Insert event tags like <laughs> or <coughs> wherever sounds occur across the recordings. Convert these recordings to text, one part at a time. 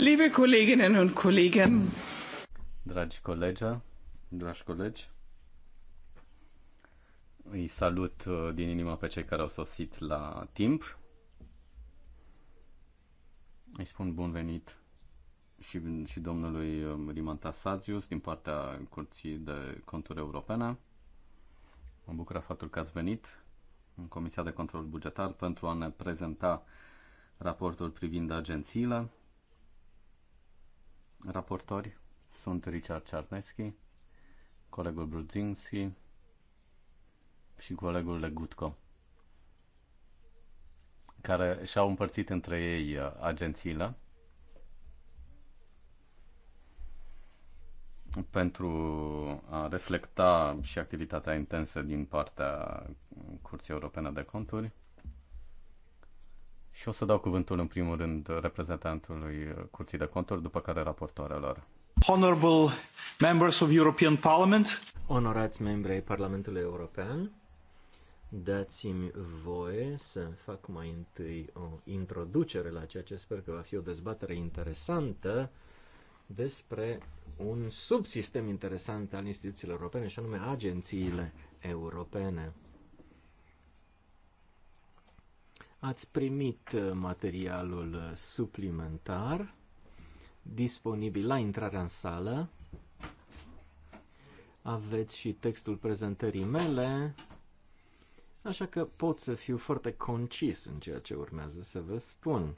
Liebe Kolleginnen und Kollegen. Dragi colegi, dragi colegi, îi salut uh, din inimă pe cei care au sosit la timp. Îi spun bun venit și, și domnului uh, Rimanta Sazius din partea Curții de Conturi Europene. Mă bucură faptul că ați venit în Comisia de Control Bugetar pentru a ne prezenta raportul privind agențiile Raportori sunt Richard Czarnecki, colegul Brudzinski și colegul Legutko, care și-au împărțit între ei uh, agențiile pentru a reflecta și activitatea intensă din partea Curții Europene de Conturi și o să dau cuvântul în primul rând reprezentantului Curții de Conturi, după care raportoarelor. Honorable members of European Parliament. Onorați membri ai Parlamentului European, dați-mi voie să fac mai întâi o introducere la ceea ce sper că va fi o dezbatere interesantă despre un subsistem interesant al instituțiilor europene, și anume agențiile europene. Ați primit uh, materialul uh, suplimentar disponibil la intrarea în sală. Aveți și textul prezentării mele, așa că pot să fiu foarte concis în ceea ce urmează să vă spun.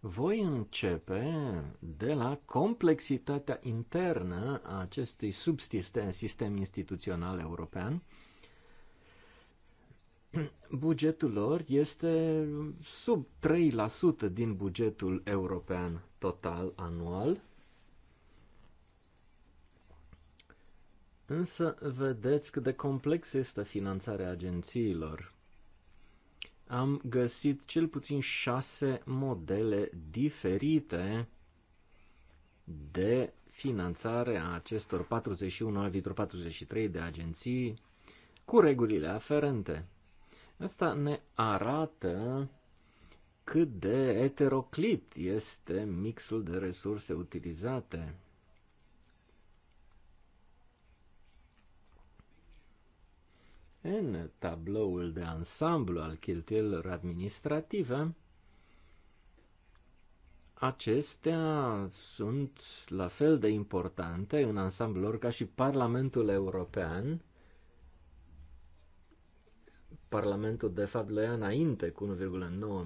Voi începe de la complexitatea internă a acestui subsistem sistem instituțional european, <clears throat> bugetul lor este sub 3% din bugetul european total anual. Însă vedeți cât de complex este finanțarea agențiilor. Am găsit cel puțin șase modele diferite de finanțare a acestor 41, viitor 43 de agenții cu regulile aferente. Asta ne arată cât de eteroclit este mixul de resurse utilizate. În tabloul de ansamblu al cheltuielilor administrative, acestea sunt la fel de importante în ansamblul lor ca și Parlamentul European, Parlamentul de fapt le ia înainte cu 1,9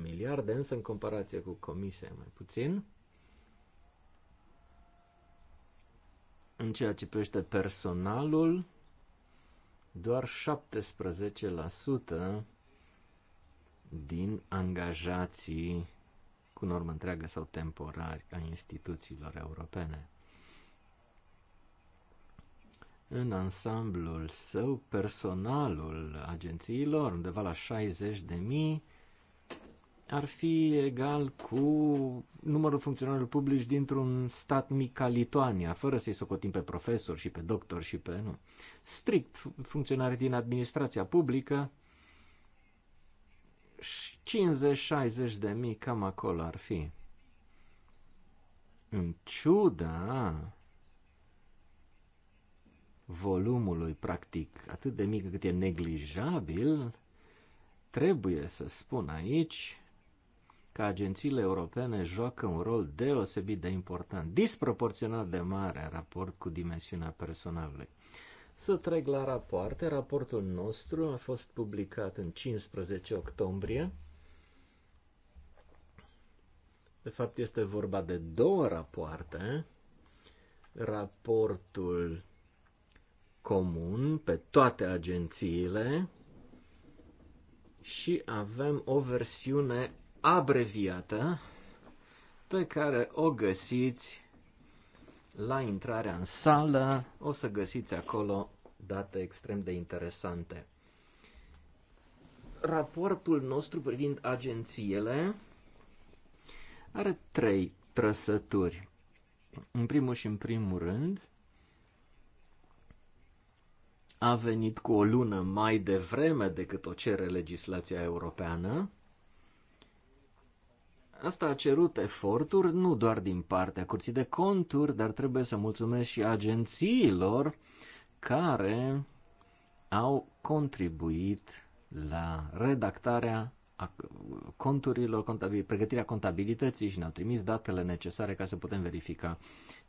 miliarde, însă în comparație cu Comisia mai puțin. În ceea ce privește personalul, doar 17% din angajații cu normă întreagă sau temporari a instituțiilor europene în ansamblul său personalul agențiilor, undeva la 60 de mii, ar fi egal cu numărul funcționarilor publici dintr-un stat mic ca Lituania, fără să-i socotim pe profesori și pe doctori și pe... nu. Strict funcționari din administrația publică, 50-60 de mii cam acolo ar fi. În ciuda volumului, practic, atât de mică cât e neglijabil, trebuie să spun aici că agențiile europene joacă un rol deosebit de important, disproporționat de mare în raport cu dimensiunea personalului. Să trec la rapoarte. Raportul nostru a fost publicat în 15 octombrie. De fapt, este vorba de două rapoarte. Raportul comun pe toate agențiile și avem o versiune abreviată pe care o găsiți la intrarea în sală. O să găsiți acolo date extrem de interesante. Raportul nostru privind agențiile are trei trăsături. În primul și în primul rând, a venit cu o lună mai devreme decât o cere legislația europeană. Asta a cerut eforturi nu doar din partea Curții de Conturi, dar trebuie să mulțumesc și agențiilor care au contribuit la redactarea conturilor, pregătirea contabilității și ne-au trimis datele necesare ca să putem verifica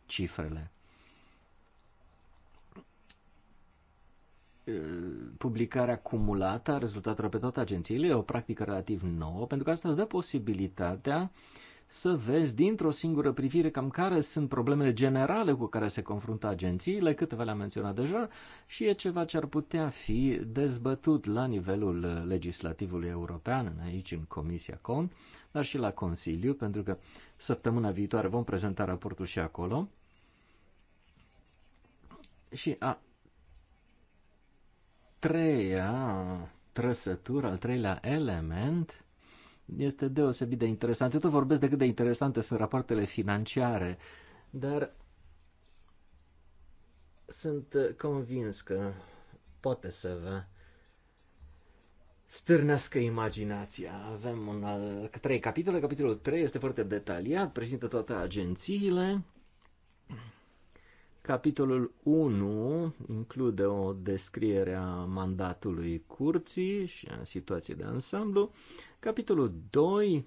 cifrele. Eh, publicarea cumulată a rezultatelor pe toate agențiile e o practică relativ nouă, pentru că asta îți dă posibilitatea să vezi dintr-o singură privire cam care sunt problemele generale cu care se confruntă agențiile, câteva le-am menționat deja, și e ceva ce ar putea fi dezbătut la nivelul legislativului european, aici în Comisia CON, dar și la Consiliu, pentru că săptămâna viitoare vom prezenta raportul și acolo. Și a, treia trăsătură, al treilea element, este deosebit de interesant. Eu tot vorbesc de cât de interesante sunt rapoartele financiare, dar sunt convins că poate să vă stârnească imaginația. Avem un, trei capitole. Capitolul 3 este foarte detaliat, prezintă toate agențiile, Capitolul 1 include o descriere a mandatului curții și a situației de ansamblu. Capitolul 2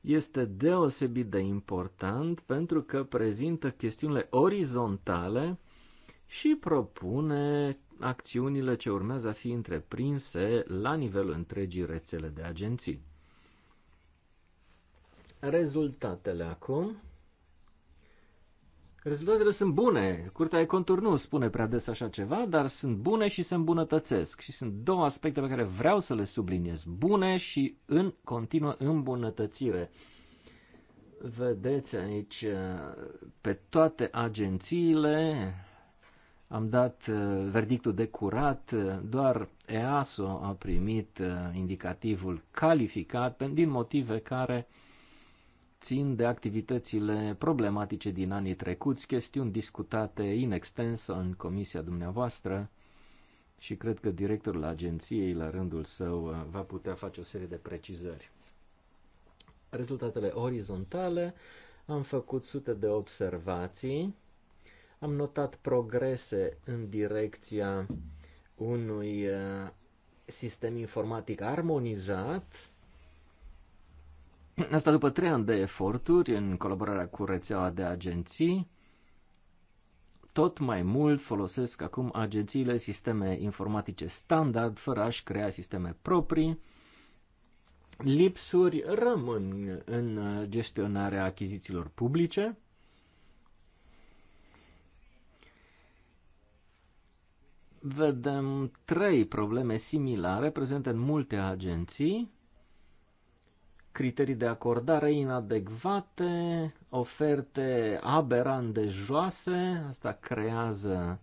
este deosebit de important pentru că prezintă chestiunile orizontale și propune acțiunile ce urmează a fi întreprinse la nivelul întregii rețele de agenții. Rezultatele acum. Rezultatele sunt bune. Curtea e contur nu spune prea des așa ceva, dar sunt bune și se îmbunătățesc. Și sunt două aspecte pe care vreau să le subliniez. Bune și în continuă îmbunătățire. Vedeți aici uh, pe toate agențiile am dat uh, verdictul de curat, uh, doar EASO a primit indicativul calificat din motive care țin de activitățile problematice din anii trecuți, chestiuni discutate in extens în comisia dumneavoastră și cred că directorul agenției, la rândul său, va putea face o serie de precizări. Rezultatele orizontale, am făcut sute de observații, am notat progrese în direcția unui eh, sistem informatic armonizat, Asta după trei ani de eforturi în colaborarea cu rețeaua de agenții, tot mai mult folosesc acum agențiile sisteme informatice standard, fără a-și crea sisteme proprii. Lipsuri rămân în gestionarea achizițiilor publice. Vedem trei probleme similare prezente în multe agenții criterii de acordare inadecvate, oferte aberant de joase, asta creează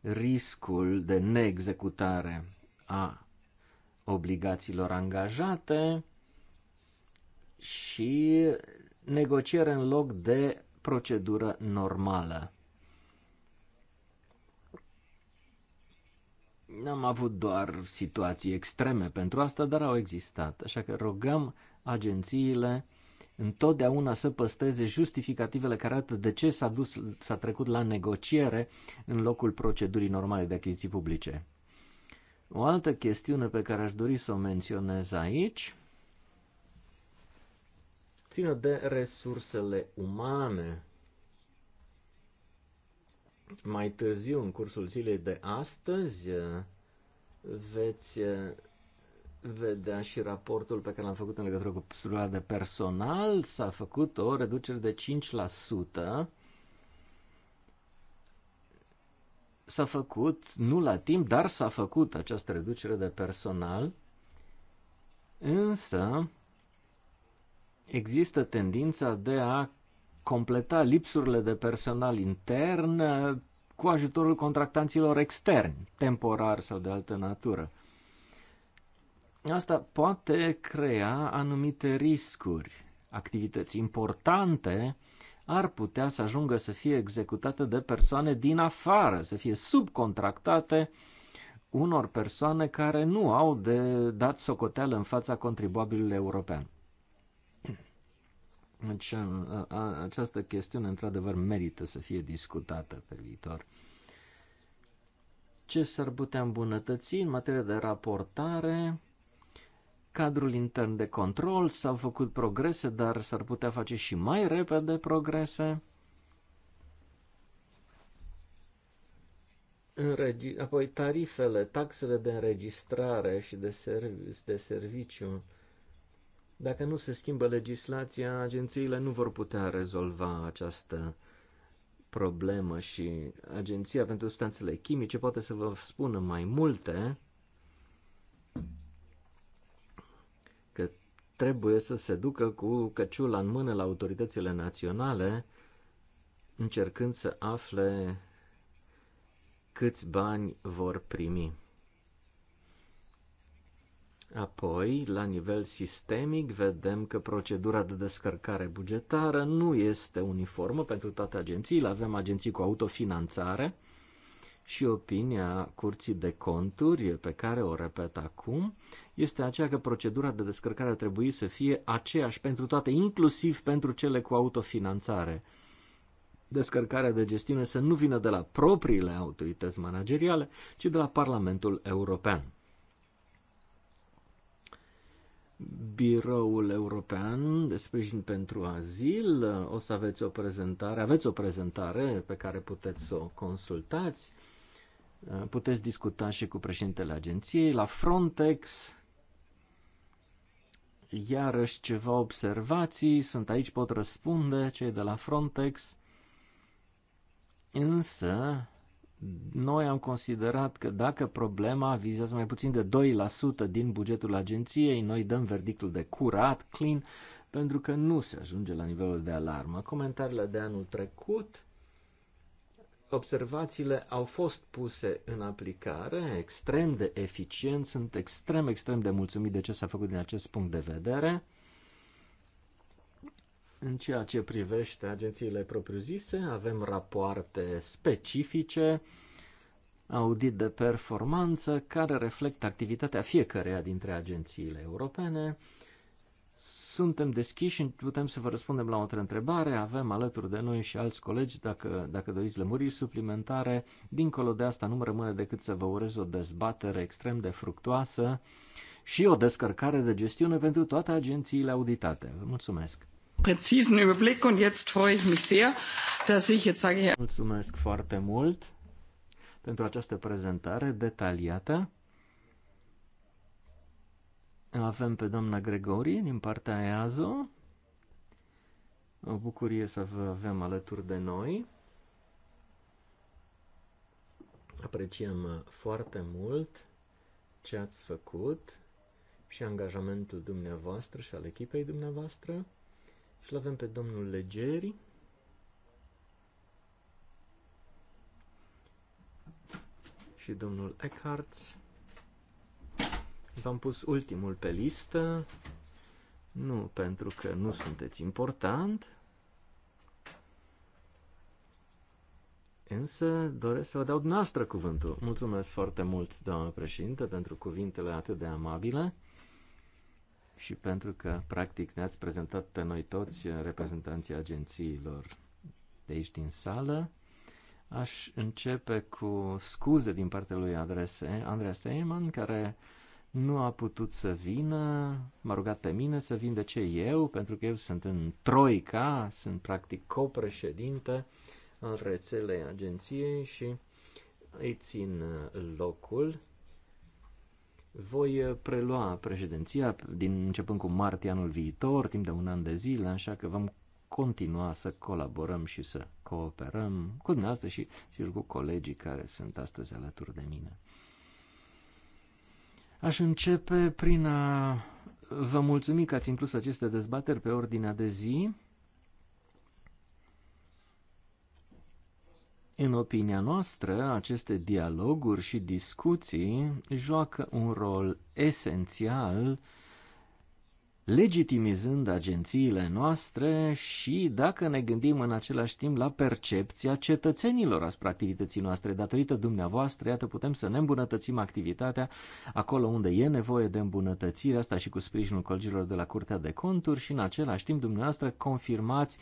riscul de neexecutare a obligațiilor angajate și negociere în loc de procedură normală. N-am avut doar situații extreme pentru asta, dar au existat. Așa că rogăm agențiile întotdeauna să păstreze justificativele care arată de ce s-a, dus, s-a trecut la negociere în locul procedurii normale de achiziții publice. O altă chestiune pe care aș dori să o menționez aici ține de resursele umane. Mai târziu, în cursul zilei de astăzi, veți vedea și raportul pe care l-am făcut în legătură cu structura de personal, s-a făcut o reducere de 5%. S-a făcut, nu la timp, dar s-a făcut această reducere de personal, însă există tendința de a completa lipsurile de personal intern eh, cu ajutorul contractanților externi, temporar sau de altă natură. Asta poate crea anumite riscuri. Activități importante ar putea să ajungă să fie executate de persoane din afară, să fie subcontractate unor persoane care nu au de dat socoteală în fața contribuabilului european. Deci, această chestiune, într-adevăr, merită să fie discutată pe viitor. Ce s-ar putea îmbunătăți în materie de raportare? cadrul intern de control, s-au făcut progrese, dar s-ar putea face și mai repede progrese. Înregi... Apoi tarifele, taxele de înregistrare și de, serv- de serviciu. Dacă nu se schimbă legislația, agențiile nu vor putea rezolva această problemă și Agenția pentru Substanțele Chimice poate să vă spună mai multe, trebuie să se ducă cu căciula în mână la autoritățile naționale, încercând să afle câți bani vor primi. Apoi, la nivel sistemic, vedem că procedura de descărcare bugetară nu este uniformă pentru toate agențiile. Avem agenții cu autofinanțare, și opinia Curții de Conturi, pe care o repet acum, este aceea că procedura de descărcare ar trebui să fie aceeași pentru toate, inclusiv pentru cele cu autofinanțare. Descărcarea de gestiune să nu vină de la propriile autorități manageriale, ci de la Parlamentul European. Biroul European de Sprijin pentru Azil. O să aveți o prezentare, aveți o prezentare pe care puteți să o consultați. Uh, puteți discuta și cu președintele agenției. La Frontex, iarăși ceva observații, sunt aici, pot răspunde cei de la Frontex. Însă, noi am considerat că dacă problema vizează mai puțin de 2% din bugetul agenției, noi dăm verdictul de curat, clean, pentru că nu se ajunge la nivelul de alarmă. Comentariile de anul trecut observațiile au fost puse în aplicare, extrem de eficient, sunt extrem, extrem de mulțumit de ce s-a făcut din acest punct de vedere. În ceea ce privește agențiile propriu-zise, avem rapoarte specifice, audit de performanță, care reflectă activitatea fiecăreia dintre agențiile europene, suntem deschiși și putem să vă răspundem la o altă întrebare. Avem alături de noi și alți colegi, dacă, dacă doriți lămuriri suplimentare. Dincolo de asta, nu-mi rămâne decât să vă urez o dezbatere extrem de fructoasă și o descărcare de gestiune pentru toate agențiile auditate. Vă mulțumesc! präzisen Überblick und jetzt freue ich mich sehr, dass ich jetzt sage Mulțumesc foarte mult pentru această prezentare detaliată avem pe doamna Gregorie din partea EAZO. O bucurie să vă avem alături de noi. Apreciem foarte mult ce ați făcut și angajamentul dumneavoastră și al echipei dumneavoastră. Și l avem pe domnul Legeri. Și domnul Eckhart V-am pus ultimul pe listă, nu pentru că nu sunteți important, însă doresc să vă dau dumneavoastră cuvântul. Mulțumesc foarte mult, doamnă președinte, pentru cuvintele atât de amabile și pentru că, practic, ne-ați prezentat pe noi toți reprezentanții agențiilor de aici din sală. Aș începe cu scuze din partea lui Andrese, Andreas Eman, care nu a putut să vină, m-a rugat pe mine să vin de ce eu, pentru că eu sunt în Troica, sunt practic copreședinte al rețelei agenției și îi țin uh, locul. Voi uh, prelua președinția din începând cu martie anul viitor, timp de un an de zile, așa că vom continua să colaborăm și să cooperăm cu dumneavoastră și, sigur, cu colegii care sunt astăzi alături de mine. Aș începe prin a vă mulțumi că ați inclus aceste dezbateri pe ordinea de zi. În opinia noastră, aceste dialoguri și discuții joacă un rol esențial legitimizând agențiile noastre și dacă ne gândim în același timp la percepția cetățenilor asupra activității noastre. Datorită dumneavoastră, iată, putem să ne îmbunătățim activitatea acolo unde e nevoie de îmbunătățire, asta și cu sprijinul colegilor de la Curtea de Conturi și în același timp dumneavoastră confirmați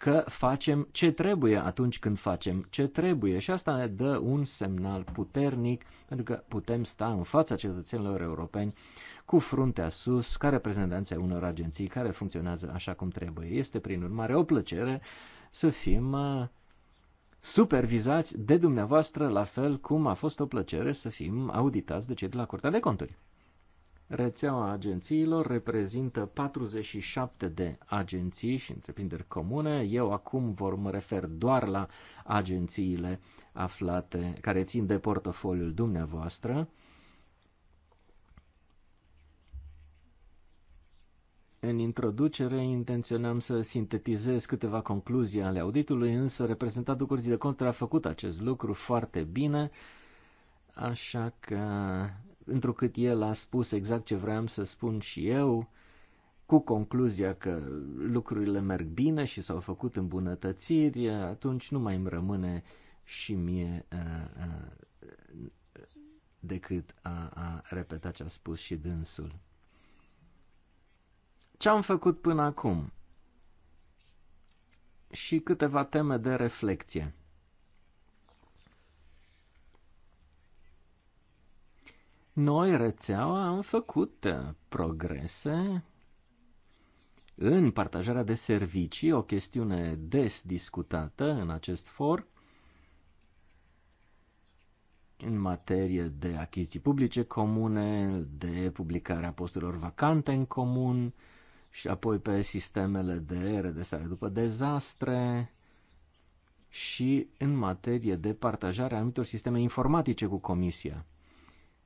că facem ce trebuie atunci când facem ce trebuie și asta ne dă un semnal puternic pentru că putem sta în fața cetățenilor europeni cu fruntea sus, ca reprezentanții unor agenții care funcționează așa cum trebuie. Este prin urmare o plăcere să fim uh, supervizați de dumneavoastră, la fel cum a fost o plăcere să fim auditați de cei de la Curtea de Conturi. Rețeaua agențiilor reprezintă 47 de agenții și întreprinderi comune. Eu acum vor mă refer doar la agențiile aflate care țin de portofoliul dumneavoastră. În introducere intenționam să sintetizez câteva concluzii ale auditului, însă reprezentantul Curții de Conturi a făcut acest lucru foarte bine, așa că întrucât el a spus exact ce vreau să spun și eu, cu concluzia că lucrurile merg bine și s-au făcut îmbunătățiri, atunci nu mai îmi rămâne și mie a, uh, a, uh, decât a, a repeta ce a spus și dânsul. Ce am făcut până acum? Și câteva teme de reflexie. Noi, rețeaua, am făcut uh, progrese în partajarea de servicii, o chestiune des discutată în acest for, în materie de achiziții publice comune, de publicarea posturilor vacante în comun și apoi pe sistemele de redesare după dezastre și în materie de partajare a anumitor sisteme informatice cu Comisia.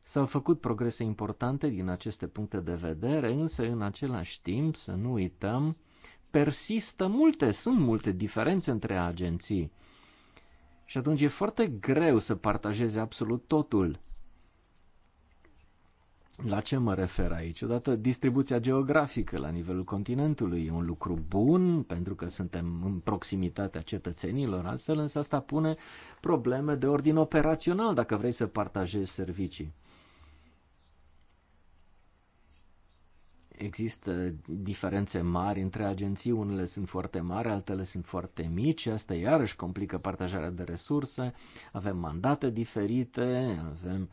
S-au făcut progrese importante din aceste puncte de vedere, însă în același timp, să nu uităm, persistă multe, sunt multe diferențe între agenții. Și atunci e foarte greu să partajeze absolut totul. La ce mă refer aici? Odată, distribuția geografică la nivelul continentului e un lucru bun, pentru că suntem în proximitatea cetățenilor, astfel însă asta pune probleme de ordin operațional dacă vrei să partajezi servicii. Există diferențe mari între agenții, unele sunt foarte mari, altele sunt foarte mici, asta iarăși complică partajarea de resurse, avem mandate diferite, avem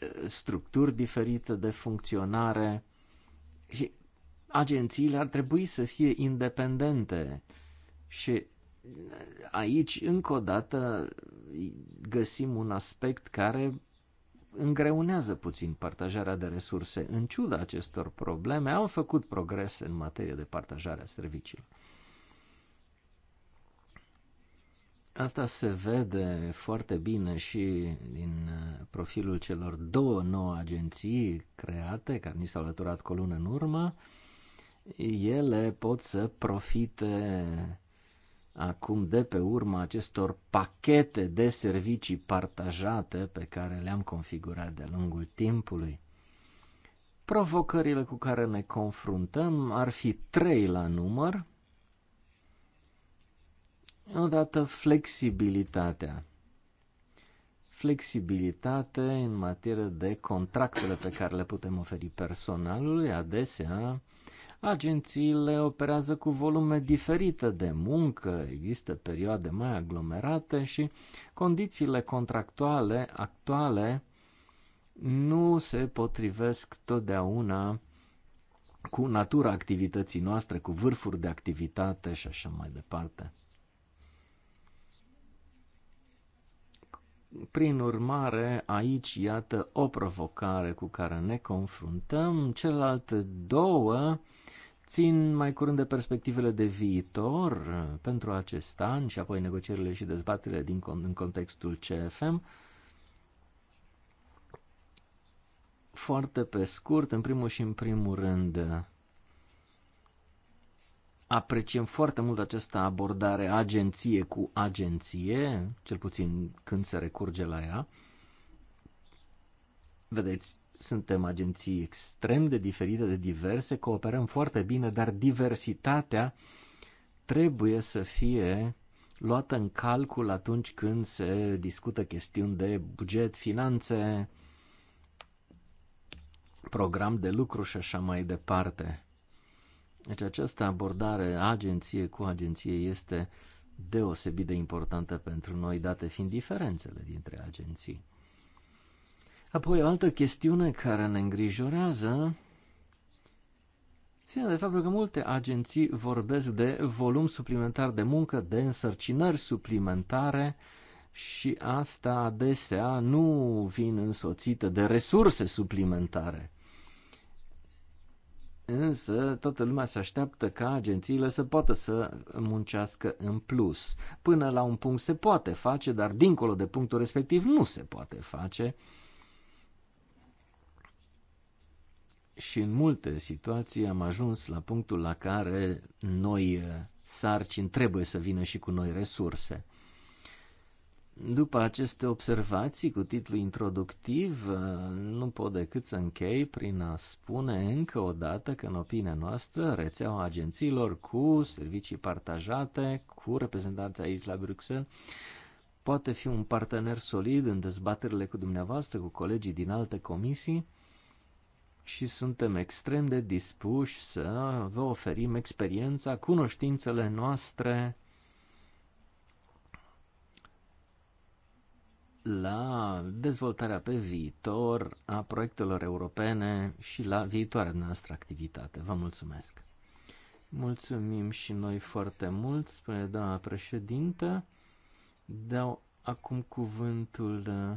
eh, structuri diferite de funcționare și agențiile ar trebui să fie independente și eh, aici, încă o dată, găsim un aspect care îngreunează puțin partajarea de resurse. În ciuda acestor probleme, am făcut progrese în materie de partajare a serviciilor. Asta se vede foarte bine și din uh, profilul celor două nouă agenții create, care ni s-au alăturat cu o lună în urmă. Ele pot să profite acum de pe urma acestor pachete de servicii partajate pe care le-am configurat de-a lungul timpului. Provocările cu care ne confruntăm ar fi trei la număr. Odată flexibilitatea. Flexibilitate în materie de contractele pe care le putem oferi personalului, adesea Agențiile operează cu volume diferite de muncă, există perioade mai aglomerate și condițiile contractuale actuale nu se potrivesc totdeauna cu natura activității noastre, cu vârfuri de activitate și așa mai departe. Prin urmare, aici, iată, o provocare cu care ne confruntăm. Celelalte două țin mai curând de perspectivele de viitor uh, pentru acest an și apoi negocierile și dezbaterile din, în contextul CFM. Foarte pe scurt, în primul și în primul rând, uh, apreciem foarte mult această abordare agenție cu agenție, cel puțin când se recurge la ea. Vedeți, suntem agenții extrem de diferite, de diverse, cooperăm foarte bine, dar diversitatea trebuie să fie luată în calcul atunci când se discută chestiuni de buget, finanțe, program de lucru și așa mai departe. Deci această abordare agenție cu agenție este deosebit de importantă pentru noi, date fiind diferențele dintre agenții. Apoi o altă chestiune care ne îngrijorează ține de faptul că multe agenții vorbesc de volum suplimentar de muncă, de însărcinări suplimentare și asta adesea nu vin însoțită de resurse suplimentare. Însă toată lumea se așteaptă ca agențiile să poată să muncească în plus. Până la un punct se poate face, dar dincolo de punctul respectiv nu se poate face. Uh, și în multe situații am ajuns la punctul la care noi eh, sarcini trebuie să vină și cu noi resurse. După aceste observații cu titlu introductiv, eh, nu pot decât să închei prin a spune încă o dată că, în opinia noastră, rețeaua agențiilor cu servicii partajate, cu reprezentanții aici la Bruxelles, poate fi un partener solid în dezbaterile cu dumneavoastră, cu colegii din alte comisii, și suntem extrem de dispuși să vă oferim experiența, cunoștințele noastre la dezvoltarea pe viitor a proiectelor europene și la viitoarea noastră activitate. Vă mulțumesc! Mulțumim și noi foarte mult, spune doamna președintă. Dau acum cuvântul uh,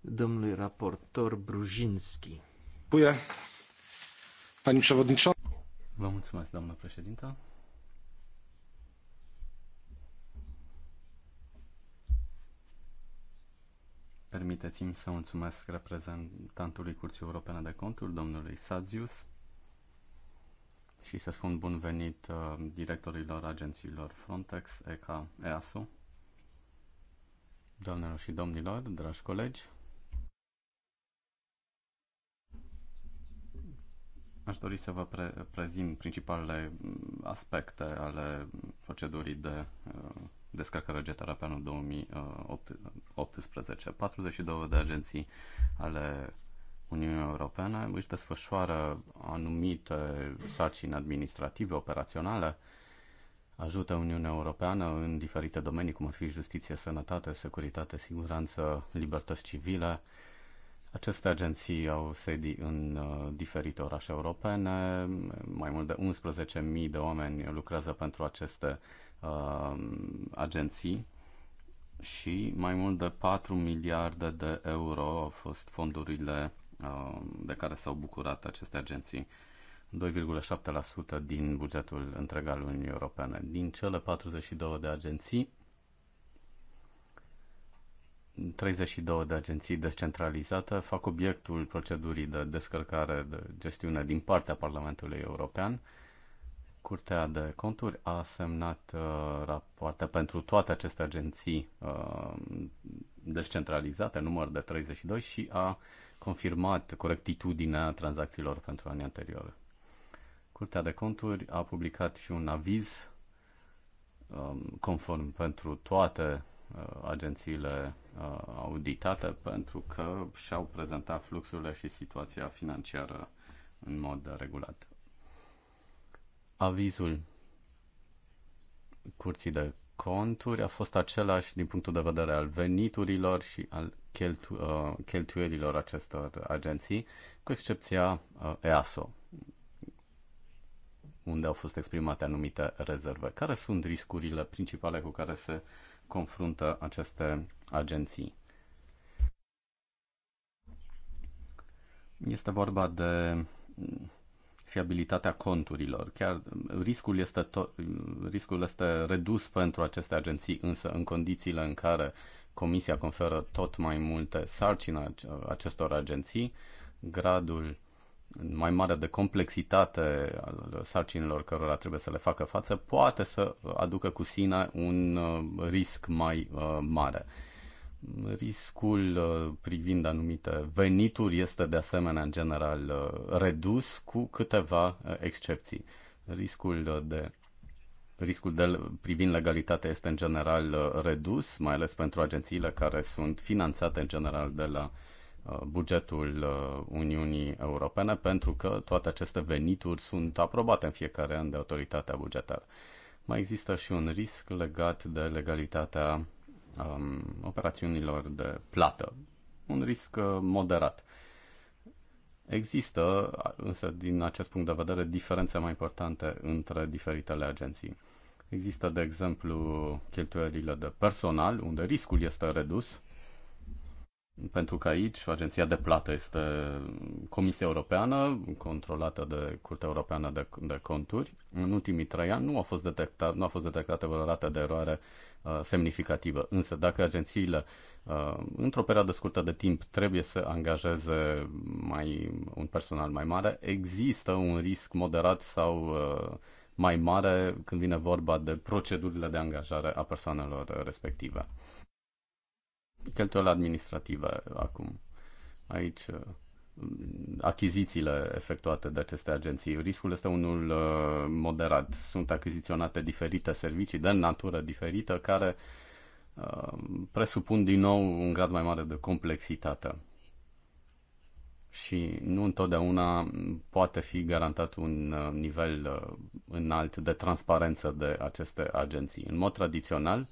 domnului raportor Brujinski. Pani Przewodnicząca. Vă mulțumesc, doamnă președintă. Permiteți-mi să mulțumesc reprezentantului Curții Europene de Conturi, domnului Sazius, și să spun bun venit uh, directorilor agențiilor Frontex, ECA, EASO. Doamnelor și domnilor, dragi colegi, Aș dori să vă pre- prezint principalele mm, aspecte ale procedurii de uh, descărcare bugetară pe anul 2018. 42 de agenții ale Uniunii Europene își desfășoară anumite sarcini administrative, operaționale, ajută Uniunea Europeană în diferite domenii, cum ar fi justiție, sănătate, securitate, siguranță, libertăți civile, aceste agenții au sedii în uh, diferite orașe europene, mai mult de 11.000 de oameni lucrează pentru aceste uh, agenții și mai mult de 4 miliarde de euro au fost fondurile uh, de care s-au bucurat aceste agenții. 2,7% din bugetul întreg al Uniunii Europene. Din cele 42 de agenții, 32 de agenții descentralizate fac obiectul procedurii de descărcare de gestiune din partea Parlamentului European. Curtea de Conturi a semnat uh, rapoarte pentru toate aceste agenții uh, descentralizate, număr de 32, și a confirmat corectitudinea tranzacțiilor pentru anii anteriori. Curtea de Conturi a publicat și un aviz um, conform pentru toate Uh, agențiile uh, auditate pentru că și-au prezentat fluxurile și situația financiară în mod regulat. Avizul curții de conturi a fost același din punctul de vedere al veniturilor și al cheltu- uh, cheltuielilor acestor agenții, cu excepția uh, EASO, unde au fost exprimate anumite rezerve. Care sunt riscurile principale cu care se uh, confruntă aceste agenții. Este vorba de fiabilitatea conturilor. Chiar riscul este, to- riscul este redus pentru aceste agenții, însă în condițiile în care Comisia conferă tot mai multe sarcini acestor agenții, gradul mai mare de complexitate al sarcinilor cărora trebuie să le facă față poate să aducă cu sine un uh, risc mai uh, mare. Riscul uh, privind anumite venituri este de asemenea în general redus cu câteva excepții. Riscul de riscul de, privind legalitatea este în general redus, mai ales pentru agențiile care sunt finanțate în general de la uh, Uh, bugetul uh, Uniunii Europene, pentru că toate aceste venituri sunt aprobate în fiecare an de autoritatea bugetară. Mai există și un risc legat de legalitatea um, operațiunilor de plată, un risc uh, moderat. Există, însă, din acest punct de vedere, diferențe mai importante între diferitele agenții. Există, de exemplu, cheltuielile de personal, unde riscul este redus, pentru că aici agenția de plată este Comisia Europeană, controlată de Curtea Europeană de, de Conturi. În ultimii trei ani nu a fost, detectat, nu a fost detectată vreo rată de eroare uh, semnificativă. Însă dacă agențiile uh, într-o perioadă scurtă de timp trebuie să angajeze mai, un personal mai mare, există un risc moderat sau uh, mai mare când vine vorba de procedurile de angajare a persoanelor respective. Cheltuielile administrative acum. Aici uh, achizițiile efectuate de aceste agenții. Riscul este unul uh, moderat. Sunt achiziționate diferite servicii de natură diferită care uh, presupun din nou un grad mai mare de complexitate și nu întotdeauna poate fi garantat un nivel înalt de transparență de aceste agenții. În mod tradițional,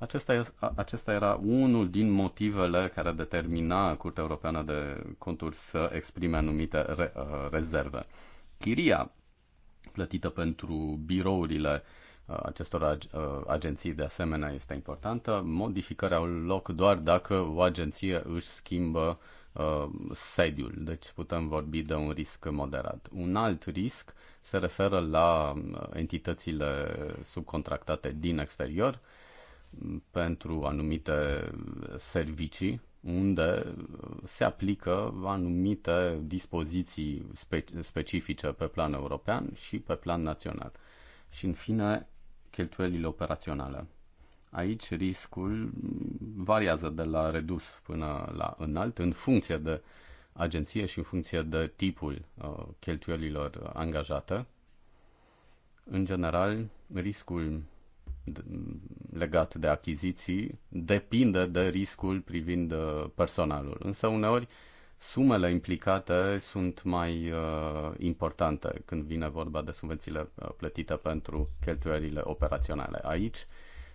acesta, acesta era unul din motivele care determina Curtea Europeană de Conturi să exprime anumite re, uh, rezerve. Chiria plătită pentru birourile uh, acestor uh, agenții de asemenea este importantă. Modificarea au loc doar dacă o agenție își schimbă uh, sediul, deci putem vorbi de un risc moderat. Un alt risc se referă la entitățile subcontractate din exterior, uh, pentru anumite servicii unde se aplică anumite dispoziții spe- specifice pe plan european și pe plan național. Și în fine, cheltuielile operaționale. Aici riscul variază de la redus până la înalt în funcție de agenție și în funcție de tipul uh, cheltuielilor angajate. În general, riscul legat de achiziții depinde de riscul privind uh, personalul. Însă uneori sumele implicate sunt mai uh, importante când vine vorba de subvențiile uh, plătite pentru cheltuielile operaționale. Aici,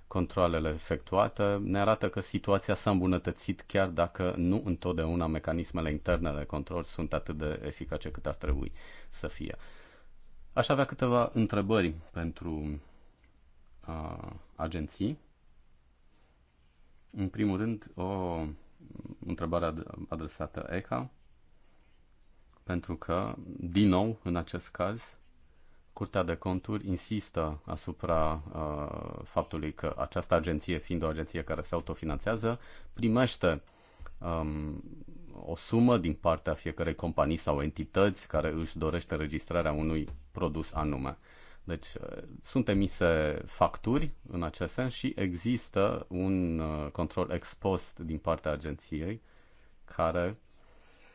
controlele efectuate ne arată că situația s-a îmbunătățit chiar dacă nu întotdeauna mecanismele interne de control sunt atât de eficace cât ar trebui să fie. Aș avea câteva întrebări pentru uh, agenții. În primul rând, o întrebare adresată ECA, pentru că, din nou, în acest caz, Curtea de Conturi insistă asupra uh, faptului că această agenție, fiind o agenție care se autofinanțează, primește um, o sumă din partea fiecarei companii sau entități care își dorește registrarea unui produs anume. Deci uh, sunt emise facturi în acest sens și există un uh, control ex post din partea agenției care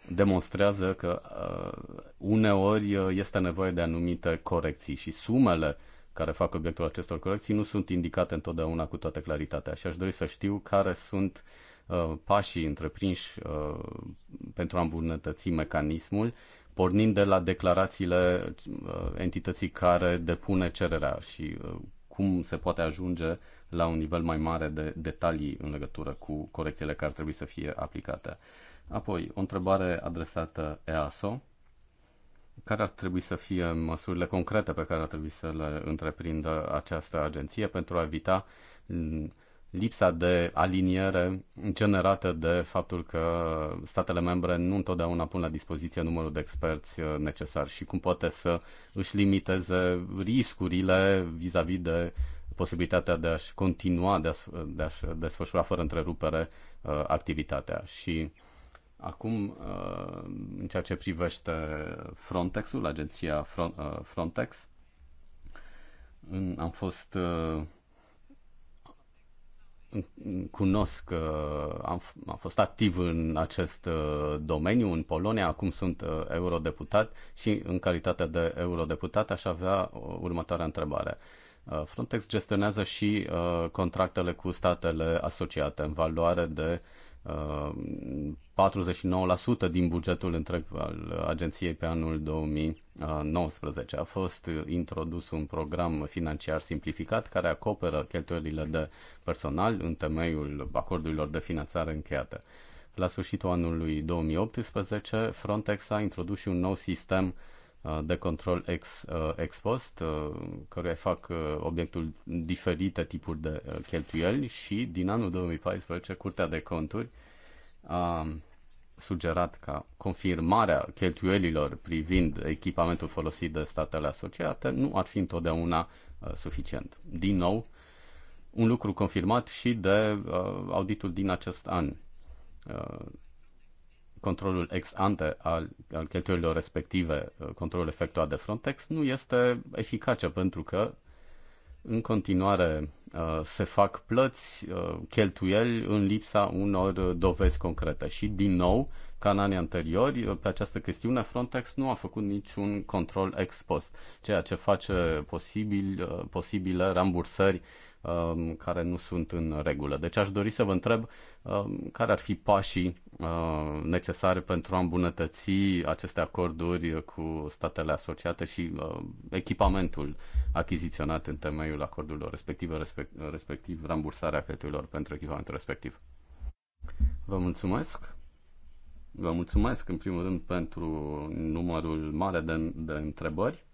demonstrează că uh, uneori este nevoie de anumite corecții și sumele care fac obiectul acestor corecții nu sunt indicate întotdeauna cu toată claritatea și aș dori să știu care sunt pașii întreprinși pentru a îmbunătăți mecanismul pornind de la declarațiile uh, entității care depune cererea și uh, cum se poate ajunge la un nivel mai mare de detalii în legătură cu corecțiile care ar trebui să fie aplicate. Apoi, o întrebare adresată EASO. Care ar trebui să fie măsurile concrete pe care ar trebui să le întreprindă această agenție pentru a evita mm, lipsa de aliniere generată de faptul că statele membre nu întotdeauna pun la dispoziție numărul de experți uh, necesar și cum poate să își limiteze riscurile vis-a-vis de posibilitatea de a-și continua, de, a, de a-și desfășura fără întrerupere uh, activitatea. Și acum, uh, în ceea ce privește Frontexul, agenția Frontex, am fost cunosc, uh, am, am fost activ în acest uh, domeniu, în Polonia, acum sunt uh, eurodeputat și în calitate de eurodeputat aș avea următoarea întrebare. Frontex gestionează și contractele cu statele asociate în valoare de 49% din bugetul întreg al agenției pe anul 2000 2019 a fost uh, introdus un program financiar simplificat care acoperă cheltuielile de personal în temeiul acordurilor de finanțare încheiate. La sfârșitul anului 2018, Frontex a introdus și un nou sistem uh, de control ex, uh, ex post, căruia fac obiectul diferite tipuri de cheltuieli și din anul 2014 Curtea de Conturi a sugerat ca confirmarea cheltuielilor privind echipamentul folosit de statele asociate nu ar fi întotdeauna uh, suficient. Din nou, un lucru confirmat și de uh, auditul din acest an. Uh, controlul ex ante al, al cheltuielilor respective, controlul efectuat de Frontex, nu este eficace pentru că în continuare Uh, se fac plăți, uh, cheltuieli în lipsa unor dovezi concrete. Și, din nou, ca în anii anteriori, uh, pe această chestiune, Frontex nu a făcut niciun control ex post, ceea ce face posibil, posibile rambursări um, care nu sunt în regulă. Deci aș dori să vă întreb um, care ar fi pașii Uh, necesare pentru a îmbunătăți aceste acorduri cu statele asociate și uh, echipamentul achiziționat în temeiul acordurilor respective, respect, respectiv rambursarea cheltuielor pentru echipamentul respectiv. Vă mulțumesc! Vă mulțumesc în primul rând pentru numărul mare de, de întrebări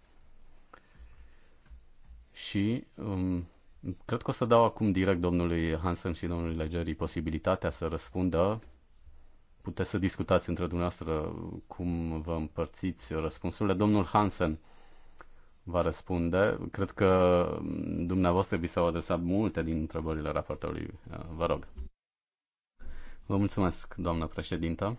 și um, Cred că o să dau acum direct domnului Hansen și domnului Legerii posibilitatea să răspundă puteți să discutați între dumneavoastră cum vă împărțiți răspunsurile. Domnul Hansen va răspunde. Cred că dumneavoastră vi s-au adresat multe din întrebările raportului. Vă rog. Vă mulțumesc, doamnă președintă.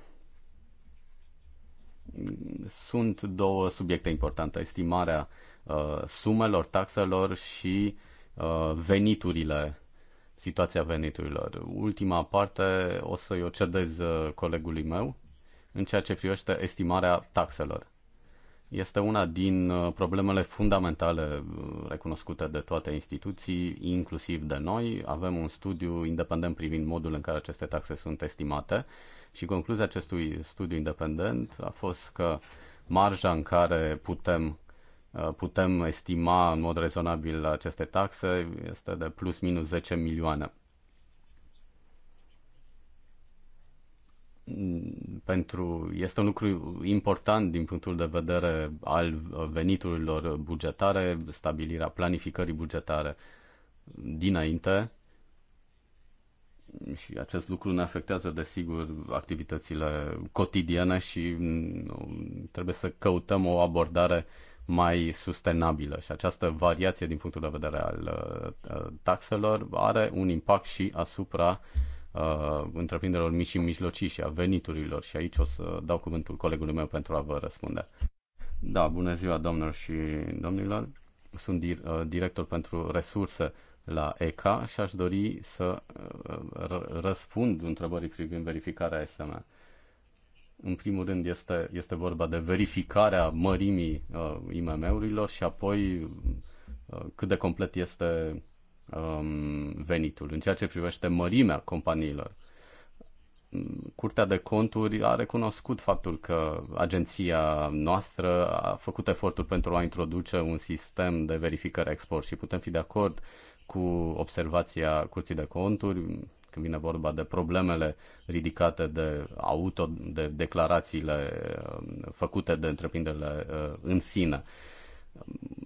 Sunt două subiecte importante, estimarea uh, sumelor, taxelor și uh, veniturile situația veniturilor. Ultima parte o să-i o cedez uh, colegului meu în ceea ce privește estimarea taxelor. Este una din uh, problemele fundamentale uh, recunoscute de toate instituții, inclusiv de noi. Avem un studiu independent privind modul în care aceste taxe sunt estimate și concluzia acestui studiu independent a fost că marja în care putem Uh, putem estima în mod rezonabil aceste taxe, este de plus minus 10 milioane. Mm, pentru, este un lucru important din punctul de vedere al veniturilor bugetare, stabilirea planificării bugetare dinainte și acest lucru ne afectează, desigur, activitățile cotidiene și mm, trebuie să căutăm o abordare uh, mai sustenabilă și această variație din punctul de vedere al uh, taxelor are un impact și asupra uh, întreprinderilor mici și mijlocii și a veniturilor și aici o să dau cuvântul colegului meu pentru a vă răspunde. Da, bună ziua domnilor și domnilor. Sunt uh, director pentru resurse la ECA și aș dori să uh, răspund întrebării privind verificarea SMA. În primul rând este, este vorba de verificarea mărimii uh, IMM-urilor și apoi uh, cât de complet este um, venitul. În ceea ce privește mărimea companiilor, Curtea de Conturi a recunoscut faptul că agenția noastră a făcut eforturi pentru a introduce un sistem de verificare export și putem fi de acord cu observația Curții de Conturi când vine vorba de problemele ridicate de auto, de declarațiile um, făcute de întreprinderile uh, în sine.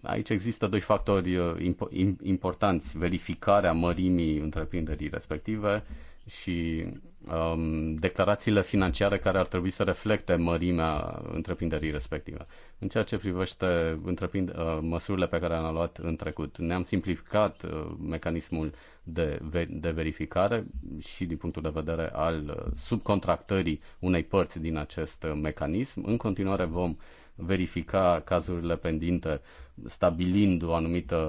Aici există doi factori uh, importanți, verificarea mărimii întreprinderii respective și Um, declarațiile financiare care ar trebui să reflecte mărimea întreprinderii respective. În ceea ce privește uh, măsurile pe care le-am luat în trecut, ne-am simplificat uh, mecanismul de, ver- de verificare și din punctul de vedere al uh, subcontractării unei părți din acest mecanism. În continuare vom verifica cazurile pendinte stabilind o anumită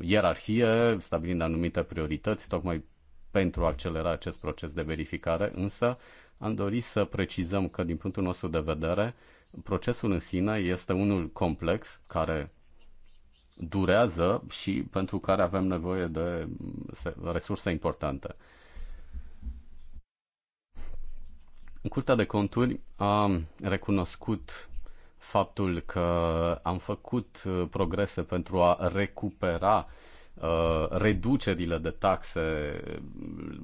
ierarhie, stabilind anumite priorități, tocmai pentru a accelera acest proces de verificare, însă am dorit să precizăm că, din punctul nostru de vedere, procesul în sine este unul complex care durează și pentru care avem nevoie de resurse importante. Curtea de conturi a recunoscut faptul că am făcut uh, progrese pentru a recupera Uh, reducerile de taxe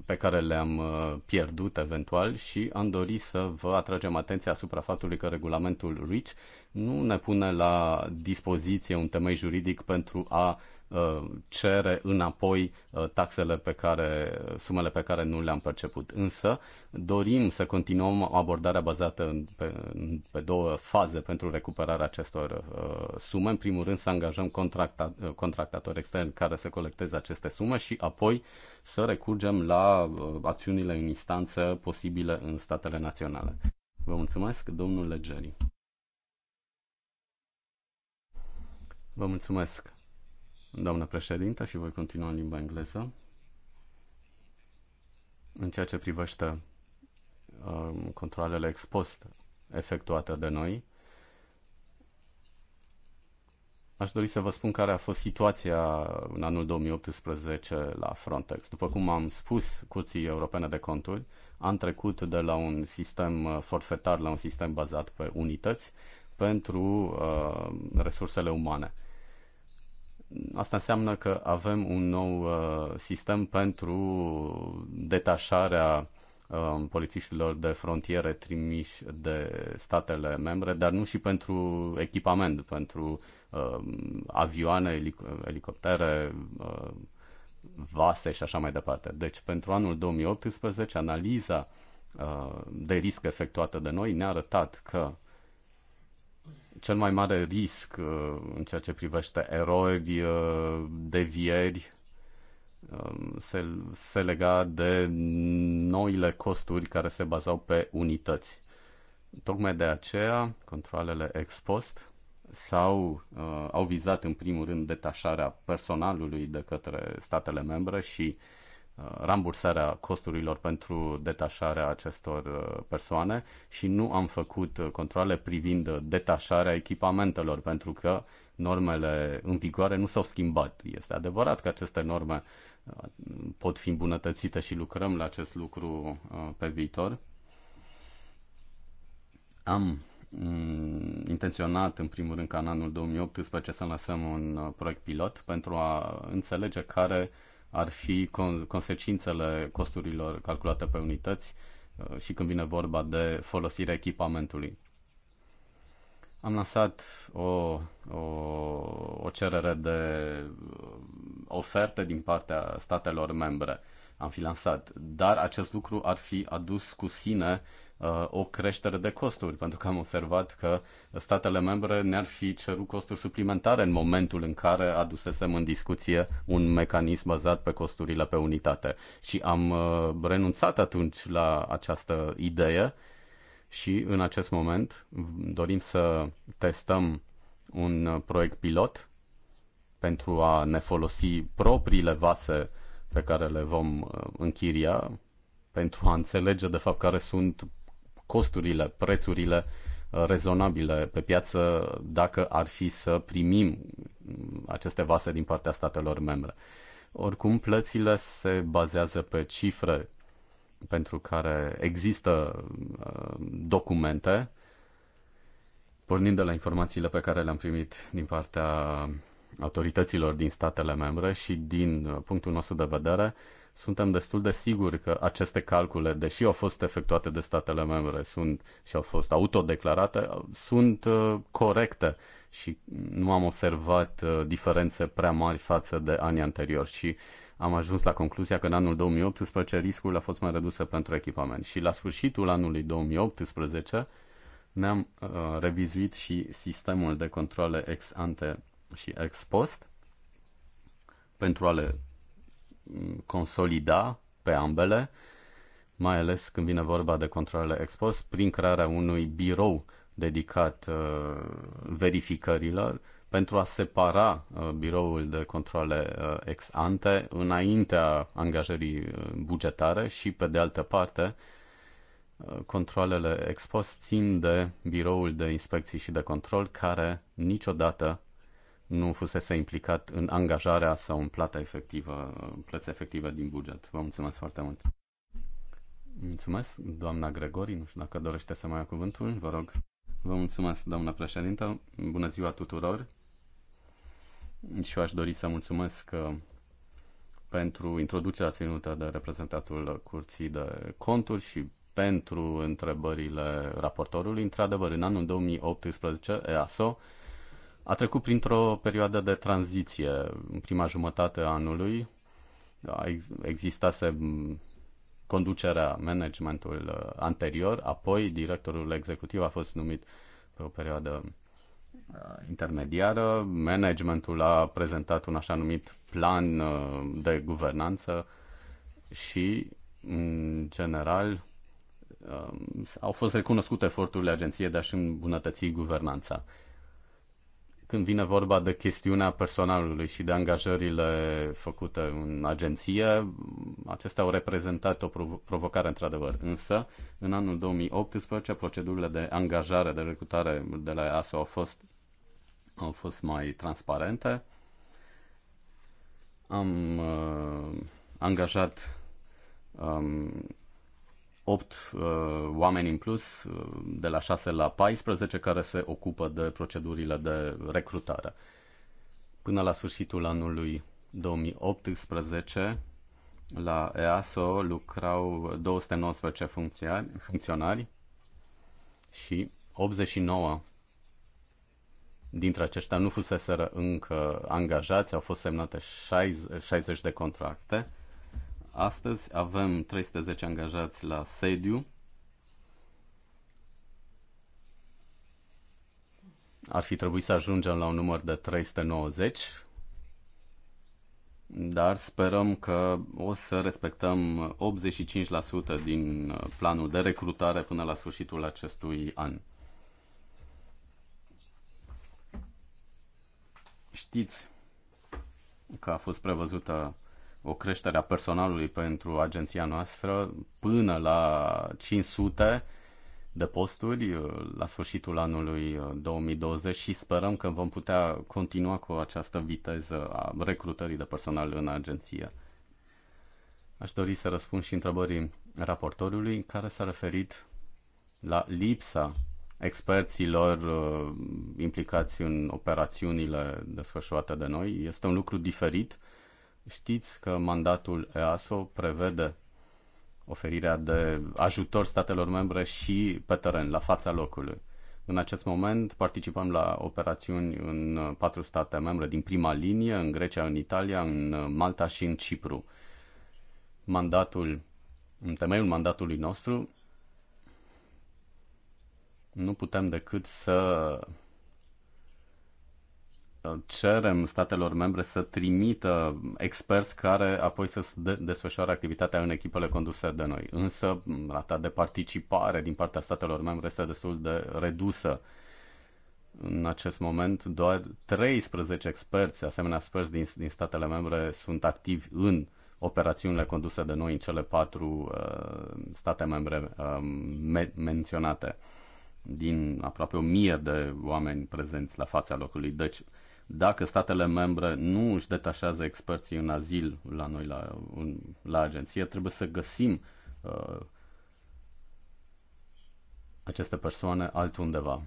pe care le-am uh, pierdut eventual și am dorit să vă atragem atenția asupra faptului că regulamentul REACH nu ne pune la dispoziție un temei juridic pentru a Uh, cere înapoi uh, taxele pe care, sumele pe care nu le-am perceput. Însă dorim să continuăm abordarea bazată pe, pe două faze pentru recuperarea acestor uh, sume. În primul rând să angajăm contracta, contractatori externi care să colecteze aceste sume și apoi să recurgem la acțiunile în instanță posibile în statele naționale. Vă mulțumesc, domnul Legeri. Vă mulțumesc doamnă președintă, și voi continua în limba engleză. În ceea ce privește uh, controlele post efectuate de noi, Aș dori să vă spun care a fost situația în anul 2018 la Frontex. După cum am spus Curții Europene de Conturi, am trecut de la un sistem uh, forfetar la un sistem bazat pe unități pentru uh, resursele umane. Asta înseamnă că avem un nou uh, sistem pentru detașarea um, polițiștilor de frontiere trimiși de statele membre, dar nu și pentru echipament, pentru uh, avioane, elic- elicoptere, uh, vase și așa mai departe. Deci, pentru anul 2018, analiza uh, de risc efectuată de noi ne-a arătat că cel mai mare risc uh, în ceea ce privește erori, uh, devieri, um, se, se lega de noile costuri care se bazau pe unități. Tocmai de aceea, controlele ex post sau uh, au vizat în primul rând detașarea personalului de către statele membre și uh, rambursarea costurilor pentru detașarea acestor uh, persoane și nu am făcut uh, controle privind detașarea echipamentelor pentru că normele în vigoare nu s-au schimbat. Este adevărat că aceste norme uh, pot fi îmbunătățite și lucrăm la acest lucru pe viitor. Am mm, intenționat, în primul rând, ca în anul 2018 să lăsăm un proiect pilot pentru a înțelege care uh, ar fi con- consecințele costurilor calculate pe unități uh, și când vine vorba de folosirea echipamentului. Am lansat o, o, o cerere de uh, oferte din partea statelor membre. Am fi lansat, dar acest lucru ar fi adus cu sine uh, Uh, o creștere de costuri, pentru că am observat că statele membre ne-ar fi cerut costuri suplimentare în momentul în care adusesem în discuție un mecanism bazat pe costurile pe unitate. Și am uh, renunțat atunci la această idee și în acest moment dorim să testăm un proiect pilot pentru a ne folosi propriile vase pe care le vom uh, închiria, pentru a înțelege de fapt care sunt costurile, prețurile uh, rezonabile pe piață dacă ar fi să primim mm, aceste vase din partea statelor membre. Oricum, plățile se bazează pe cifre pentru care există uh, documente, pornind de la informațiile pe care le-am primit din partea autorităților din statele membre și din uh, punctul nostru de vedere, uh, suntem destul de siguri că aceste calcule, deși au fost efectuate de statele membre sunt și au fost autodeclarate, sunt uh, corecte și nu am observat uh, diferențe prea mari față de anii anteriori și am ajuns la concluzia că în anul 2018 riscul a fost mai redus pentru echipament și la sfârșitul anului 2018 ne-am uh, revizuit și sistemul de controle ex ante și ex post pentru a le consolida pe ambele, mai ales când vine vorba de controlele post, prin crearea unui birou dedicat uh, verificărilor pentru a separa uh, biroul de controle uh, ex ante înaintea angajării bugetare și, pe de altă parte, controlele ex post țin de biroul de inspecții și de control care niciodată nu fusese implicat în angajarea sau în plata efectivă, plăți efective din buget. Vă mulțumesc foarte mult! Mulțumesc, doamna Gregori, nu știu dacă dorește să mai ia cuvântul, vă rog. Vă mulțumesc, doamna președintă, bună ziua tuturor și eu aș dori să mulțumesc uh, pentru introducerea ținută de reprezentatul Curții de Conturi și pentru întrebările raportorului. Într-adevăr, în anul 2018, EASO a trecut printr-o perioadă de tranziție în prima jumătate a anului. Existase conducerea, managementul uh, anterior, apoi directorul executiv a fost numit pe o perioadă uh, intermediară. Managementul a prezentat un așa numit plan uh, de guvernanță și, în general, au fost recunoscute eforturile agenției de a-și îmbunătăți guvernanța când vine vorba de chestiunea personalului și de angajările făcute în agenție, acestea au reprezentat o prov- provocare într-adevăr. Însă, în anul 2018, procedurile de angajare, de recrutare de la EASA au fost, au fost mai transparente. Am uh, angajat um, 8 uh, oameni în plus, uh, de la 6 la 14, care se ocupă de procedurile de recrutare. Până la sfârșitul anului 2018, la EASO lucrau 219 funcționari, funcționari și 89 dintre aceștia nu fuseseră încă angajați, au fost semnate 60 de contracte Astăzi avem 310 angajați la sediu. Ar fi trebuit să ajungem la un număr de 390, dar sperăm că o să respectăm 85% din planul de recrutare până la sfârșitul acestui an. Știți că a fost prevăzută o creștere a personalului pentru agenția noastră până la 500 de posturi uh, la sfârșitul anului 2020 uh, și sperăm că vom putea continua cu această viteză a recrutării de personal în agenție. Aș dori să răspund și întrebării raportorului care s-a referit la lipsa experților uh, implicați în operațiunile desfășurate de noi. Este un lucru diferit Știți că mandatul EASO prevede oferirea de ajutor statelor membre și pe teren, la fața locului. În acest moment participăm la operațiuni în patru state membre din prima linie, în Grecia, în Italia, în Malta și în Cipru. Mandatul, în temeiul mandatului nostru, nu putem decât să cerem statelor membre să trimită experți care apoi să desfășoare activitatea în echipele conduse de noi. Însă rata de participare din partea statelor membre este destul de redusă. În acest moment, doar 13 experți, asemenea experți din, din statele membre, sunt activi în operațiunile conduse de noi în cele patru uh, state membre uh, me- menționate din aproape o mie de oameni prezenți la fața locului. Deci, uh, dacă statele membre nu își detașează experții în azil la noi, la, în, la agenție, trebuie să găsim uh, aceste persoane altundeva.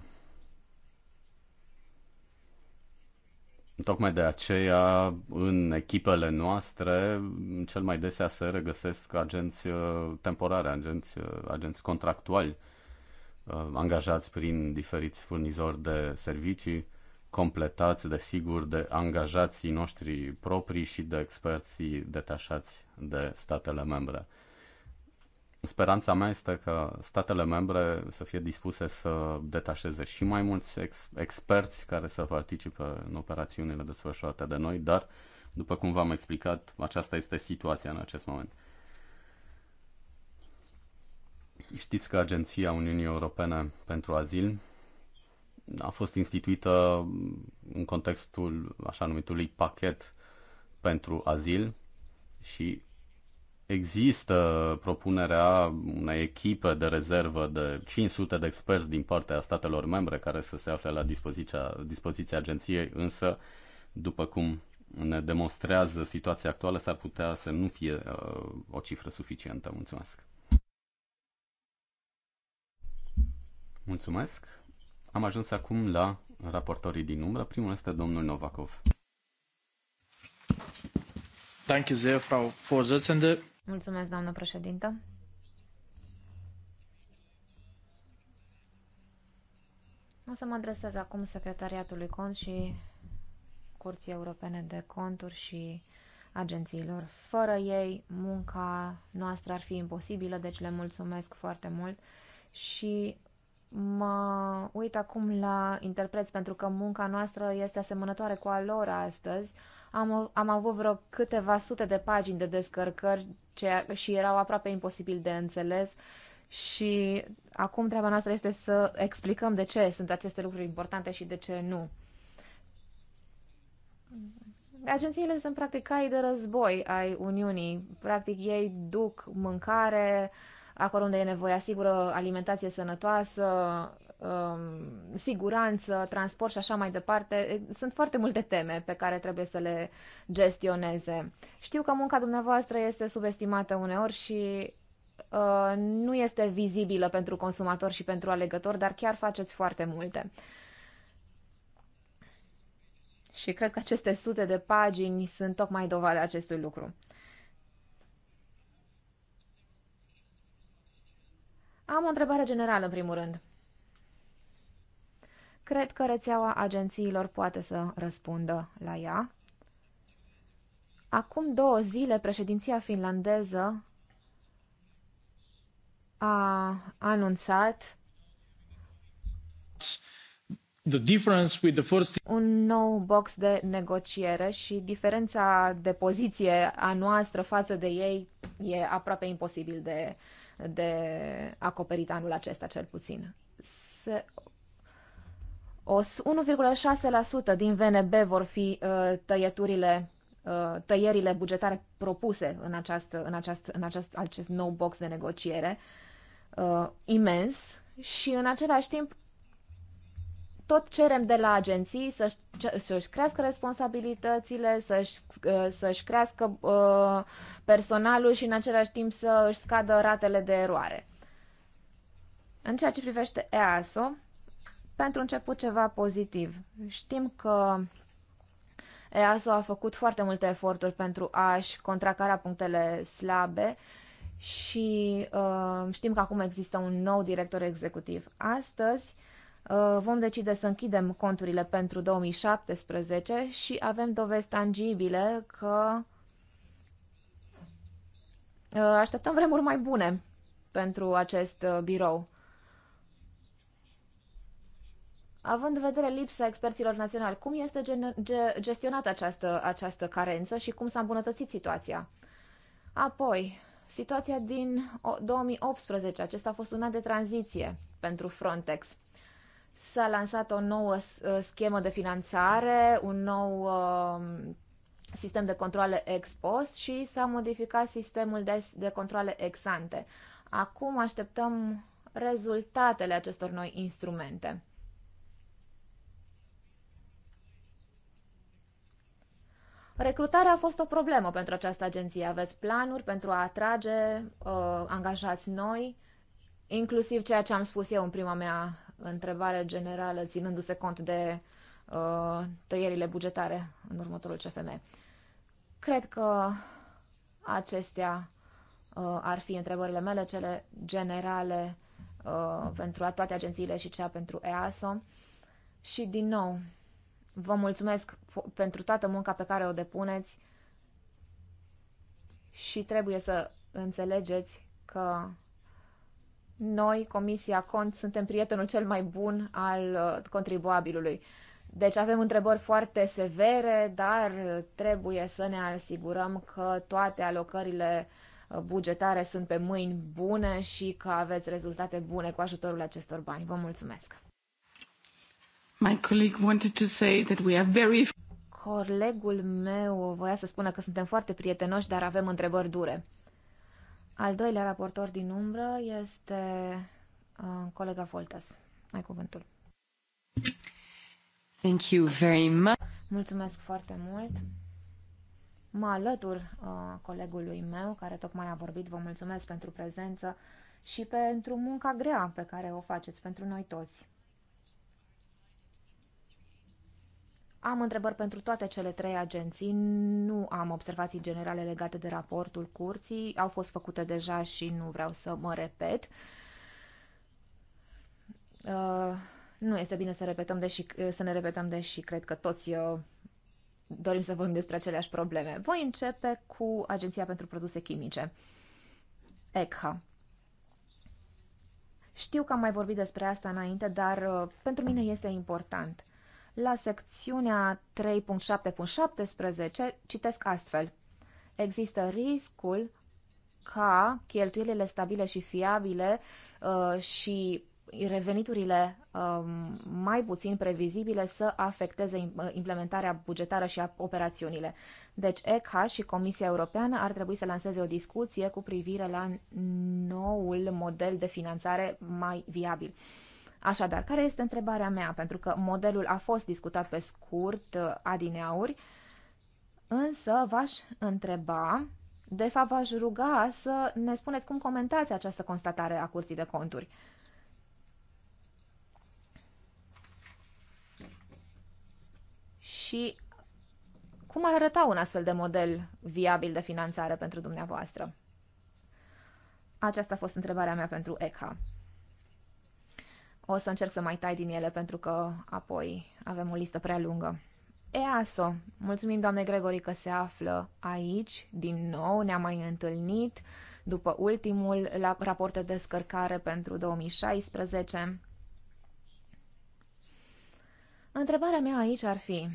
Tocmai de aceea, în echipele noastre, cel mai desea se regăsesc agenți uh, temporare, agenți, uh, agenți contractuali, uh, angajați prin diferiți furnizori de servicii completați, desigur, de angajații noștri proprii și de experții detașați de statele membre. Speranța mea este că statele membre să fie dispuse să detașeze și mai mulți ex- experți care să participe în operațiunile desfășurate de noi, dar, după cum v-am explicat, aceasta este situația în acest moment. Știți că Agenția Uniunii Europene pentru Azil a fost instituită în contextul așa numitului pachet pentru azil și există propunerea unei echipe de rezervă de 500 de experți din partea statelor membre care să se afle la dispoziția, dispoziția agenției, însă, după cum ne demonstrează situația actuală, s-ar putea să nu fie uh, o cifră suficientă. Mulțumesc! Mulțumesc! Am ajuns acum la raportorii din umbră. Primul este domnul Novakov. Danke sehr, Frau Vorsitzende. Mulțumesc, doamnă președintă. O să mă adresez acum Secretariatului Cont și Curții Europene de Conturi și agențiilor. Fără ei, munca noastră ar fi imposibilă, deci le mulțumesc foarte mult și Mă uit acum la interpreți pentru că munca noastră este asemănătoare cu a lor astăzi. Am, am avut vreo câteva sute de pagini de descărcări ce, și erau aproape imposibil de înțeles și acum treaba noastră este să explicăm de ce sunt aceste lucruri importante și de ce nu. Agențiile sunt practic cai de război ai Uniunii. Practic ei duc mâncare, uh, acolo unde e nevoie, asigură alimentație sănătoasă, um, siguranță, transport și așa mai departe. Sunt foarte multe teme pe care trebuie să le gestioneze. Știu că munca dumneavoastră este subestimată uneori și uh, nu este vizibilă pentru consumator și pentru alegător, dar chiar faceți foarte multe. Și cred că aceste sute de pagini sunt tocmai dovada acestui lucru. Am o întrebare generală, în primul rând. Cred că rețeaua agențiilor poate să răspundă la ea. Acum două zile, președinția finlandeză a anunțat The difference with the first... un nou box de negociere și diferența de poziție a noastră față de ei e aproape imposibil de uh, de acoperit anul acesta, cel puțin. Se... 1,6% din VNB vor fi uh, tăieturile, uh, tăierile bugetare propuse în, această, în, această, în acest, acest nou box de negociere uh, imens și în același timp tot cerem de la agenții să-și, să-și crească responsabilitățile, să-și, uh, să-și crească uh, personalul și în același timp să și scadă ratele de eroare. În ceea ce privește EASO, pentru început ceva pozitiv. Știm că EASO a făcut foarte multe eforturi pentru a-și contracara punctele slabe și uh, știm că acum există un nou director executiv. Astăzi, uh, Uh, vom decide să închidem conturile pentru 2017 și avem dovezi tangibile că uh, așteptăm vremuri mai bune pentru acest uh, birou. Având în vedere lipsa experților naționali, cum este gestionată această, această carență și cum s-a îmbunătățit situația? Apoi, situația din 2018, acesta a fost un an de tranziție pentru Frontex. S-a lansat o nouă uh, schemă de finanțare, un nou um, sistem de controle ex post și s-a modificat sistemul de, de controle ex ante. Acum așteptăm rezultatele acestor noi instrumente. Recrutarea a fost o problemă pentru această agenție. Aveți planuri pentru a atrage uh, angajați noi, inclusiv ceea ce am spus eu în prima mea întrebare generală, ținându-se cont de uh, tăierile bugetare în următorul CFM. Cred că acestea uh, ar fi întrebările mele, cele generale uh, pentru toate agențiile și cea pentru EASO. Și din nou, vă mulțumesc pentru toată munca pe care o depuneți și trebuie să înțelegeți că noi, Comisia Cont, suntem prietenul cel mai bun al uh, contribuabilului. Deci avem întrebări foarte severe, dar trebuie să ne asigurăm că toate alocările uh, bugetare sunt pe mâini bune și că aveți rezultate bune cu ajutorul acestor bani. Vă mulțumesc! My colleague wanted to say that we are very... Colegul meu voia să spună că suntem foarte prietenoși, dar avem întrebări dure. Al doilea raportor din umbră este uh, colega Foltas. Ai cuvântul. Thank you very much. Mulțumesc foarte mult. Mă alătur uh, colegului meu care tocmai a vorbit. Vă mulțumesc pentru prezență și pentru munca grea pe care o faceți pentru noi toți. Am întrebări pentru toate cele trei agenții, nu am observații generale legate de raportul curții, au fost făcute deja și nu vreau să mă repet. Uh, nu este bine să, repetăm deși, uh, să ne repetăm, deși cred că toți uh, dorim să vorbim despre aceleași probleme. Voi începe cu Agenția pentru Produse Chimice, ECHA. Știu că am mai vorbit despre asta înainte, dar uh, pentru mine este important. La secțiunea 3.7.17 citesc astfel. Există riscul ca cheltuielile stabile și fiabile uh, și reveniturile uh, mai puțin previzibile să afecteze uh, implementarea bugetară și operațiunile. Deci ECHA și Comisia Europeană ar trebui să lanseze o discuție cu privire la noul model de finanțare mai viabil. Așadar, care este întrebarea mea? Pentru că modelul a fost discutat pe scurt uh, adineauri, însă v-aș întreba, de fapt v-aș ruga să ne spuneți cum comentați această constatare a Curții de Conturi. Și cum ar arăta un astfel de model viabil de finanțare pentru dumneavoastră? Aceasta a fost întrebarea mea pentru ECA. O să încerc să mai tai din ele pentru că apoi avem o listă prea lungă. EASO, mulțumim doamne Gregori că se află aici din nou, ne-am mai întâlnit după ultimul la raport de descărcare pentru 2016. Întrebarea mea aici ar fi,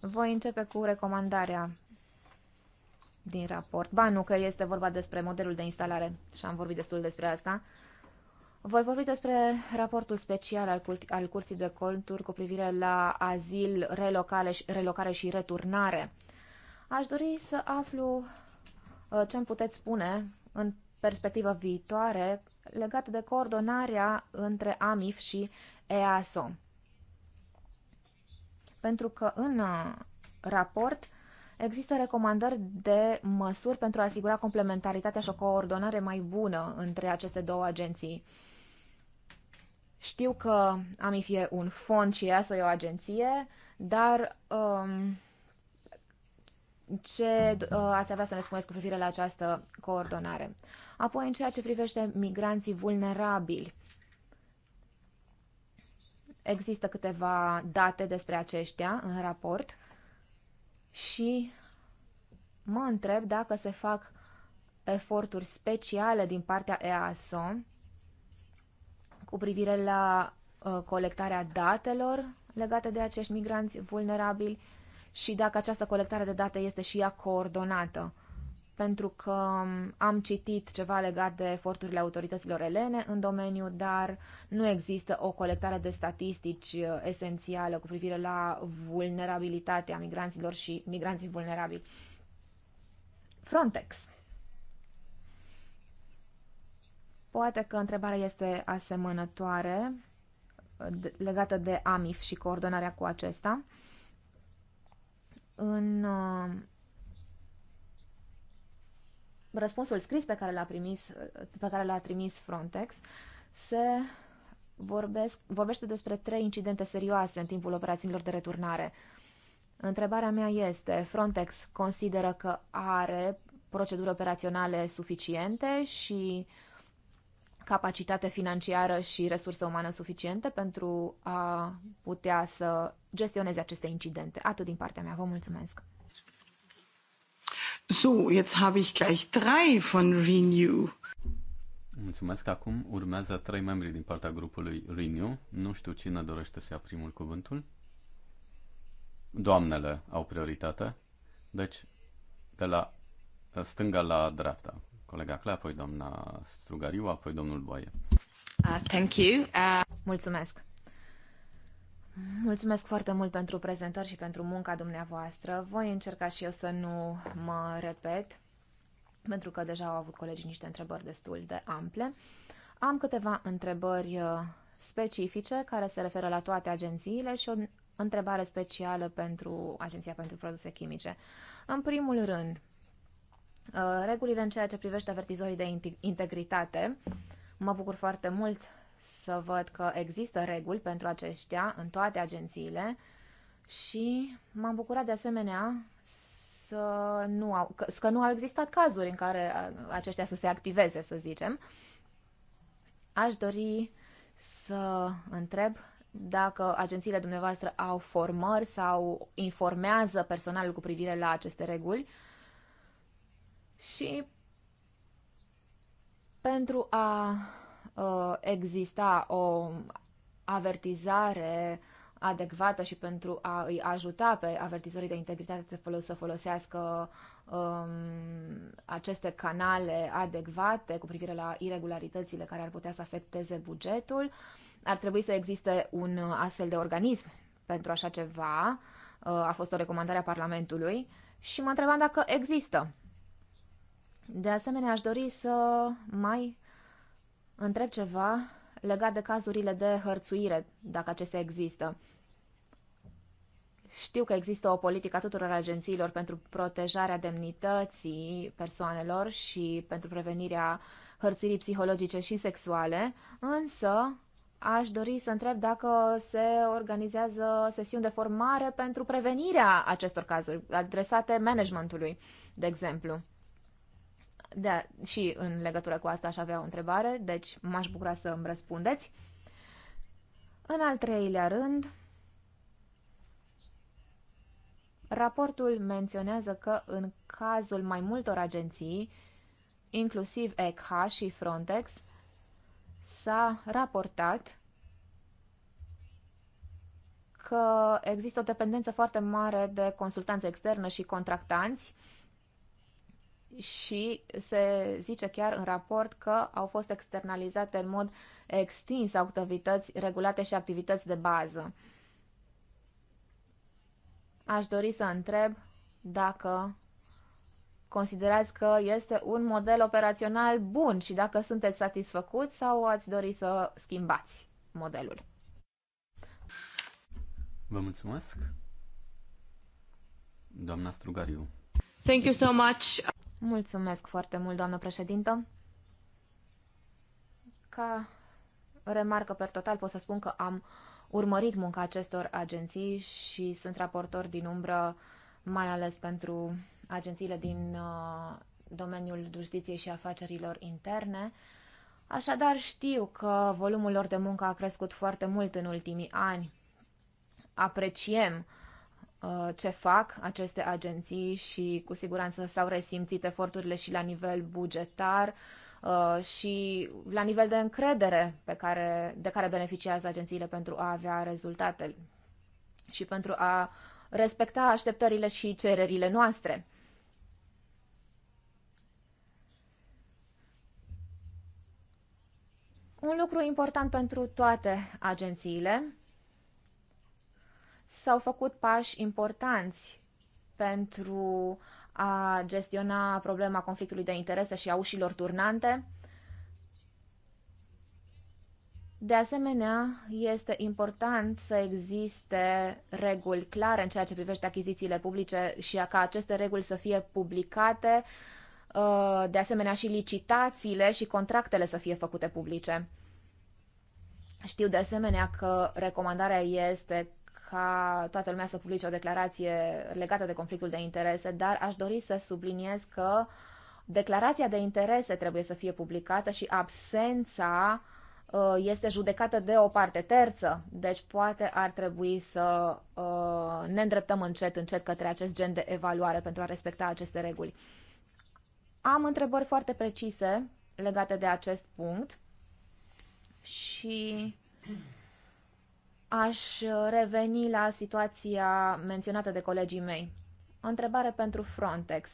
Voi începe cu recomandarea din raport. Ba nu, că este vorba despre modelul de instalare și am vorbit destul despre asta. Voi vorbi despre raportul special al, cur- al Curții de Conturi cu privire la azil, relocare și, relocare și returnare. Aș dori să aflu uh, ce îmi puteți spune în perspectivă viitoare legat de coordonarea între AMIF și EASO. Pentru că în uh, raport Există recomandări de măsuri pentru a asigura complementaritatea și o coordonare mai bună între aceste două agenții. Știu că AMIF e un fond și să e o agenție, dar um, ce uh, ați avea să ne spuneți cu privire la această coordonare? Apoi, în ceea ce privește migranții vulnerabili, există câteva date despre aceștia în raport și mă întreb dacă se fac eforturi speciale din partea EASO cu privire la uh, colectarea datelor legate de acești migranți vulnerabili și dacă această colectare de date este și ea coordonată pentru că am citit ceva legat de eforturile autorităților elene în domeniu, dar nu există o colectare de statistici uh, esențială cu privire la vulnerabilitatea migranților și migranții vulnerabili. Frontex. Poate că întrebarea este asemănătoare uh, legată de AMIF și coordonarea cu acesta. În uh, răspunsul scris pe care l-a, primis, pe care l-a trimis Frontex se vorbesc, vorbește despre trei incidente serioase în timpul operațiunilor de returnare. Întrebarea mea este, Frontex consideră că are proceduri operaționale suficiente și capacitate financiară și resurse umane suficiente pentru a putea să gestioneze aceste incidente. Atât din partea mea. Vă mulțumesc! So, jetzt habe ich gleich drei von Renew. Mulțumesc. Acum urmează trei membri din partea grupului Renew. Nu știu cine dorește să ia primul cuvântul. Doamnele au prioritate. Deci, de la stânga la dreapta. Colega Clea, apoi doamna Strugariu, apoi domnul Boaie. Uh, thank you. Uh... Mulțumesc. Mulțumesc foarte mult pentru prezentări și pentru munca dumneavoastră. Voi încerca și eu să nu mă repet, pentru că deja au avut colegii niște întrebări destul de ample. Am câteva întrebări uh, specifice care se referă la toate agențiile și o întrebare specială pentru Agenția pentru Produse Chimice. În primul rând, uh, regulile în ceea ce privește avertizorii de integritate. Mă bucur foarte mult să văd că există reguli pentru aceștia în toate agențiile și m-am bucurat de asemenea să nu au, că, că nu au existat cazuri în care aceștia să se activeze, să zicem. Aș dori să întreb dacă agențiile dumneavoastră au formări sau informează personalul cu privire la aceste reguli și pentru a uh, exista o avertizare adecvată și pentru a îi ajuta pe avertizorii de integritate să folosească um, aceste canale adecvate cu privire la irregularitățile care ar putea să afecteze bugetul. Ar trebui să existe un astfel de organism pentru așa ceva. Uh, a fost o recomandare a Parlamentului și mă întrebam dacă există. De asemenea, aș dori să mai întreb ceva legat de cazurile de hărțuire, dacă acestea există. Știu că există o politică a tuturor agențiilor pentru protejarea demnității persoanelor și pentru prevenirea hărțuirii psihologice și sexuale, însă aș dori să întreb dacă se organizează sesiuni de formare pentru prevenirea acestor cazuri, adresate managementului, de exemplu de a, și în legătură cu asta aș avea o întrebare, deci m-aș bucura să îmi răspundeți. În al treilea rând, raportul menționează că în cazul mai multor agenții, inclusiv ECH și Frontex, s-a raportat că există o dependență foarte mare de consultanță externă și contractanți, uh, și se zice chiar în raport că au fost externalizate în mod extins activități regulate și activități de bază. Aș dori să întreb dacă considerați că este un model operațional bun și dacă sunteți satisfăcuți sau ați dori să schimbați modelul. Vă mulțumesc. Doamna Strugariu. Thank you so much. Mulțumesc foarte mult, doamnă președintă. Ca remarcă per total pot să spun că am urmărit munca acestor agenții și sunt raportor din umbră, mai ales pentru agențiile din uh, domeniul justiției și afacerilor interne. Așadar, știu că volumul lor de muncă a crescut foarte mult în ultimii ani. Apreciem uh, Uh, ce fac aceste agenții și cu siguranță s-au resimțit eforturile și la nivel bugetar uh, și la nivel de încredere pe care, de care beneficiază agențiile pentru a avea rezultate și pentru a respecta așteptările și cererile noastre. Un lucru important pentru toate agențiile s-au făcut pași importanți pentru a gestiona problema conflictului de interese și a ușilor turnante. De asemenea, este important să existe reguli clare în ceea ce privește achizițiile publice și ca aceste reguli să fie publicate, uh, de asemenea și licitațiile și contractele să fie făcute publice. Știu de asemenea că recomandarea este ca toată lumea să publice o declarație legată de conflictul de interese, dar aș dori să subliniez că declarația de interese trebuie să fie publicată și absența uh, este judecată de o parte terță, deci poate ar trebui să uh, ne îndreptăm încet, încet către acest gen de evaluare pentru a respecta aceste reguli. Am întrebări foarte precise legate de acest punct și Aș uh, reveni la situația menționată de colegii mei. O întrebare pentru Frontex.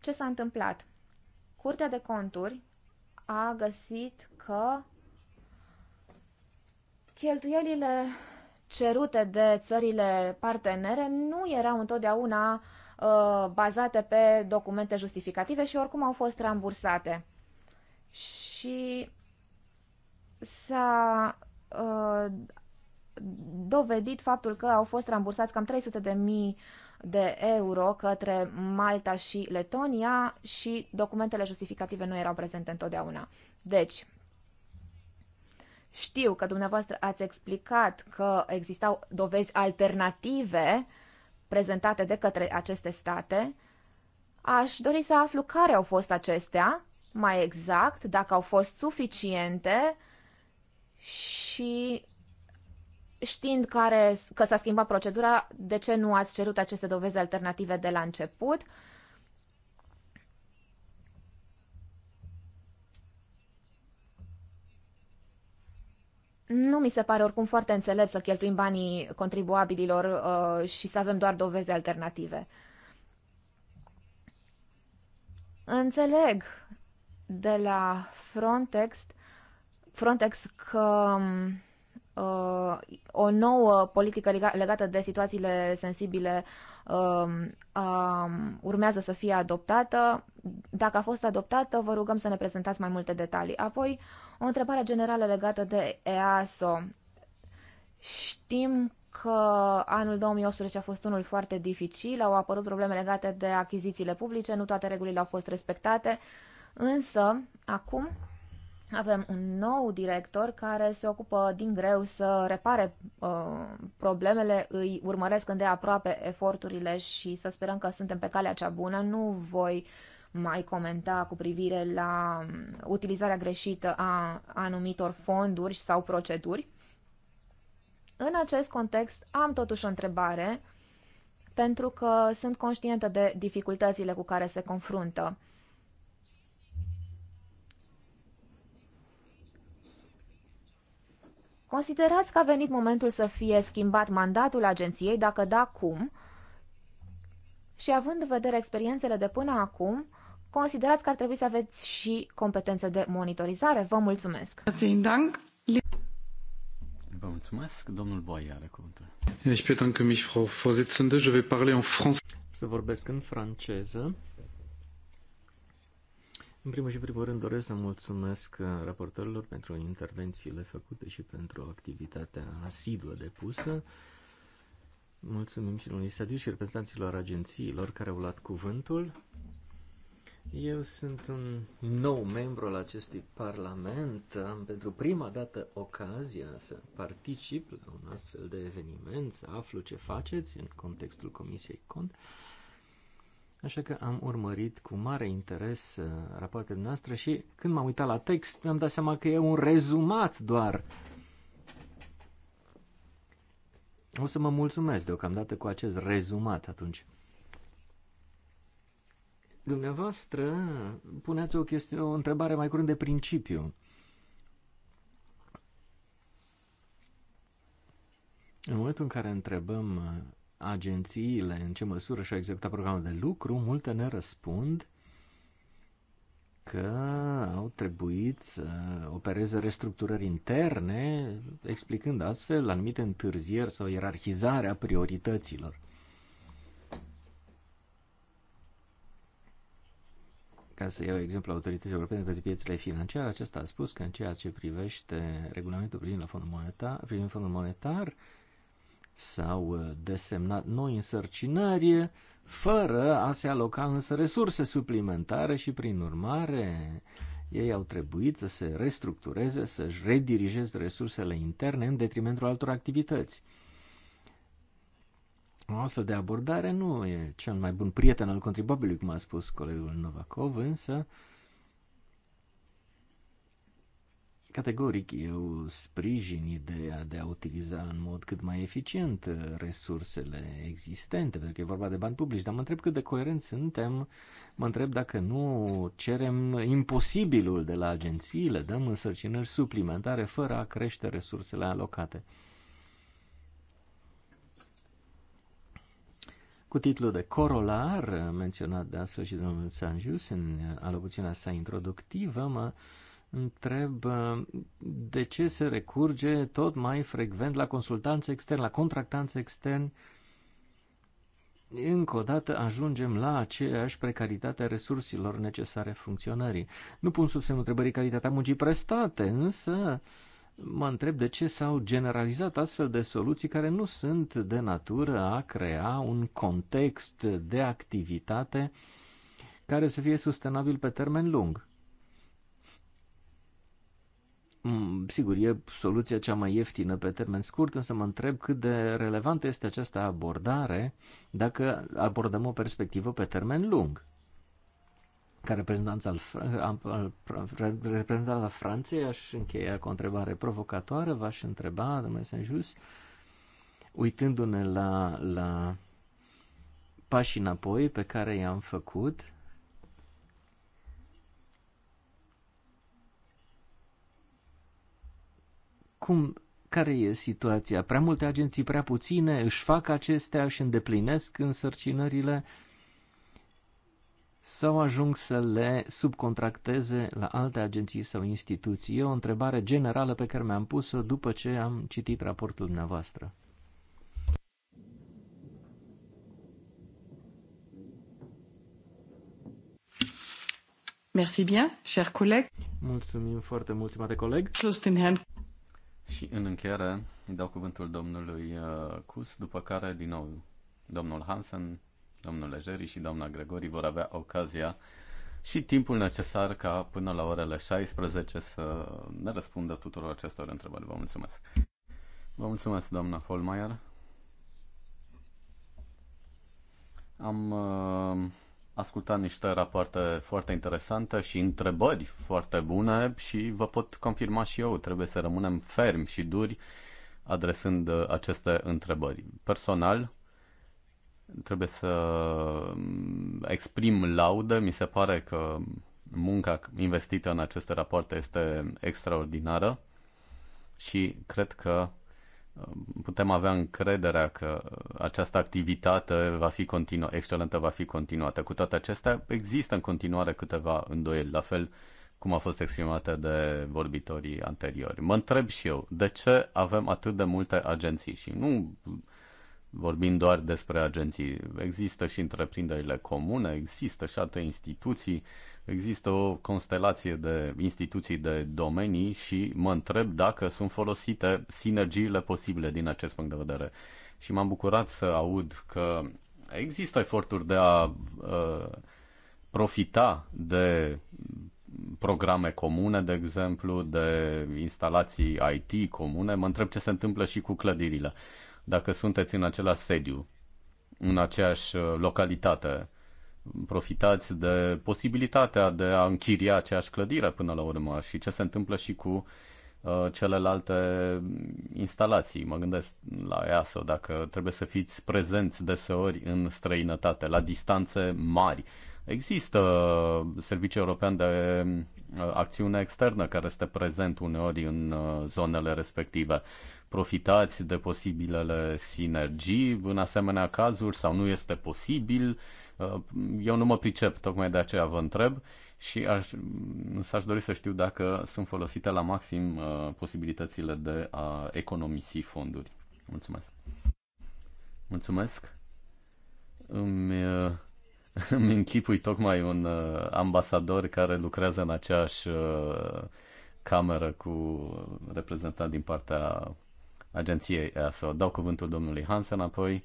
Ce s-a întâmplat? Curtea de conturi a găsit că cheltuielile cerute de țările partenere nu erau întotdeauna uh, bazate pe documente justificative și oricum au fost rambursate. Și s-a Uh, dovedit faptul că au fost rambursați cam 300 de mii de euro către Malta și Letonia și documentele justificative nu erau prezente întotdeauna. Deci, știu că dumneavoastră ați explicat că existau dovezi alternative prezentate de către aceste state. Aș dori să aflu care au fost acestea, mai exact, dacă au fost suficiente și știind care, că s-a schimbat procedura, de ce nu ați cerut aceste dovezi alternative de la început? Nu mi se pare oricum foarte înțelept să cheltuim banii contribuabililor uh, și să avem doar dovezi alternative. Înțeleg de la Frontext Frontex că uh, o nouă politică legată de situațiile sensibile uh, uh, urmează să fie adoptată. Dacă a fost adoptată, vă rugăm să ne prezentați mai multe detalii. Apoi, o întrebare generală legată de EASO. Știm că anul 2018 a fost unul foarte dificil, au apărut probleme legate de achizițiile publice, nu toate regulile au fost respectate, însă acum avem un nou director care se ocupă din greu să repare uh, problemele, îi urmăresc îndeaproape eforturile și să sperăm că suntem pe calea cea bună. Nu voi mai comenta cu privire la um, utilizarea greșită a anumitor fonduri sau proceduri. În acest context am totuși o întrebare, pentru că sunt conștientă de dificultățile cu care se confruntă Considerați că a venit momentul să fie schimbat mandatul agenției, dacă da, cum? Și având în vedere experiențele de până acum, considerați că ar trebui să aveți și competențe de monitorizare? Vă mulțumesc! Vă mulțumesc. Domnul Boia are cuvântul. Să vorbesc în franceză. În primul și primul rând doresc să mulțumesc uh, raportorilor pentru intervențiile făcute și pentru activitatea asiduă depusă. Mulțumim și lui Sadiu și reprezentanților agențiilor care au luat cuvântul. Eu sunt un nou membru al acestui parlament. Am pentru prima dată ocazia să particip la un astfel de eveniment, să aflu ce faceți în contextul Comisiei Cont Așa că am urmărit cu mare interes uh, rapoartele noastre și când m-am uitat la text, mi-am dat seama că e un rezumat doar. O să mă mulțumesc deocamdată cu acest rezumat atunci. Dumneavoastră puneți o, chestie, o întrebare mai curând de principiu. În momentul în care întrebăm uh, agențiile, în ce măsură și-au executat programul de lucru, multe ne răspund că au trebuit să opereze restructurări interne, explicând astfel anumite întârzieri sau ierarhizarea priorităților. Ca să iau exemplu autorității europene pentru piețele financiare, acesta a spus că în ceea ce privește regulamentul privind la fondul monetar, privind fondul monetar, uh, s-au uh, desemnat noi însărcinări fără a se aloca însă resurse suplimentare și prin urmare ei au trebuit să se restructureze, să-și redirigeze resursele interne în detrimentul altor activități. O astfel de abordare nu e cel mai bun prieten al contribuabilului, cum a spus colegul Novakov, însă Categoric, eu sprijin ideea de a utiliza în mod cât mai eficient resursele existente, pentru că e vorba de bani publici, dar mă întreb cât de coerenți suntem, mă întreb dacă nu cerem imposibilul de la agențiile, dăm însărcinări suplimentare fără a crește resursele alocate. cu titlul de corolar, menționat de astfel și de domnul Sanjus în alocuțiunea sa introductivă, mă întreb uh, de ce se recurge tot mai frecvent la consultanțe externe, la contractanțe externi. Încă o dată ajungem la aceeași precaritate a resurselor necesare funcționării. Nu pun sub semnul întrebării calitatea muncii prestate, însă mă întreb de ce s-au generalizat astfel de soluții care nu sunt de natură a crea un context de activitate care să fie sustenabil pe termen lung. Mm, sigur, e soluția cea mai ieftină pe termen scurt, însă mă întreb cât de relevantă este această abordare dacă abordăm o perspectivă pe termen lung. Ca reprezentant al, al, reprezentant al Franței, aș încheia cu o întrebare provocatoare, v-aș întreba, domnule Saint-Just, uitându-ne la, la pașii înapoi pe care i-am făcut, Cum, care e situația? Prea multe agenții, prea puține, își fac acestea, și îndeplinesc însărcinările sau ajung să le subcontracteze la alte agenții sau instituții? E o întrebare generală pe care mi-am pus-o după ce am citit raportul dumneavoastră. Merci bien, cher collègue. Mulțumim foarte mult, stimate coleg. Schluss den și în încheiere îi dau cuvântul domnului uh, Cus, după care din nou domnul Hansen, domnul Lejeri și doamna Gregori vor avea ocazia și timpul necesar ca până la orele 16 să ne răspundă tuturor acestor întrebări. Vă mulțumesc! Vă mulțumesc, doamna Holmeier. Am uh, ascultat niște rapoarte foarte interesante și întrebări foarte bune și vă pot confirma și eu, trebuie să rămânem fermi și duri adresând aceste întrebări. Personal, trebuie să mm, exprim laudă, mi se pare că munca investită în aceste rapoarte este extraordinară și cred că putem avea încrederea că această activitate va fi continuă, excelentă va fi continuată. Cu toate acestea, există în continuare câteva îndoieli, la fel cum a fost exprimată de vorbitorii anteriori. Mă întreb și eu, de ce avem atât de multe agenții? Și nu vorbim doar despre agenții. Există și întreprinderile comune, există și alte instituții uh, Există o constelație de instituții, de domenii și mă întreb dacă sunt folosite sinergiile posibile din acest punct de vedere. Și m-am bucurat să aud că există eforturi de a uh, profita de programe comune, de exemplu, de instalații IT comune. Mă întreb ce se întâmplă și cu clădirile. Dacă sunteți în același sediu, în aceeași uh, localitate, profitați de posibilitatea de a închiria aceeași clădire până la urmă și ce se întâmplă și cu uh, celelalte instalații. Mă gândesc la EASO, dacă trebuie să fiți prezenți deseori în străinătate, la distanțe mari. Există Serviciul European de uh, acțiune externă care este prezent uneori în uh, zonele respective. Profitați de posibilele sinergii în asemenea cazuri sau nu este posibil Uh, eu nu mă pricep, tocmai de aceea vă întreb și aș, s aș dori să știu dacă sunt folosite la maxim uh, posibilitățile de a economisi fonduri. Mulțumesc. Mulțumesc. Îmi, uh, <laughs> îmi închipui tocmai un uh, ambasador care lucrează în aceeași uh, cameră cu reprezentant din partea agenției EASO. Dau cuvântul domnului Hansen, apoi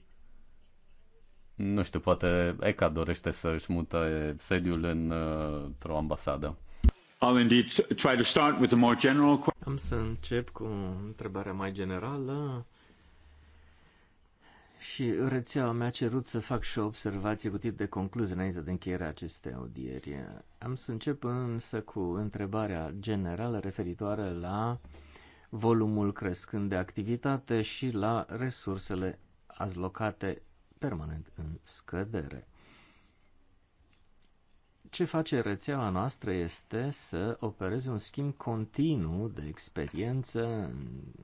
nu știu, poate ECA dorește să își mută sediul uh, într-o ambasadă. I'll indeed try to start with a more general Am să încep cu întrebarea mai generală și rețeaua mi-a cerut să fac și o observație cu tip de concluzie înainte de încheierea acestei audieri. Am să încep însă cu întrebarea generală referitoare la volumul crescând de activitate și la resursele alocate permanent în scădere. Ce face rețeaua noastră este să opereze un schimb continuu de experiență în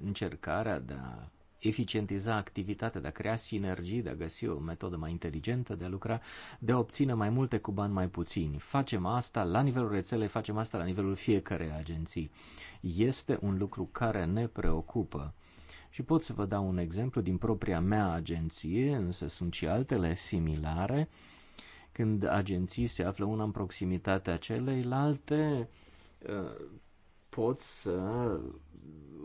încercarea de a eficientiza activitatea, de a crea sinergii, de a găsi o metodă mai inteligentă de a lucra, de a obține mai multe cu bani mai puțini. Facem asta la nivelul rețelei, facem asta la nivelul fiecarei agenții. Este un lucru care ne preocupă. Și pot să vă dau un exemplu din propria mea agenție, însă sunt și altele similare. Când agenții se află una în proximitatea celeilalte, ă, pot să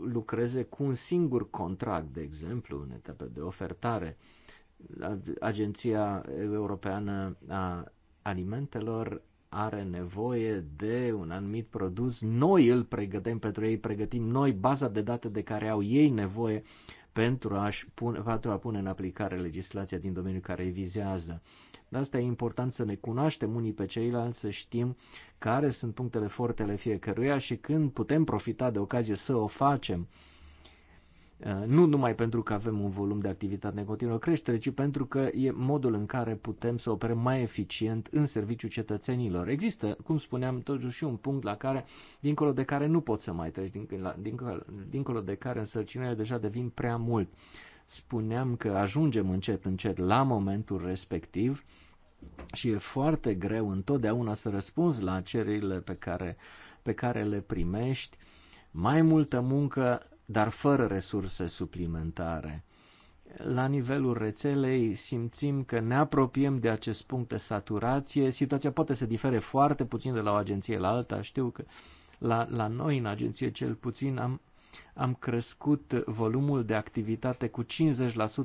lucreze cu un singur contract, de exemplu, în etapă de ofertare. Agenția Europeană a Alimentelor are nevoie de un anumit produs, noi îl pregătim pentru ei, pregătim noi baza de date de care au ei nevoie pentru, a-și pune, pentru a pune în aplicare legislația din domeniul care îi vizează. De asta e important să ne cunoaștem unii pe ceilalți, să știm care sunt punctele forte ale fiecăruia și când putem profita de ocazie să o facem. Uh, nu numai pentru că avem un volum de activitate în continuă creștere, ci pentru că e modul în care putem să operăm mai eficient în serviciul cetățenilor. Există, cum spuneam, totuși un punct la care, dincolo de care nu poți să mai treci, dincolo, dincolo de care însărcinările deja devin prea mult. Spuneam că ajungem încet, încet la momentul respectiv și e foarte greu întotdeauna să răspunzi la cererile pe care, pe care le primești. Mai multă muncă dar fără resurse suplimentare. La nivelul rețelei simțim că ne apropiem de acest punct de saturație. Situația poate să difere foarte puțin de la o agenție la alta. Știu că la, la noi în agenție cel puțin am am crescut volumul de activitate cu 50%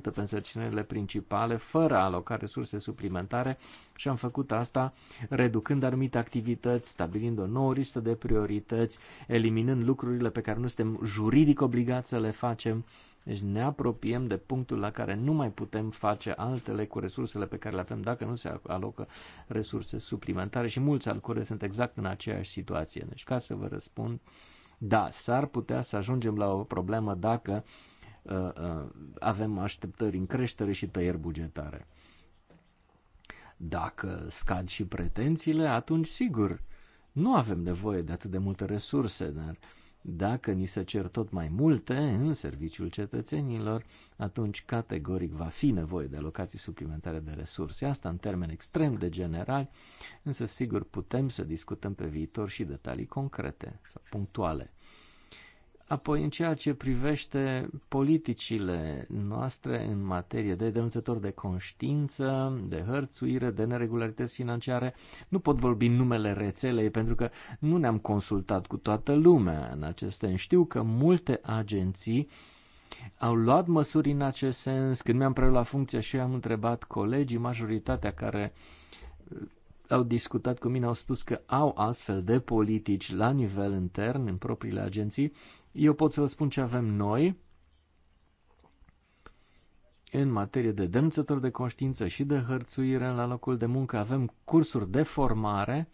pe însărcinările principale, fără a aloca resurse suplimentare și am făcut asta reducând anumite activități, stabilind o nouă listă de priorități, eliminând lucrurile pe care nu suntem juridic obligați să le facem. Deci ne apropiem de punctul la care nu mai putem face altele cu resursele pe care le avem dacă nu se alocă resurse suplimentare și mulți alcore sunt exact în aceeași situație. Deci ca să vă răspund, uh, da, s-ar putea să ajungem la o problemă dacă uh, uh, avem așteptări în creștere și tăieri bugetare. Dacă scad și pretențiile, atunci sigur, nu avem nevoie de atât de multe resurse, dar uh, dacă ni se cer tot mai multe în serviciul cetățenilor, atunci categoric va fi nevoie de alocații suplimentare de resurse. Asta în termen extrem de general, însă sigur putem să discutăm pe viitor și detalii concrete sau punctuale. Apoi, în ceea ce privește politicile noastre în materie de denunțători de conștiință, de hărțuire, de neregularități financiare, nu pot vorbi numele rețelei pentru că nu ne-am consultat cu toată lumea în aceste. Știu că multe agenții au luat măsuri în acest sens. Când mi-am preluat funcția și am întrebat colegii, majoritatea care uh, au discutat cu mine, au spus că au astfel de politici la nivel intern, în propriile agenții, eu pot să vă spun ce avem noi în materie de denunțători de conștiință și de hărțuire la locul de muncă. Avem cursuri de formare.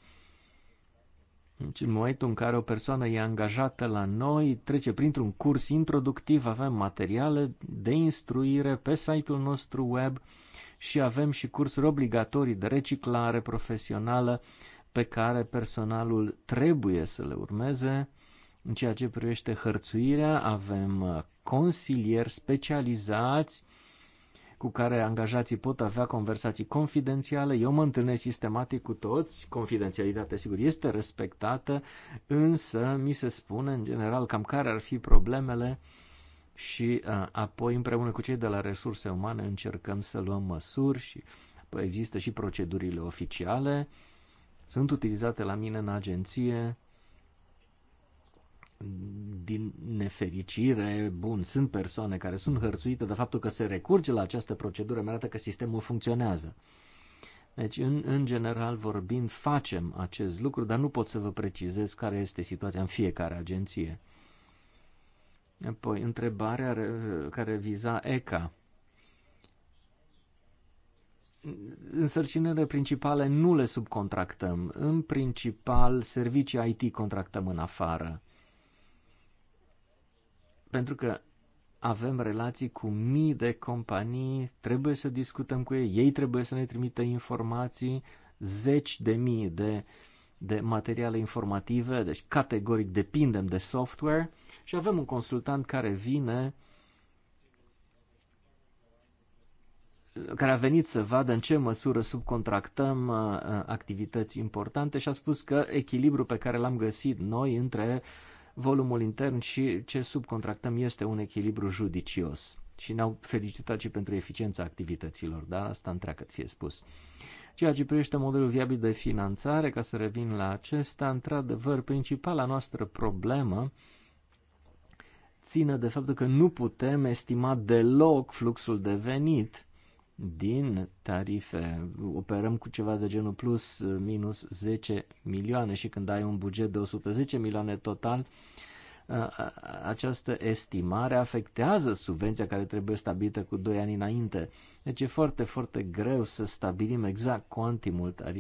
Deci în momentul în care o persoană e angajată la noi, trece printr-un curs introductiv, avem materiale de instruire pe site-ul nostru web și avem și cursuri obligatorii de reciclare profesională pe care personalul trebuie să le urmeze. În ceea ce privește hărțuirea, avem uh, consilieri specializați cu care angajații pot avea conversații confidențiale. Eu mă întâlnesc sistematic cu toți, confidențialitatea sigur este respectată, însă mi se spune în general cam care ar fi problemele și a, uh, apoi împreună cu cei de la resurse umane încercăm să luăm măsuri și există și procedurile oficiale, sunt utilizate la mine în agenție, din nefericire, bun, sunt persoane care sunt hărțuite de faptul că se recurge la această procedură, mi arată că sistemul funcționează. Deci, în, în general, vorbind, facem acest lucru, dar nu pot să vă precizez care este situația în fiecare agenție. Apoi, întrebarea care viza ECA. Însărcinările principale nu le subcontractăm. În principal, servicii IT contractăm în afară pentru că avem relații cu mii de companii, trebuie să discutăm cu ei, ei trebuie să ne trimită informații, zeci de mii de, de materiale informative, deci categoric depindem de software și avem un consultant care vine, care a venit să vadă în ce măsură subcontractăm uh, uh, activități importante și a spus că echilibrul pe care l-am găsit noi între uh, volumul intern și ce subcontractăm este un echilibru judicios. Și ne-au felicitat și pentru eficiența activităților, dar Asta întreagă, fie spus. Ceea ce privește modelul viabil de finanțare, ca să revin la acesta, într-adevăr, principala noastră problemă ține de faptul că nu putem estima deloc fluxul de venit din tarife. Operăm cu ceva de genul plus minus 10 milioane și când ai un buget de 110 milioane total, această estimare afectează subvenția care trebuie stabilită cu 2 ani înainte. Deci e foarte, foarte greu să stabilim exact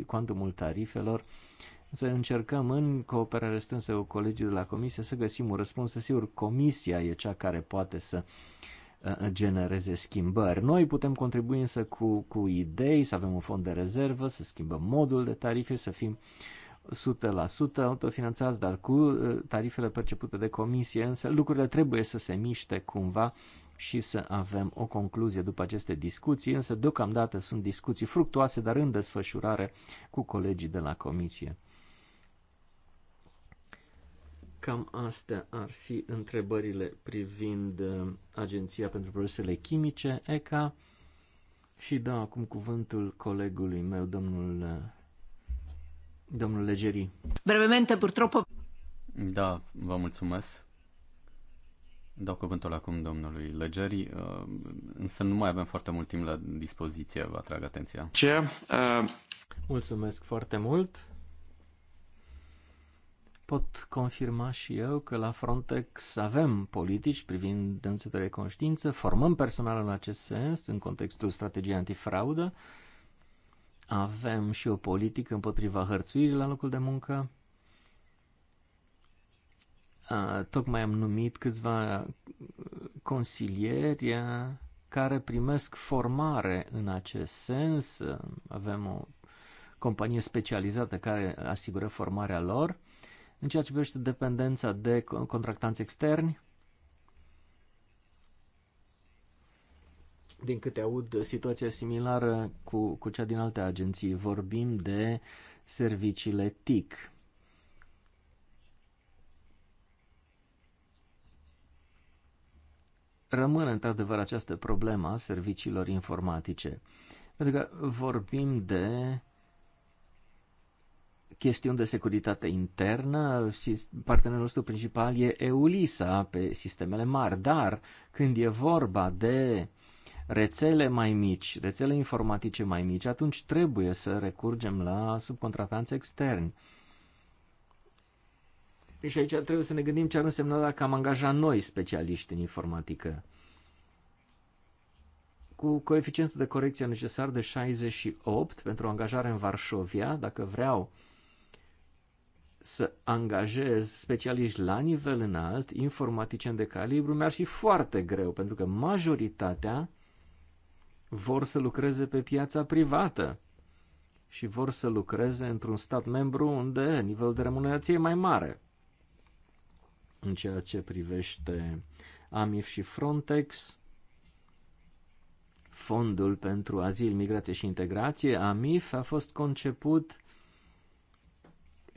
cuantumul, tarifelor, să încercăm în cooperare strânsă cu colegii de la comisie să găsim un răspuns. Sigur, comisia e cea care poate să uh, Uh, genereze schimbări. Noi putem contribui însă cu, cu idei, să avem un fond de rezervă, să schimbăm modul de tarife, să fim 100% autofinanțați, dar cu uh, tarifele percepute de comisie, însă lucrurile trebuie să se miște cumva și să avem o concluzie după aceste discuții, însă deocamdată sunt discuții fructuoase, dar în desfășurare cu colegii de la comisie. Cam astea ar fi întrebările privind uh, Agenția pentru Produsele Chimice, ECA, și dau acum cuvântul colegului meu, domnul, uh, domnul Legeri. Brevemente, purtropo. Da, vă mulțumesc. Dau cuvântul acum domnului Legeri, uh, însă nu mai avem foarte mult timp la dispoziție, vă atrag atenția. Ce? Uh... Mulțumesc foarte mult. Pot confirma și eu că la Frontex avem politici privind dânsătă de conștiință, formăm personal în acest sens, în contextul strategiei antifraudă, avem și o politică împotriva hărțuirii la locul de muncă. tocmai am numit câțiva consilieri care primesc formare în acest sens. Avem o companie specializată care asigură formarea lor. În ceea ce privește dependența de contractanți externi, din câte aud, situația similară cu, cu cea din alte agenții. Vorbim de serviciile TIC. Rămâne într-adevăr această problemă a serviciilor informatice. Pentru că vorbim de chestiuni de securitate internă, partenerul nostru principal e EULISA pe sistemele mari, dar când e vorba de rețele mai mici, rețele informatice mai mici, atunci trebuie să recurgem la subcontratanți externi. Și deci aici trebuie să ne gândim ce ar însemna dacă am angajat noi specialiști în informatică. Cu coeficientul de corecție necesar de 68 pentru o angajare în Varșovia, dacă vreau să angajez specialiști la nivel înalt, informaticieni de calibru, mi-ar fi foarte greu, pentru că majoritatea vor să lucreze pe piața privată și vor să lucreze într-un stat membru unde nivelul de remunerație e mai mare. În ceea ce privește AMIF și Frontex, Fondul pentru Azil, Migrație și Integrație, AMIF, a fost conceput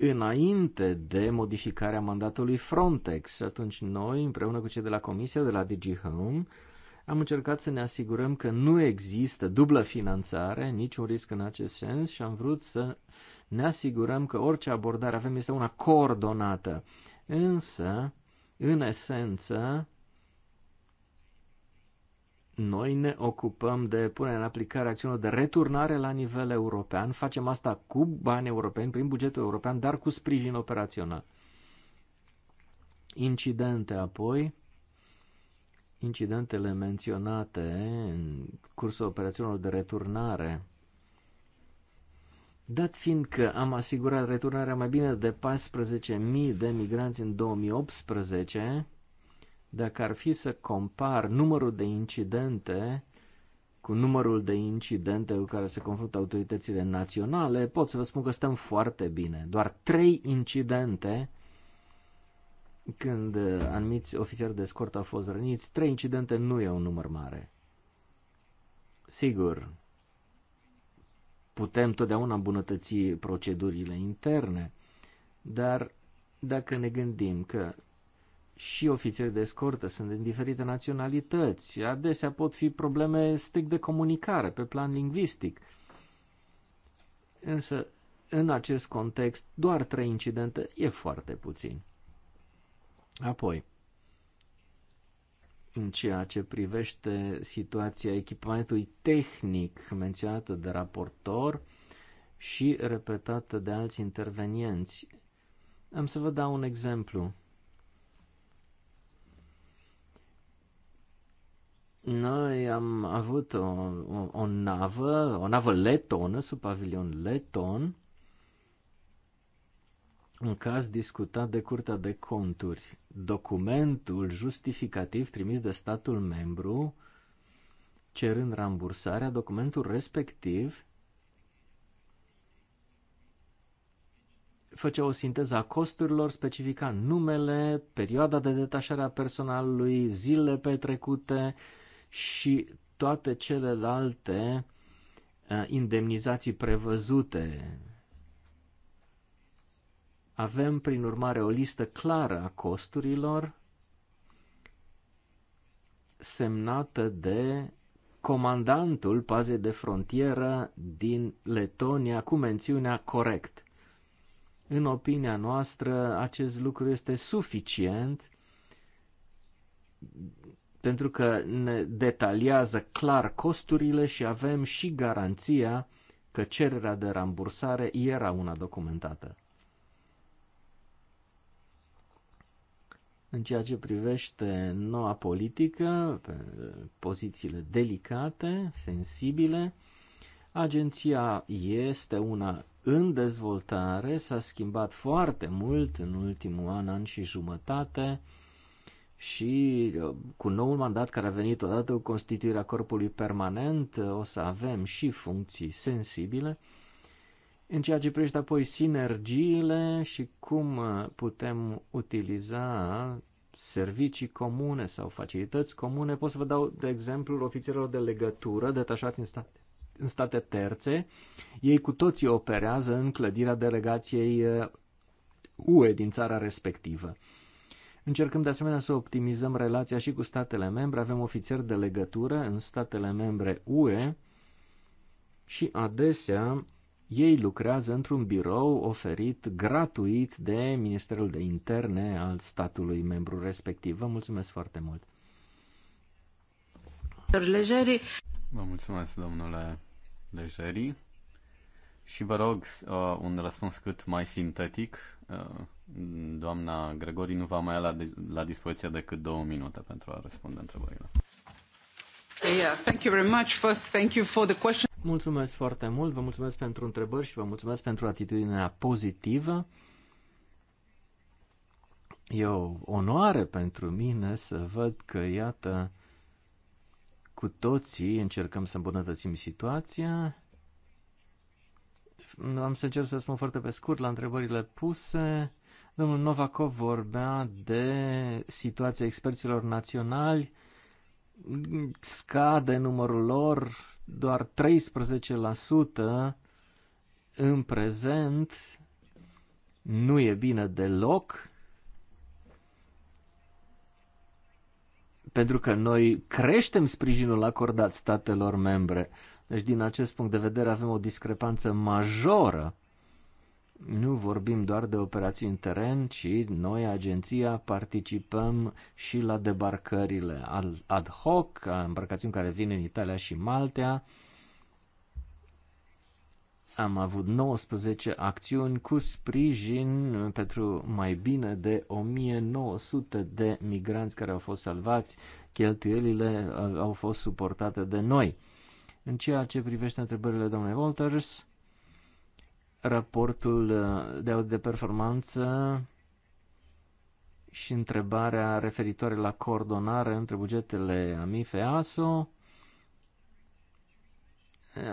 înainte de modificarea mandatului Frontex. Atunci noi, împreună cu cei de la Comisia, de la DG Home, am încercat să ne asigurăm că nu există dublă finanțare, niciun risc în acest sens și am vrut să ne asigurăm că orice abordare avem este una coordonată. Însă, în esență, noi ne ocupăm de punerea în aplicare acțiunilor de returnare la nivel european. Facem asta cu bani europeni, prin bugetul european, dar cu sprijin operațional. Incidente apoi incidentele menționate în cursul operațiunilor de returnare, dat fiind că am asigurat returnarea mai bine de 14.000 de migranți în 2018, dacă ar fi să compar numărul de incidente cu numărul de incidente cu care se confruntă autoritățile naționale, pot să vă spun că stăm foarte bine. Doar trei incidente când uh, anumiți ofițeri de escort au fost răniți, trei incidente nu e un număr mare. Sigur, putem totdeauna îmbunătăți procedurile interne, dar dacă ne gândim că și ofițeri de escortă sunt din diferite naționalități. Adesea pot fi probleme strict de comunicare pe plan lingvistic. Însă, în acest context, doar trei incidente e foarte puțin. Apoi, în ceea ce privește situația echipamentului tehnic menționată de raportor și repetată de alți intervenienți, am să vă dau un exemplu. Noi am avut o, o, o navă, o navă letonă, sub pavilion leton, un caz discutat de Curtea de Conturi. Documentul justificativ trimis de statul membru cerând rambursarea, documentul respectiv făcea o sinteză a costurilor, specifica numele, perioada de detașare a personalului, zilele petrecute, uh, și toate celelalte uh, indemnizații prevăzute. Avem, prin urmare, o listă clară a costurilor semnată de comandantul pazei de frontieră din Letonia cu mențiunea corect. În opinia noastră, acest lucru este suficient pentru că ne detaliază clar costurile și avem și garanția că cererea de rambursare era una documentată. În ceea ce privește noua politică, pozițiile delicate, sensibile, agenția este una în dezvoltare, s-a schimbat foarte mult în ultimul an, an și jumătate, și uh, cu noul mandat care a venit odată cu constituirea corpului permanent, uh, o să avem și funcții sensibile. În ceea ce privește apoi sinergiile și cum uh, putem utiliza servicii comune sau facilități comune, pot să vă dau de exemplu ofițerilor de legătură detașați în state în state terțe, ei cu toții operează în clădirea delegației UE din țara respectivă. Încercăm de asemenea să optimizăm relația și cu statele membre. Avem ofițeri de legătură în statele membre UE și adesea ei lucrează într-un birou oferit gratuit de Ministerul de Interne al statului membru respectiv. Vă mulțumesc foarte mult! Vă mulțumesc, domnule Lejeri, Și vă rog uh, un răspuns cât mai sintetic Uh, doamna Gregori nu va mai avea la, la dispoziție decât două minute pentru a răspunde întrebările. Yeah, thank you very much. First, thank you for the question. Mulțumesc foarte mult, vă mulțumesc pentru întrebări și vă mulțumesc pentru atitudinea pozitivă. E o onoare pentru mine să văd că, iată, cu toții încercăm să îmbunătățim situația am să încerc să spun foarte pe scurt la întrebările puse. Domnul Novakov vorbea de situația experților naționali, scade numărul lor doar 13% în prezent, nu e bine deloc, pentru că noi creștem sprijinul acordat statelor membre. Deci, din acest punct de vedere, avem o discrepanță majoră. Nu vorbim doar de operații în teren, ci noi, agenția, participăm și la debarcările ad hoc, a embarcațiuni care vin în Italia și Maltea. Am avut 19 acțiuni cu sprijin pentru mai bine de 1900 de migranți care au fost salvați. Cheltuielile au fost suportate de noi în ceea ce privește întrebările domnului Walters, raportul uh, de audit de performanță și întrebarea referitoare la coordonare între bugetele AMIFE-ASO.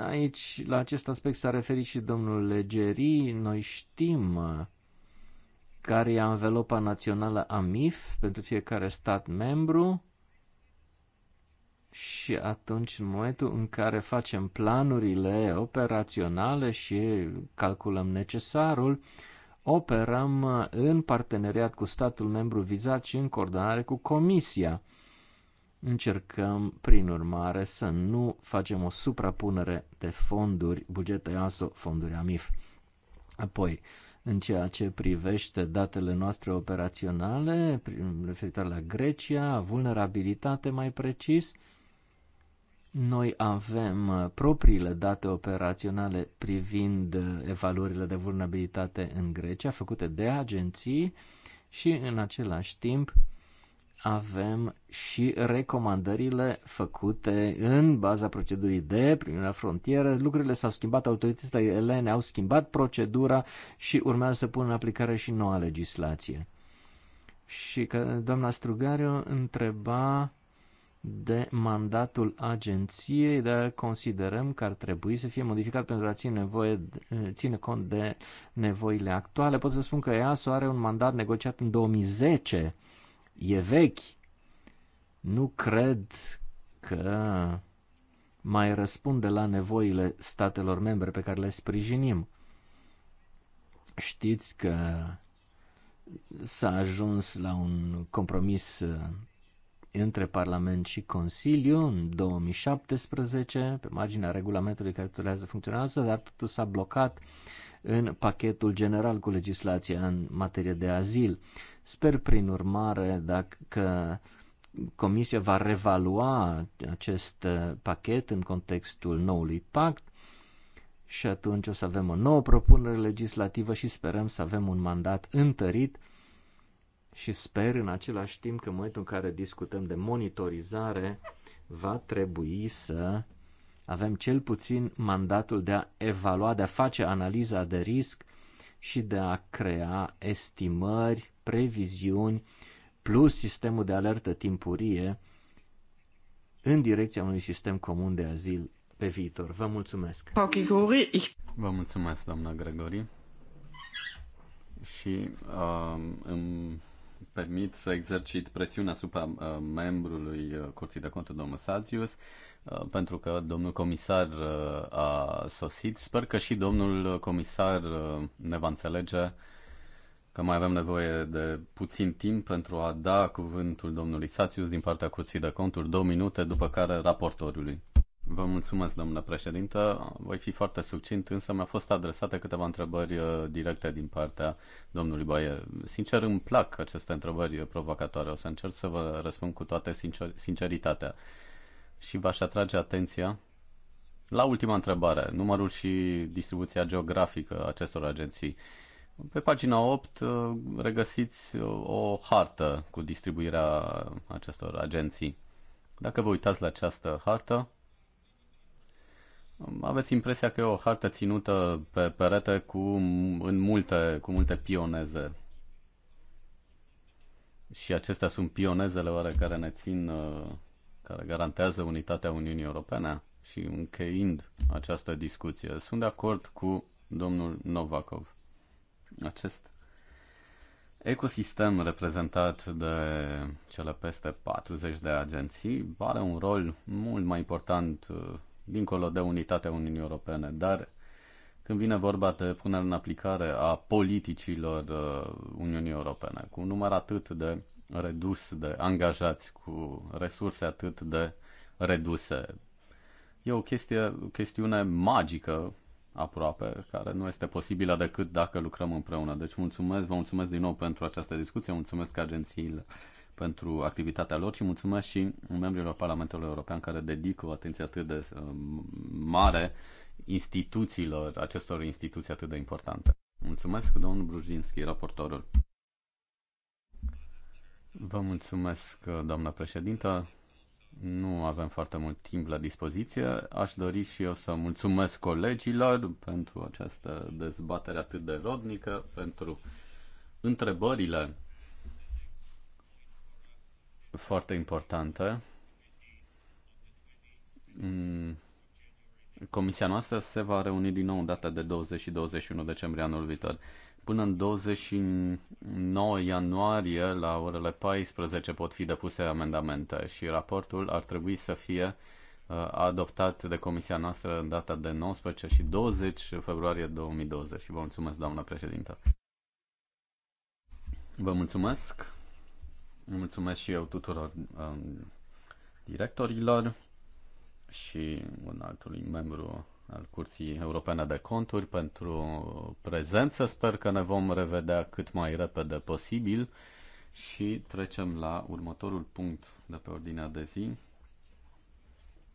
Aici, la acest aspect s-a referit și domnul Legeri. Noi știm uh, care e anvelopa națională AMIF pentru fiecare stat membru și atunci, în momentul în care facem planurile operaționale și calculăm necesarul, operăm în parteneriat cu statul membru vizat și în coordonare cu Comisia. Încercăm, prin urmare, să nu facem o suprapunere de fonduri, bugete ASO, fonduri AMIF. Apoi, în ceea ce privește datele noastre operaționale, referitoare la Grecia, vulnerabilitate mai precis, uh, noi avem uh, propriile date operaționale privind uh, evaluările de vulnerabilitate în Grecia, făcute de agenții și în același timp avem și recomandările făcute în baza procedurii de primirea frontieră. Lucrurile s-au schimbat, autoritățile elene au schimbat procedura și urmează să pună în aplicare și noua legislație. Și că doamna Strugariu întreba de mandatul agenției, dar considerăm că ar trebui să fie modificat pentru a ține, nevoie, ține cont de nevoile actuale. Pot să spun că EASO are un mandat negociat în 2010, e vechi. Nu cred că mai răspunde la nevoile statelor membre pe care le sprijinim. Știți că s-a ajuns la un compromis între Parlament și Consiliu în 2017, pe marginea regulamentului care turează funcționează, dar totul s-a blocat în pachetul general cu legislația în materie de azil. Sper, prin urmare, dacă Comisia va revalua acest uh, pachet în contextul noului pact și atunci o să avem o nouă propunere legislativă și sperăm să avem un mandat întărit și sper în același timp că în momentul în care discutăm de monitorizare, va trebui să avem cel puțin mandatul de a evalua, de a face analiza de risc și de a crea estimări, previziuni, plus sistemul de alertă timpurie în direcția unui sistem comun de azil pe viitor. Vă mulțumesc! Vă mulțumesc, doamna Gregori! Și uh, îmi permit să exercit presiune asupra uh, membrului uh, Curții de Conturi, domnul Sazius, uh, pentru că domnul comisar a sosit. Sper că și domnul comisar ne va înțelege că mai avem nevoie de puțin timp pentru a da cuvântul domnului Sațius din partea Curții de Conturi, două minute, după care raportorului. Vă mulțumesc, domnule președinte. Voi fi foarte succint, însă mi-au fost adresate câteva întrebări uh, directe din partea domnului Baie. Sincer, îmi plac aceste întrebări provocatoare. O să încerc să vă răspund cu toată sincer- sinceritatea. Și v-aș atrage atenția la ultima întrebare, numărul și distribuția geografică a acestor agenții. Pe pagina 8 uh, regăsiți o hartă cu distribuirea acestor agenții. Dacă vă uitați la această hartă, aveți impresia că e o hartă ținută pe perete cu, în multe, cu multe pioneze. Și acestea sunt pionezele oare care ne țin, uh, care garantează unitatea Uniunii Europene? Și încheind această discuție, sunt de acord cu domnul Novakov. Acest ecosistem reprezentat de cele peste 40 de agenții are un rol mult mai important uh, dincolo de unitatea Uniunii Europene, dar când vine vorba de punerea în aplicare a politicilor uh, Uniunii Europene, cu un număr atât de redus de angajați, cu resurse atât de reduse, e o chestie, o chestiune magică aproape, care nu este posibilă decât dacă lucrăm împreună. Deci mulțumesc, vă mulțumesc din nou pentru această discuție, mulțumesc agențiile pentru activitatea lor și mulțumesc și membrilor Parlamentului European care dedică o atenție atât de uh, mare instituțiilor, acestor instituții atât de importante. Mulțumesc, domnul Brujinski, raportorul. Vă mulțumesc, uh, doamna președintă. Nu avem foarte mult timp la dispoziție. Aș dori și eu să mulțumesc colegilor pentru această dezbatere atât de rodnică, pentru întrebările foarte importante. Mm, comisia noastră se va reuni din nou în data de 20 și 21 decembrie anul viitor. Până în 29 ianuarie, la orele 14, pot fi depuse amendamente și raportul ar trebui să fie uh, adoptat de comisia noastră în data de 19 și 20 februarie 2020. vă mulțumesc, doamnă președintă. Vă mulțumesc. Mulțumesc și eu tuturor um, directorilor și un altului membru al Curții Europene de Conturi pentru prezență. Sper că ne vom revedea cât mai repede posibil și trecem la următorul punct de pe ordinea de zi.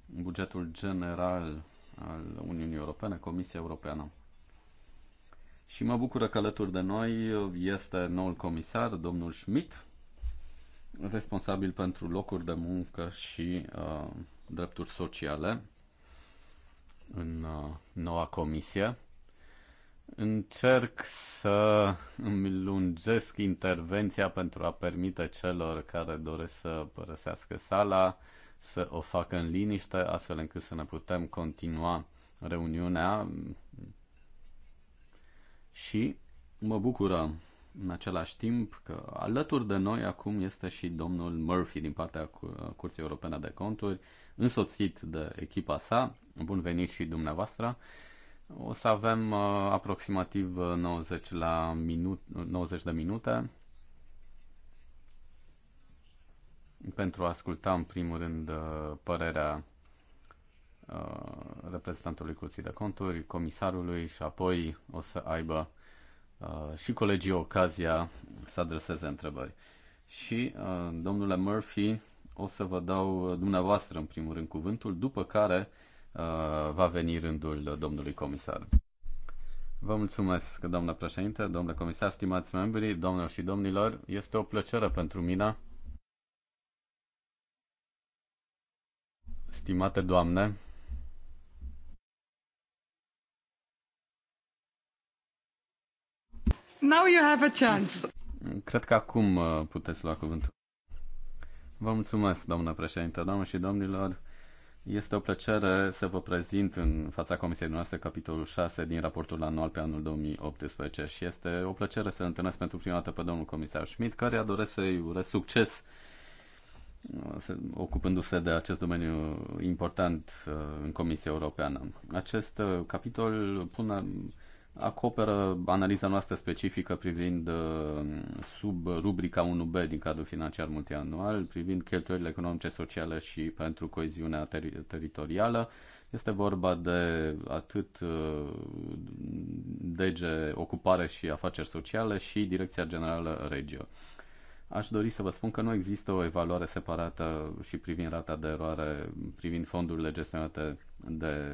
Bugetul general al Uniunii Europene, Comisia Europeană. Și mă bucură că alături de noi este noul comisar, domnul Schmidt, responsabil pentru locuri de muncă și uh, drepturi sociale în uh, noua comisie. Încerc să îmi lungesc intervenția pentru a permite celor care doresc să părăsească sala să o facă în liniște, astfel încât să ne putem continua reuniunea. Și mă bucură în același timp că alături de noi acum este și domnul Murphy din partea Curții Europene de Conturi, însoțit de echipa sa. Bun venit și dumneavoastră. O să avem uh, aproximativ 90, uh, la minut, 90 uh, de minute pentru a asculta în primul rând uh, părerea reprezentantului Curții de Conturi, comisarului și apoi o să aibă uh, Uh, și colegii ocazia să adreseze întrebări. Și, uh, domnule Murphy, o să vă dau uh, dumneavoastră în primul rând cuvântul, după care va veni rândul domnului comisar. Vă mulțumesc, doamnă președinte, domnule comisar, stimați membri, domnilor și domnilor. Este o plăcere pentru mine, stimate doamne, Now you have a chance. Cred că acum uh, puteți lua cuvântul. Vă mulțumesc, doamnă președinte, doamnă și domnilor. Este o plăcere să vă prezint în fața comisiei noastre capitolul 6 din raportul anual pe anul 2018 și este o plăcere să întâlnesc pentru prima dată pe domnul comisar Schmidt, care doresc să-i urez succes uh, ocupându-se de acest domeniu important uh, în Comisia Europeană. Acest capitol pune acoperă analiza noastră specifică privind uh, sub rubrica 1B din cadrul financiar multianual, privind cheltuielile economice, sociale și pentru coeziunea ter- teritorială. Este vorba de atât uh, DG Ocupare și Afaceri Sociale și Direcția Generală Regio. Aș dori să vă spun că nu există o evaluare separată și privind rata de eroare, privind fondurile gestionate de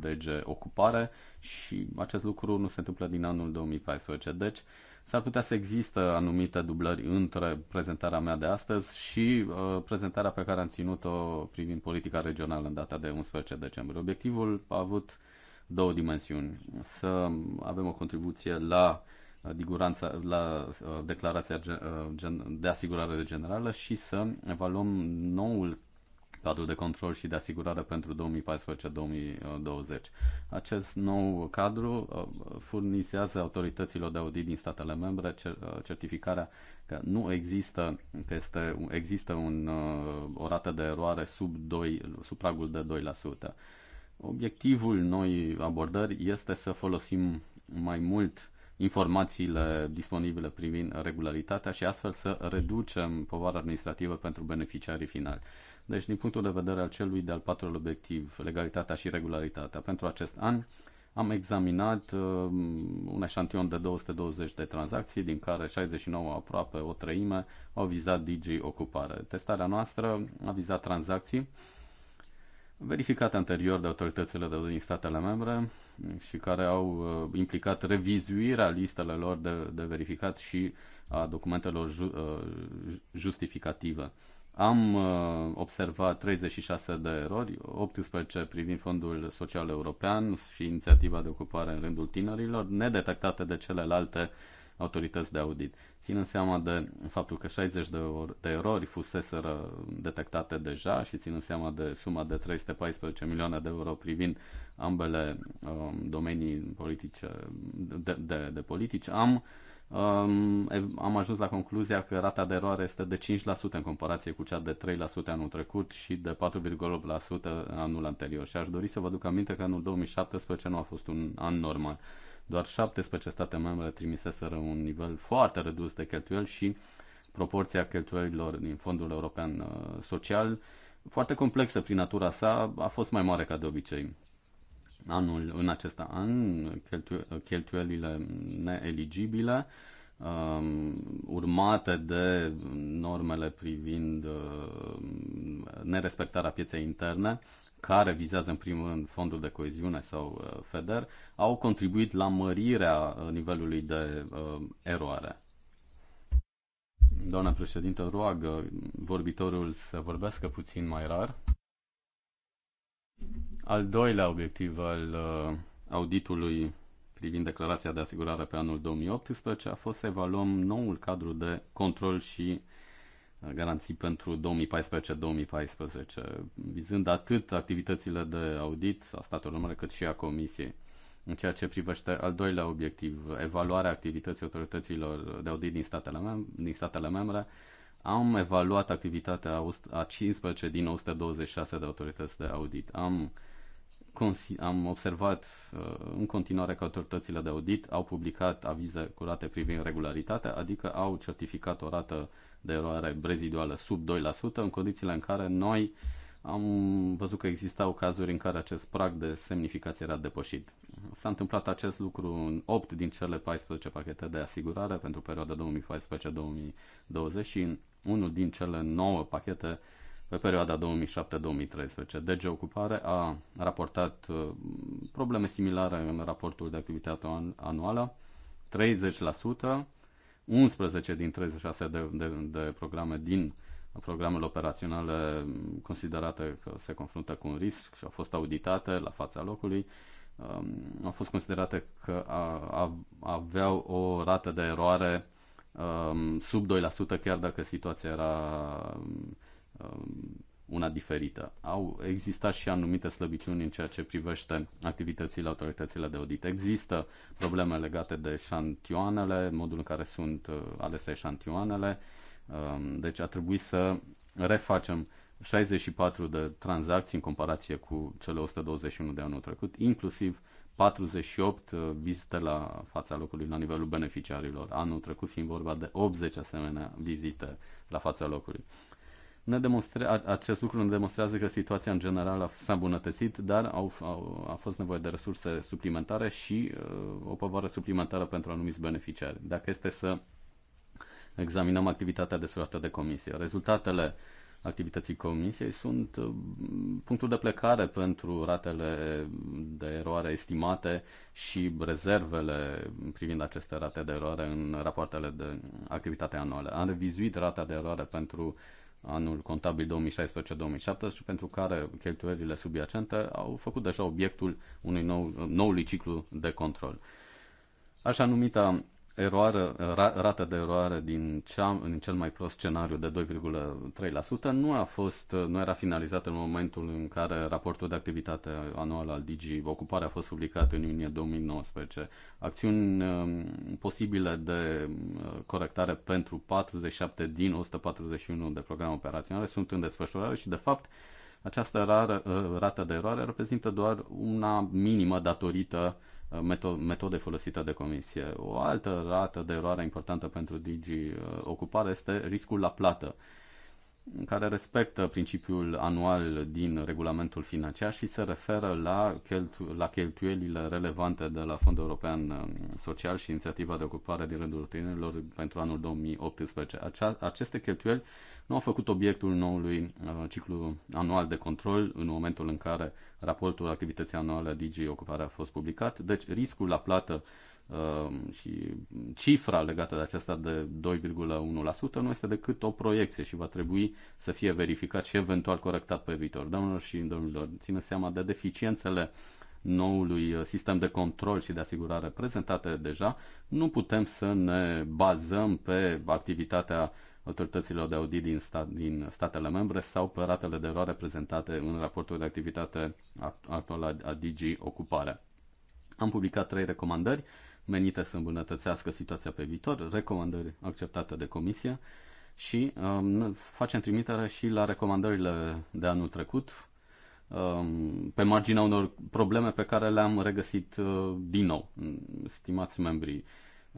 DG Ocupare și acest lucru nu se întâmplă din anul 2014. Deci, s-ar putea să există anumite dublări între prezentarea mea de astăzi și uh, prezentarea pe care am ținut-o privind politica regională în data de 11 decembrie. Obiectivul a avut două dimensiuni. Să avem o contribuție la uh, diguranța, la uh, declarația uh, de asigurare generală și să evaluăm noul cadru de control și de asigurare pentru 2014-2020. Acest nou cadru uh, furnizează autorităților de audit din statele membre uh, certificarea că nu există, că este, există un, uh, o rată de eroare sub, 2, sub pragul de 2%. Obiectivul noi abordări este să folosim mai mult informațiile disponibile privind regularitatea și astfel să reducem povara administrativă pentru beneficiarii finali. Deci, din punctul de vedere al celui de-al patrulea obiectiv, legalitatea și regularitatea, pentru acest an am examinat uh, un eșantion de 220 de tranzacții, din care 69, aproape o treime, au vizat Digi Ocupare. Testarea noastră a vizat tranzacții verificate anterior de autoritățile de din statele membre și care au uh, implicat revizuirea listelor lor de, de verificat și a documentelor ju, uh, justificative. Am uh, observat 36 de erori, 18 privind Fondul Social European și inițiativa de ocupare în rândul tinerilor, nedetectate de celelalte autorități de audit. Ținând seama de faptul că 60 de, or- de erori fuseseră detectate deja și ținând seama de suma de 314 milioane de euro privind ambele uh, domenii politice de, de, de politici, am uh, am ajuns la concluzia că rata de eroare este de 5% în comparație cu cea de 3% anul trecut și de 4,8% anul anterior. Și aș dori să vă duc aminte că anul 2017 nu a fost un an normal. Doar 17 state membre trimiseseră un nivel foarte redus de cheltuieli și proporția cheltuielilor din Fondul European uh, Social, foarte complexă prin natura sa, a fost mai mare ca de obicei anul, în acest an cheltuielile neeligibile um, urmate de normele privind uh, nerespectarea pieței interne, care vizează în primul rând fondul de coeziune sau uh, FEDER, au contribuit la mărirea uh, nivelului de eroare. Doamna președintă, roagă vorbitorul să vorbească puțin mai rar. Al doilea obiectiv al uh, auditului privind declarația de asigurare pe anul 2018 a fost să evaluăm noul cadru de control și uh, garanții pentru 2014-2014, vizând atât activitățile de audit a statelor membre cât și a Comisiei. În ceea ce privește al doilea obiectiv, evaluarea activității autorităților de audit din statele, mem- din statele membre, am evaluat activitatea a 15 din 126 de autorități de audit. Am, am observat uh, în continuare că autoritățile de audit au publicat avize curate privind regularitatea, adică au certificat o rată de eroare reziduală sub 2% în condițiile în care noi am văzut că existau cazuri în care acest prag de semnificație era depășit. S-a întâmplat acest lucru în 8 din cele 14 pachete de asigurare pentru perioada 2014-2020 și în unul din cele nouă pachete pe perioada 2007-2013. DG deci, Ocupare a raportat uh, probleme similare în raportul de activitate anuală, 30%, 11 din 36 de, de, de programe din programele operaționale considerate că se confruntă cu un risc și au fost auditate la fața locului, um, au fost considerate că aveau o rată de eroare Um, sub 2%, chiar dacă situația era um, um, una diferită. Au existat și anumite slăbiciuni în ceea ce privește activitățile autoritățile de audit. Există probleme legate de șantioanele, modul în care sunt uh, alese șantioanele, deci a trebuit să refacem 64 de tranzacții în comparație cu cele 121 de anul trecut, inclusiv uh, 48 uh, vizite la fața locului la nivelul beneficiarilor, anul trecut fiind vorba de 80 asemenea vizite la fața locului. Ne demonstre- acest lucru ne demonstrează că situația în general s-a îmbunătățit, dar au, au, a fost nevoie de resurse suplimentare și uh, o povară suplimentară pentru anumiți beneficiari. Dacă este să examinăm activitatea desfășurată de comisie, rezultatele uh, activității comisiei sunt uh, punctul de plecare pentru ratele de eroare estimate și rezervele privind aceste rate de eroare în rapoartele de activitate anuale. Am revizuit rata de eroare pentru anul contabil 2016-2017, pentru care cheltuielile subiacente au făcut deja obiectul unui nou, noului ciclu de control. Așa numita eroare, rata de eroare din, cea, din cel mai prost scenariu de 2,3% nu a fost, nu era finalizată în momentul în care raportul de activitate anual al Digi Ocupare a fost publicat în iunie 2019. Acțiuni um, posibile de uh, corectare pentru 47 din 141 de programe operaționale sunt în desfășurare și, de fapt, această rară, uh, rată de eroare reprezintă doar una minimă datorită uh, metode folosite de comisie. O altă rată de eroare importantă pentru Digi uh, Ocupare este riscul la plată care respectă principiul anual din regulamentul financiar și se referă la, cheltu- la cheltuielile relevante de la Fondul European um, Social și Inițiativa de Ocupare din rândul tinerilor pentru anul 2018. Acea- aceste cheltuieli nu au făcut obiectul noului uh, ciclu anual de control în momentul în care raportul activității anuale DG Ocupare a fost publicat, deci riscul la plată uh, Um, și cifra legată de aceasta de 2,1% nu este decât o proiecție și va trebui să fie verificat și eventual corectat pe viitor. Doamnelor și domnilor, țineți seama de deficiențele noului uh, sistem de control și de asigurare prezentate deja, nu putem să ne bazăm pe activitatea autorităților de audit din, stat, din statele membre sau pe ratele de eroare prezentate în raportul de activitate actual a DG Ocupare. Am publicat trei recomandări menite să îmbunătățească situația pe viitor, recomandări acceptate de comisie și um, facem trimitere și la recomandările de anul trecut um, pe marginea unor probleme pe care le-am regăsit uh, din nou, stimați membrii.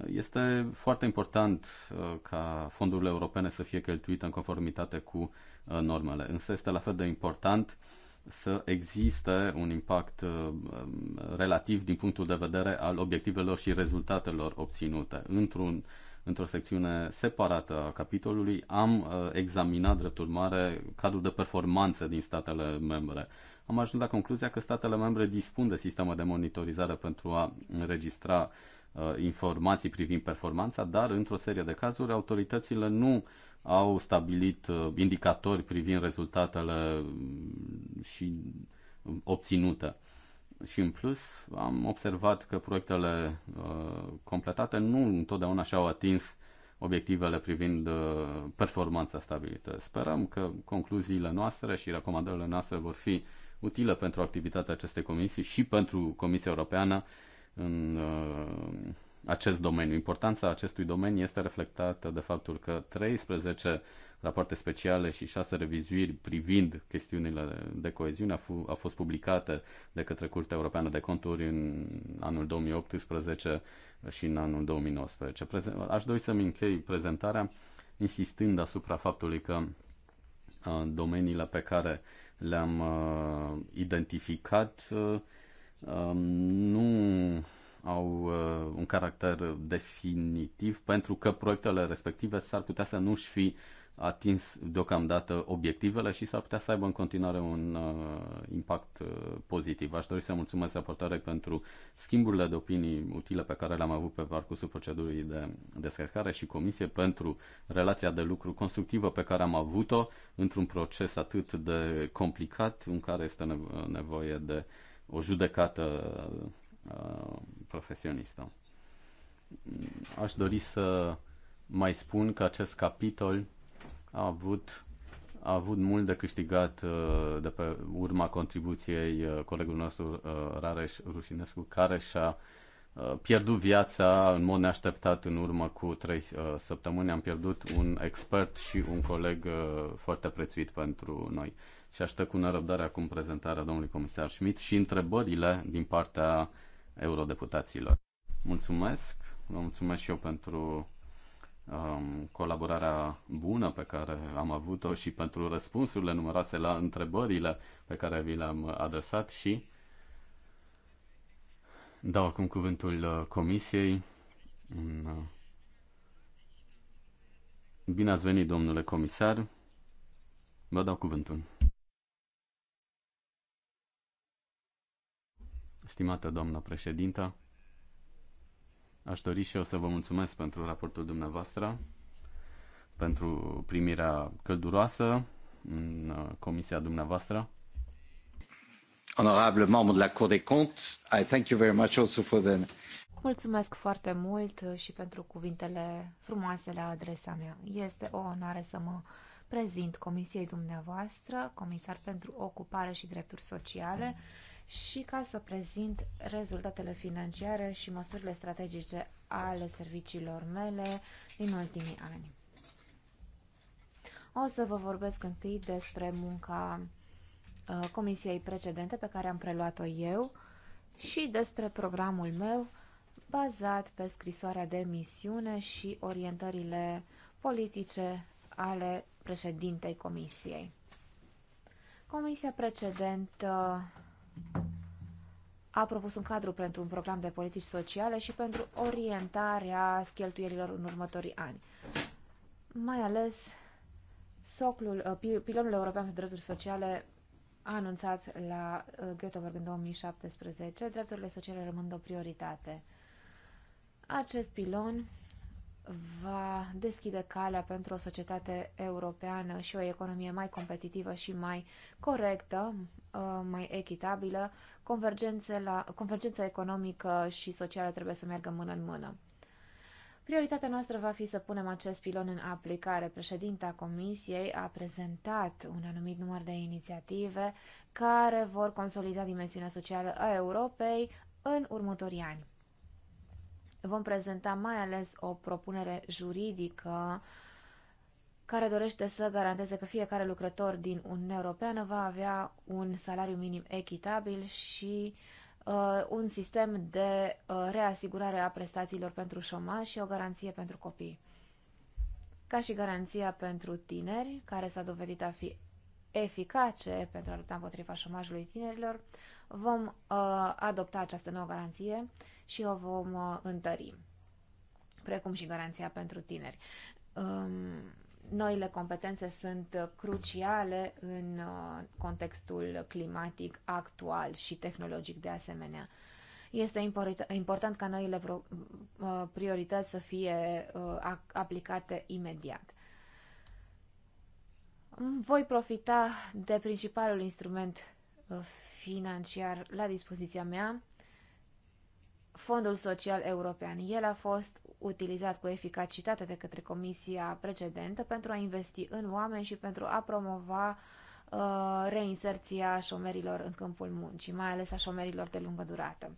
Este foarte important uh, ca fondurile europene să fie cheltuite în conformitate cu uh, normele, însă este la fel de important uh, să existe un impact uh, um, relativ din punctul de vedere al obiectivelor și rezultatelor obținute. Într-un, într-o secțiune separată a capitolului am uh, examinat, drept urmare, cadrul de performanță din statele membre. Am ajuns la concluzia că statele membre dispun de sisteme de monitorizare pentru a înregistra uh, informații privind performanța, dar într-o serie de cazuri autoritățile nu uh, au stabilit uh, indicatori privind rezultatele mm, și obținute. Și în plus am observat că proiectele uh, completate nu întotdeauna și-au atins obiectivele privind uh, performanța stabilită. Sperăm că concluziile noastre și recomandările noastre vor fi utile pentru activitatea acestei comisii și pentru Comisia Europeană în uh, acest domeniu. Importanța acestui domeniu este reflectată de faptul că 13 rapoarte speciale și 6 revizuiri privind chestiunile de coeziune au a fost publicate de către Curtea Europeană de Conturi în anul 2018 și în anul 2019. Aș dori să-mi închei prezentarea insistând asupra faptului că uh, domeniile pe care le-am uh, identificat uh, um, nu au uh, un caracter definitiv pentru că proiectele respective s-ar putea să nu-și fi atins deocamdată obiectivele și s-ar putea să aibă în continuare un uh, impact uh, pozitiv. Aș dori să mulțumesc raportare pentru schimburile de opinii utile pe care le-am avut pe parcursul procedurii de descărcare și comisie pentru relația de lucru constructivă pe care am avut-o într-un proces atât de complicat în care este nevoie de o judecată Uh, profesionistă. Aș dori să mai spun că acest capitol a avut, a avut mult de câștigat uh, de pe urma contribuției uh, colegului nostru Rareș Rușinescu, care și-a pierdut viața în mod neașteptat în urmă cu trei săptămâni. Am pierdut un expert și un coleg foarte prețuit pentru noi. Și aștept cu nerăbdare acum prezentarea domnului comisar Schmidt și întrebările din partea eurodeputaților. Mulțumesc, vă mulțumesc și eu pentru um, colaborarea bună pe care am avut-o și pentru răspunsurile numeroase la întrebările pe care vi le-am adresat și dau acum cuvântul uh, comisiei. Mm, uh, bine ați venit, domnule comisar. Vă dau cuvântul. Stimată doamnă președintă, aș dori și eu să vă mulțumesc pentru raportul dumneavoastră, pentru primirea călduroasă în uh, comisia dumneavoastră. Honorable membru de la Cour des Comptes, I thank you very much also for the... Mulțumesc foarte mult și pentru cuvintele frumoase la adresa mea. Este o onoare să mă prezint Comisiei dumneavoastră, comisar pentru ocupare și drepturi sociale. Mm și ca să prezint rezultatele financiare și măsurile strategice ale serviciilor mele din ultimii ani. O să vă vorbesc întâi despre munca ă, comisiei precedente pe care am preluat-o eu și despre programul meu bazat pe scrisoarea de misiune și orientările politice ale președintei comisiei. Comisia precedentă a propus un cadru pentru un program de politici sociale și pentru orientarea cheltuielilor în următorii ani. Mai ales soclul, uh, pilonul european pentru drepturi sociale a anunțat la uh, Göteborg în 2017, drepturile sociale rămân o prioritate. Acest pilon va deschide calea pentru o societate europeană și o economie mai competitivă și mai corectă, uh, mai echitabilă. La, convergența economică și socială trebuie să meargă mână în mână. Prioritatea noastră va fi să punem acest pilon în aplicare. Președinta Comisiei a prezentat un anumit număr de inițiative care vor consolida dimensiunea socială a Europei în următorii ani. Vom prezenta mai ales o propunere juridică care dorește să garanteze că fiecare lucrător din Uniunea Europeană va avea un salariu minim echitabil și uh, un sistem de uh, reasigurare a prestațiilor pentru șomaj și o garanție pentru copii. Ca și garanția pentru tineri, care s-a dovedit a fi eficace pentru a lupta împotriva șomajului tinerilor, vom uh, adopta această nouă garanție și o vom uh, întări, precum și garanția pentru tineri. Um, noile competențe sunt cruciale în uh, contextul climatic actual și tehnologic de asemenea. Este important ca noile uh, priorități să fie uh, aplicate imediat voi profita de principalul instrument uh, financiar la dispoziția mea, Fondul Social European. El a fost utilizat cu eficacitate de către comisia precedentă pentru a investi în oameni și pentru a promova uh, reinserția șomerilor în câmpul muncii, mai ales a șomerilor de lungă durată.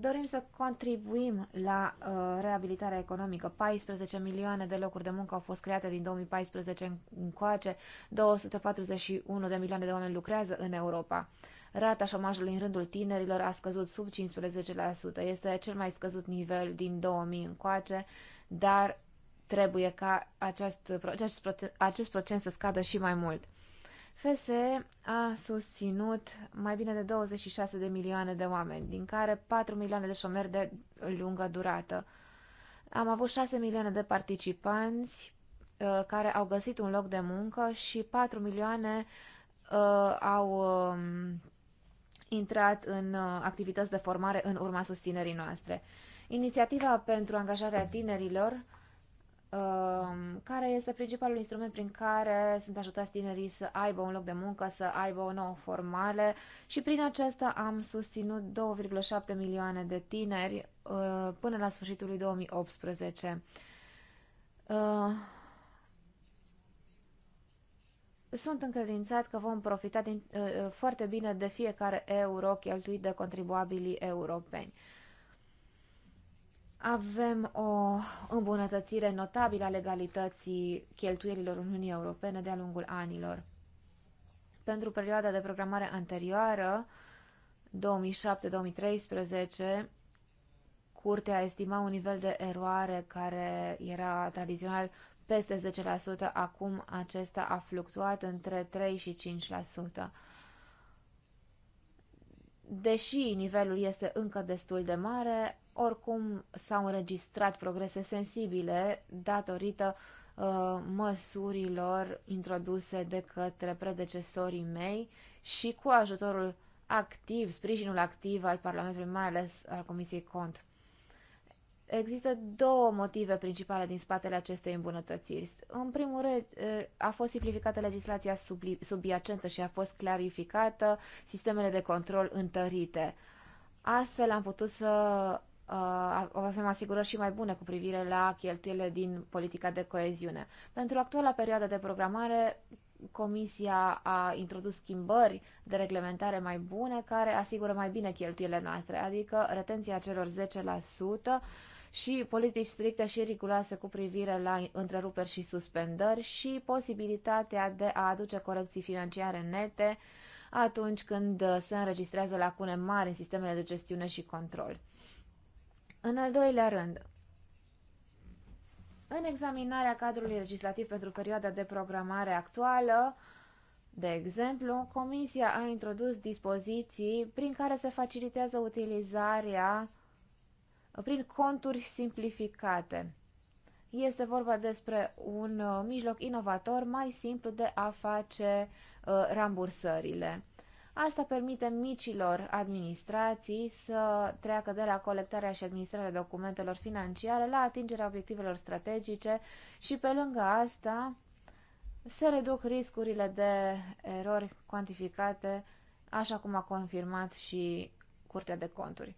Dorim să contribuim la uh, reabilitarea economică. 14 milioane de locuri de muncă au fost create din 2014 încoace, 241 de milioane de oameni lucrează în Europa. Rata șomajului în rândul tinerilor a scăzut sub 15%. Este cel mai scăzut nivel din 2000 încoace, dar trebuie ca acest, acest, acest procent să scadă și mai mult. FSE a susținut mai bine de 26 de milioane de oameni, din care 4 milioane de șomeri de lungă durată. Am avut 6 milioane de participanți uh, care au găsit un loc de muncă și 4 milioane uh, au um, intrat în uh, activități de formare în urma susținerii noastre. Inițiativa pentru angajarea tinerilor Um, care este principalul instrument prin care sunt ajutați tinerii să aibă un loc de muncă, să aibă o nouă formare și prin acesta am susținut 2,7 milioane de tineri uh, până la sfârșitul lui 2018. Uh, sunt încredințat că vom profita din, uh, foarte bine de fiecare euro cheltuit de contribuabilii europeni. Avem o îmbunătățire notabilă a legalității cheltuielilor Uniunii Europene de-a lungul anilor. Pentru perioada de programare anterioară, 2007-2013, Curtea estima un nivel de eroare care era tradițional peste 10%, acum acesta a fluctuat între 3 și 5%. Deși nivelul este încă destul de mare, oricum s-au înregistrat progrese sensibile datorită uh, măsurilor introduse de către predecesorii mei și cu ajutorul activ, sprijinul activ al Parlamentului, mai ales al Comisiei Cont Există două motive principale din spatele acestei îmbunătățiri. În primul rând, a fost simplificată legislația subiacentă și a fost clarificată sistemele de control întărite. Astfel am putut să uh, avem asigurări și mai bune cu privire la cheltuielile din politica de coeziune. Pentru actuala perioadă de programare, Comisia a introdus schimbări de reglementare mai bune care asigură mai bine cheltuielile noastre, adică retenția celor 10% și politici stricte și riguroase cu privire la întreruperi și suspendări și posibilitatea de a aduce corecții financiare nete atunci când se înregistrează lacune mari în sistemele de gestiune și control. În al doilea rând, în examinarea cadrului legislativ pentru perioada de programare actuală, de exemplu, Comisia a introdus dispoziții prin care se facilitează utilizarea prin conturi simplificate. Este vorba despre un uh, mijloc inovator mai simplu de a face uh, rambursările. Asta permite micilor administrații să treacă de la colectarea și administrarea documentelor financiare la atingerea obiectivelor strategice și pe lângă asta se reduc riscurile de erori cuantificate, așa cum a confirmat și Curtea de Conturi.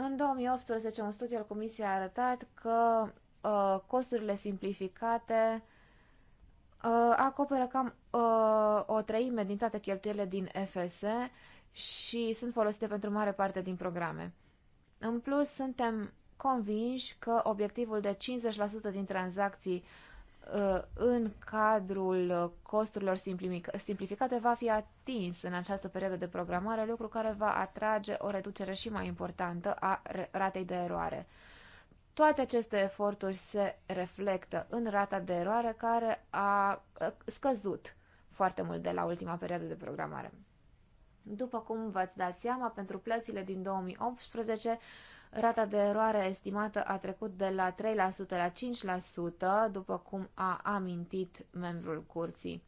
În 2018, un studiu al Comisiei a arătat că uh, costurile simplificate uh, acoperă cam uh, o treime din toate cheltuielile din FS și sunt folosite pentru mare parte din programe. În plus, suntem convinși că obiectivul de 50% din tranzacții uh, Uh, în cadrul costurilor simplificate va fi atins în această perioadă de programare, lucru care va atrage o reducere și mai importantă a ratei de eroare. Toate aceste eforturi se reflectă în rata de eroare care a uh, scăzut foarte mult de la ultima perioadă de programare. După cum v-ați dat seama, pentru plățile din 2018, Rata de eroare estimată a trecut de la 3% la 5%, după cum a amintit membrul curții.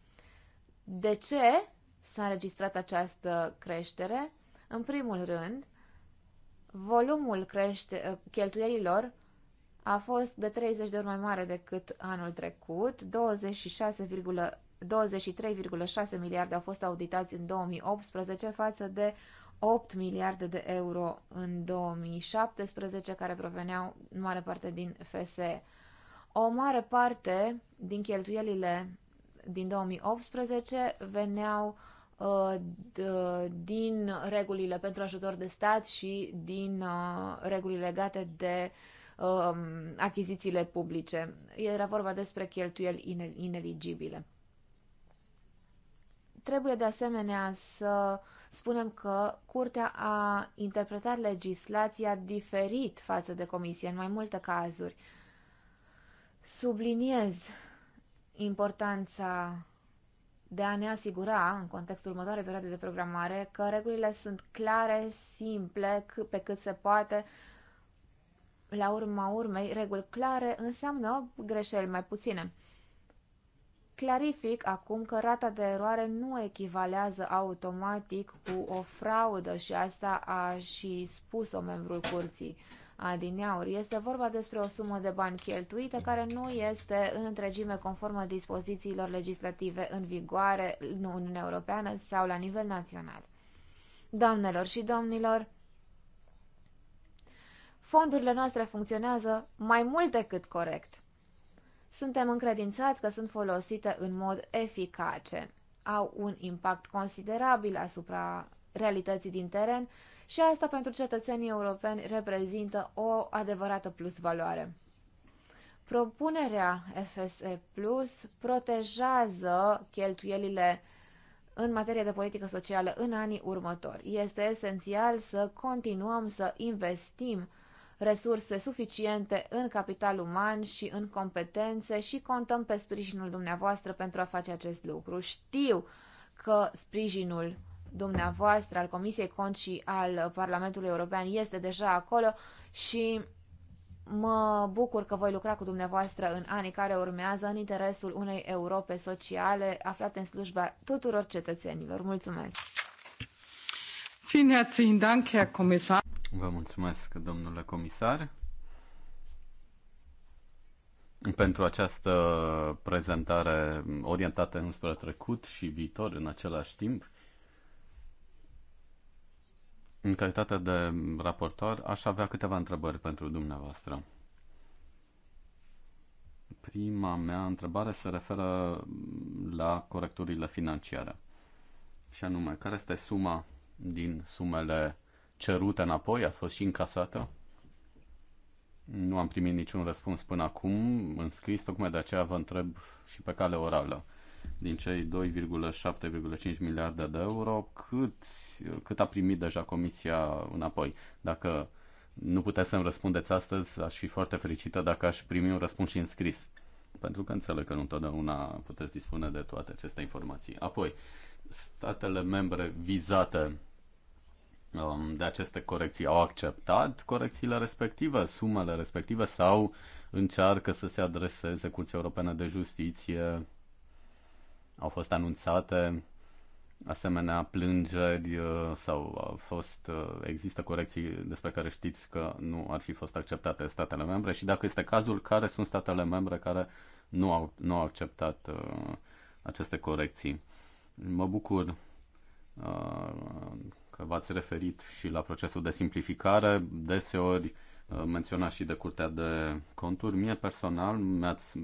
De ce s-a înregistrat această creștere? În primul rând, volumul crește, cheltuielilor a fost de 30 de ori mai mare decât anul trecut, 26, 23,6 miliarde au fost auditați în 2018 față de 8 miliarde de euro în 2017, care proveneau în mare parte din FSE. O mare parte din cheltuielile din 2018 veneau uh, din regulile pentru ajutor de stat și din uh, reguli legate de uh, achizițiile publice. Era vorba despre cheltuieli ineligibile. Trebuie de asemenea să spunem că Curtea a interpretat legislația diferit față de Comisie în mai multe cazuri. Subliniez importanța de a ne asigura, în contextul următoarei perioade de programare, că regulile sunt clare, simple, pe cât se poate. La urma urmei, reguli clare înseamnă greșeli mai puține. Clarific acum că rata de eroare nu echivalează automatic cu o fraudă și asta a și spus-o membrul curții adineaur. Este vorba despre o sumă de bani cheltuită care nu este în întregime conformă dispozițiilor legislative în vigoare în Uniunea Europeană sau la nivel național. Doamnelor și domnilor, fondurile noastre funcționează mai mult decât corect suntem încredințați că sunt folosite în mod eficace, au un impact considerabil asupra realității din teren și asta pentru cetățenii europeni reprezintă o adevărată plusvaloare. Propunerea FSE Plus protejează cheltuielile în materie de politică socială în anii următori. Este esențial să continuăm să investim resurse suficiente în capital uman și în competențe și contăm pe sprijinul dumneavoastră pentru a face acest lucru. Știu că sprijinul dumneavoastră al Comisiei Cont și al Parlamentului European este deja acolo și mă bucur că voi lucra cu dumneavoastră în anii care urmează în interesul unei Europe sociale aflate în slujba tuturor cetățenilor. Mulțumesc! Vielen herzlichen Dank, Herr Kommissar. Vă mulțumesc, domnule comisar, pentru această prezentare orientată înspre trecut și viitor în același timp. În calitate de raportor, aș avea câteva întrebări pentru dumneavoastră. Prima mea întrebare se referă la corecturile financiare. Și anume, care este suma din sumele cerută înapoi, a fost și încasată? Nu am primit niciun răspuns până acum în scris, tocmai de aceea vă întreb și pe cale orală. Din cei 2,7,5 miliarde de euro, cât, cât a primit deja Comisia înapoi? Dacă nu puteți să-mi răspundeți astăzi, aș fi foarte fericită dacă aș primi un răspuns și în scris. Pentru că înțeleg că nu întotdeauna puteți dispune de toate aceste informații. Apoi, statele membre vizate Um, de aceste corecții, au acceptat corecțiile respective, sumele respective sau încearcă să se adreseze Curții Europene de Justiție. Au fost anunțate asemenea plângeri uh, sau au fost, uh, există corecții despre care știți că nu ar fi fost acceptate statele membre și dacă este cazul, care sunt statele membre care nu au, nu au acceptat uh, aceste corecții. Mă bucur că v-ați referit și la procesul de simplificare, deseori uh, menționat și de Curtea de Conturi. Mie personal mi-ați,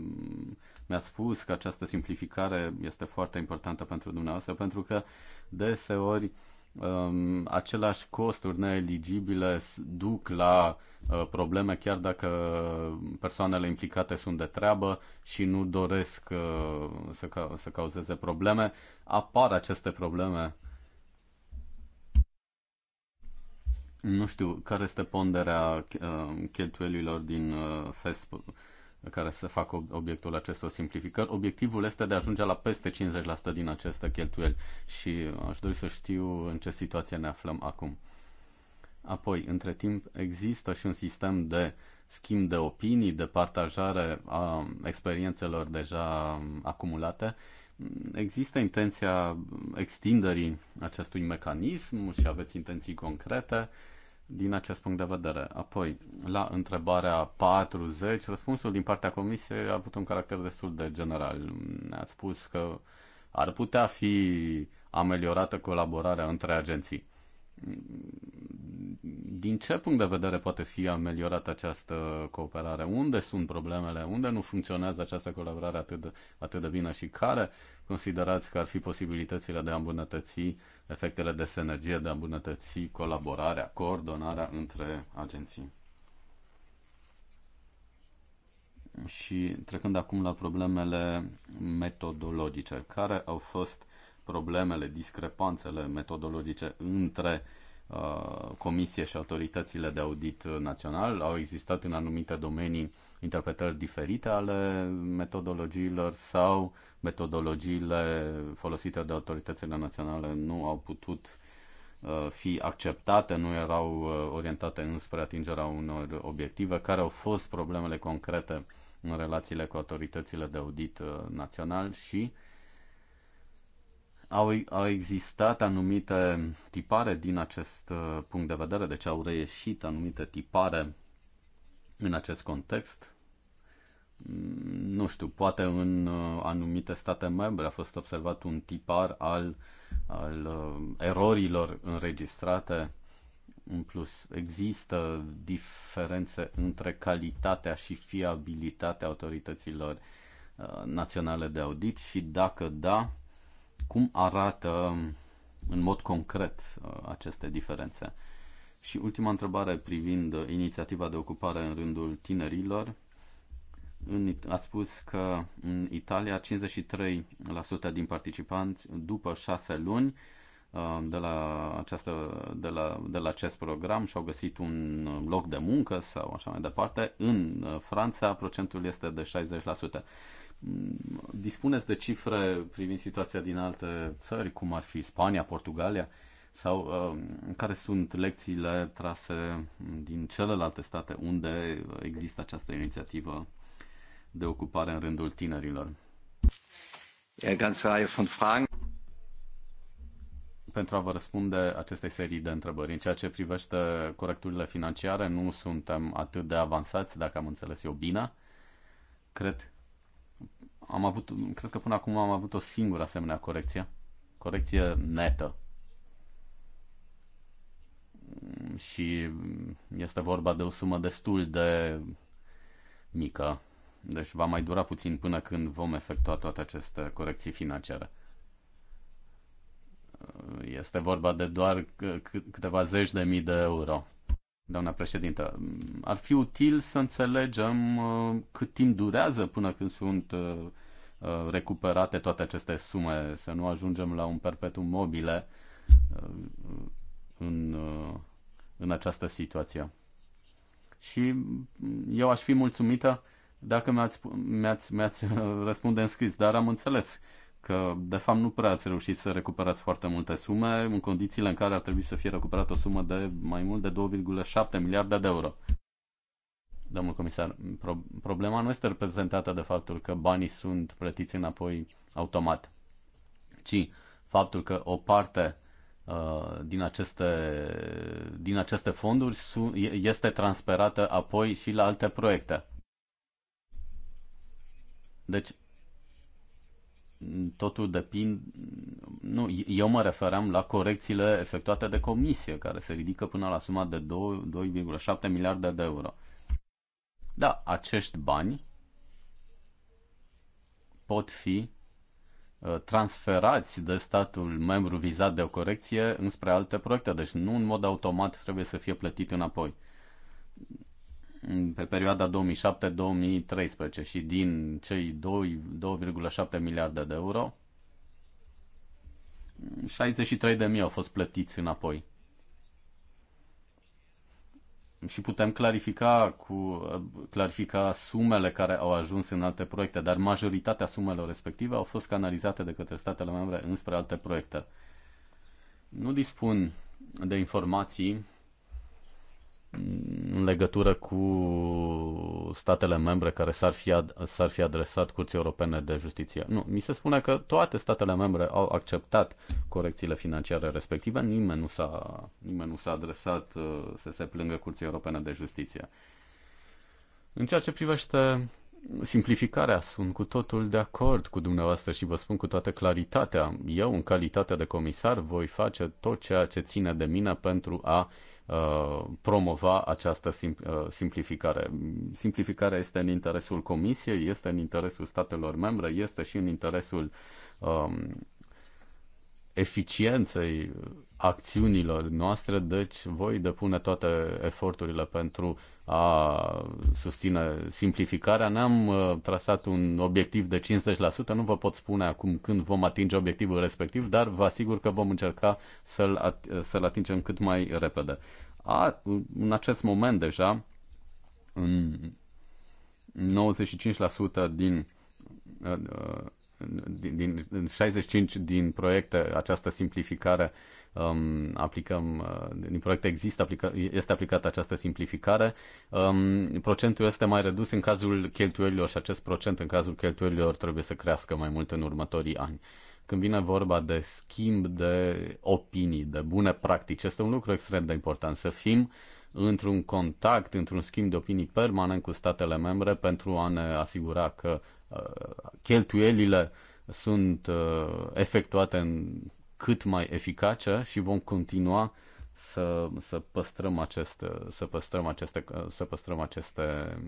mi-ați spus că această simplificare este foarte importantă pentru dumneavoastră, pentru că deseori um, aceleași costuri neeligibile duc la uh, probleme chiar dacă persoanele implicate sunt de treabă și nu doresc uh, să, ca- să cauzeze probleme. Apar aceste probleme Nu știu care este ponderea uh, cheltuielilor din uh, FESP care să facă obiectul acestor simplificări. Obiectivul este de a ajunge la peste 50% din aceste cheltuieli și aș dori să știu în ce situație ne aflăm acum. Apoi, între timp, există și un sistem de schimb de opinii, de partajare a experiențelor deja acumulate. Există intenția extinderii acestui mecanism și aveți intenții concrete? Uh, din acest punct de vedere. Apoi, la întrebarea 40, răspunsul din partea Comisiei a avut un caracter destul de general. Ne-ați spus că ar putea fi ameliorată colaborarea între agenții din ce punct de vedere poate fi ameliorată această cooperare? Unde sunt problemele? Unde nu funcționează această colaborare atât de, atât de bine? Și care considerați că ar fi posibilitățile de a îmbunătăți efectele de sinergie, de a îmbunătăți colaborarea, coordonarea între agenții? Și trecând acum la problemele metodologice, care au fost uh, problemele, discrepanțele metodologice între uh, Comisie și autoritățile de audit național. Au existat în anumite domenii interpretări diferite ale metodologiilor sau metodologiile folosite de autoritățile naționale nu au putut uh, fi acceptate, nu erau uh, orientate înspre atingerea unor obiective, care au fost problemele concrete în relațiile cu autoritățile de audit uh, național și uh, au, au existat anumite tipare din acest uh, punct de vedere, deci au reieșit anumite tipare în acest context. Mm, nu știu, poate în uh, anumite state membre a fost observat un tipar al, al uh, erorilor înregistrate. În plus, există diferențe între calitatea și fiabilitatea autorităților naționale de audit și dacă da, cum arată um, în mod concret uh, aceste diferențe. Și ultima întrebare privind uh, inițiativa de ocupare în rândul tinerilor. a ați spus că în Italia 53% din participanți după șase luni uh, de la, această, de, la, de la acest program și-au găsit un loc de muncă sau așa mai departe. În Franța procentul este de 60%. Mm, dispuneți de cifre privind situația din alte țări, cum ar fi Spania, Portugalia, sau um, care sunt lecțiile trase din celelalte state unde există această inițiativă de ocupare în rândul tinerilor? Pentru a vă răspunde acestei serii de întrebări, în ceea ce privește corecturile financiare, nu suntem atât de avansați, dacă am înțeles eu bine. Cred am avut, cred că până acum am avut o singură asemenea corecție, corecție netă. Și este vorba de o sumă destul de mică. Deci va mai dura puțin până când vom efectua toate aceste corecții financiare. Este vorba de doar câteva zeci de mii de euro doamna președintă. Ar fi util să înțelegem uh, cât timp durează până când sunt uh, uh, recuperate toate aceste sume, să nu ajungem la un perpetuum mobile în, în această situație. Și eu aș fi mulțumită dacă mi-ați, mi-ați, mi-ați răspunde în scris, dar am înțeles că de fapt nu prea ați reușit să recuperați foarte multe sume în condițiile în care ar trebui să fie recuperată o sumă de mai mult de 2,7 miliarde de euro. Domnul comisar, pro- problema nu este reprezentată de faptul că banii sunt plătiți înapoi automat, ci faptul că o parte uh, din aceste, din aceste fonduri su- este transferată apoi și la alte proiecte. Deci, totul depinde. Nu, eu mă referam la corecțiile efectuate de comisie, care se ridică până la suma de 2,7 miliarde de euro. Da, acești bani pot fi uh, transferați de statul membru vizat de o corecție înspre alte proiecte, deci nu în mod automat trebuie să fie plătit înapoi pe perioada 2007-2013 și din cei 2,7 miliarde de euro, 63 de mii au fost plătiți înapoi. Și putem clarifica, cu, clarifica sumele care au ajuns în alte proiecte, dar majoritatea sumelor respective au fost canalizate de către statele membre înspre alte proiecte. Nu dispun de informații în legătură cu statele membre care s-ar fi, ad- s-ar fi adresat Curții Europene de Justiție. Nu, mi se spune că toate statele membre au acceptat corecțiile financiare respective, nimeni nu s-a, nimeni nu s-a adresat uh, să se plângă Curții Europene de Justiție. În ceea ce privește simplificarea, sunt cu totul de acord cu dumneavoastră și vă spun cu toată claritatea. Eu, în calitate de comisar, voi face tot ceea ce ține de mine pentru a uh, Uh, promova această uh, simplificare. Simplificarea este în interesul Comisiei, este în interesul statelor membre, este și în interesul um, eficienței acțiunilor noastre, deci voi depune toate eforturile pentru a susține simplificarea. Ne-am uh, trasat un obiectiv de 50%, nu vă pot spune acum când vom atinge obiectivul respectiv, dar vă asigur că vom încerca să-l, să-l atingem cât mai repede. A, în acest moment deja, în 95% din uh, uh, din, din 65 din proiecte, această simplificare um, aplicăm, uh, din proiecte există, aplica, este aplicată această simplificare. Um, procentul este mai redus în cazul cheltuielilor și acest procent în cazul cheltuielilor trebuie să crească mai mult în următorii ani. Când vine vorba de schimb de opinii, de bune practici, este un lucru extrem de important să fim într-un contact, într-un schimb de opinii permanent cu statele membre pentru a ne asigura că Uh, cheltuielile sunt uh, efectuate în cât mai eficace și vom continua să, să păstrăm acest, să păstrăm aceste, uh, să păstrăm aceste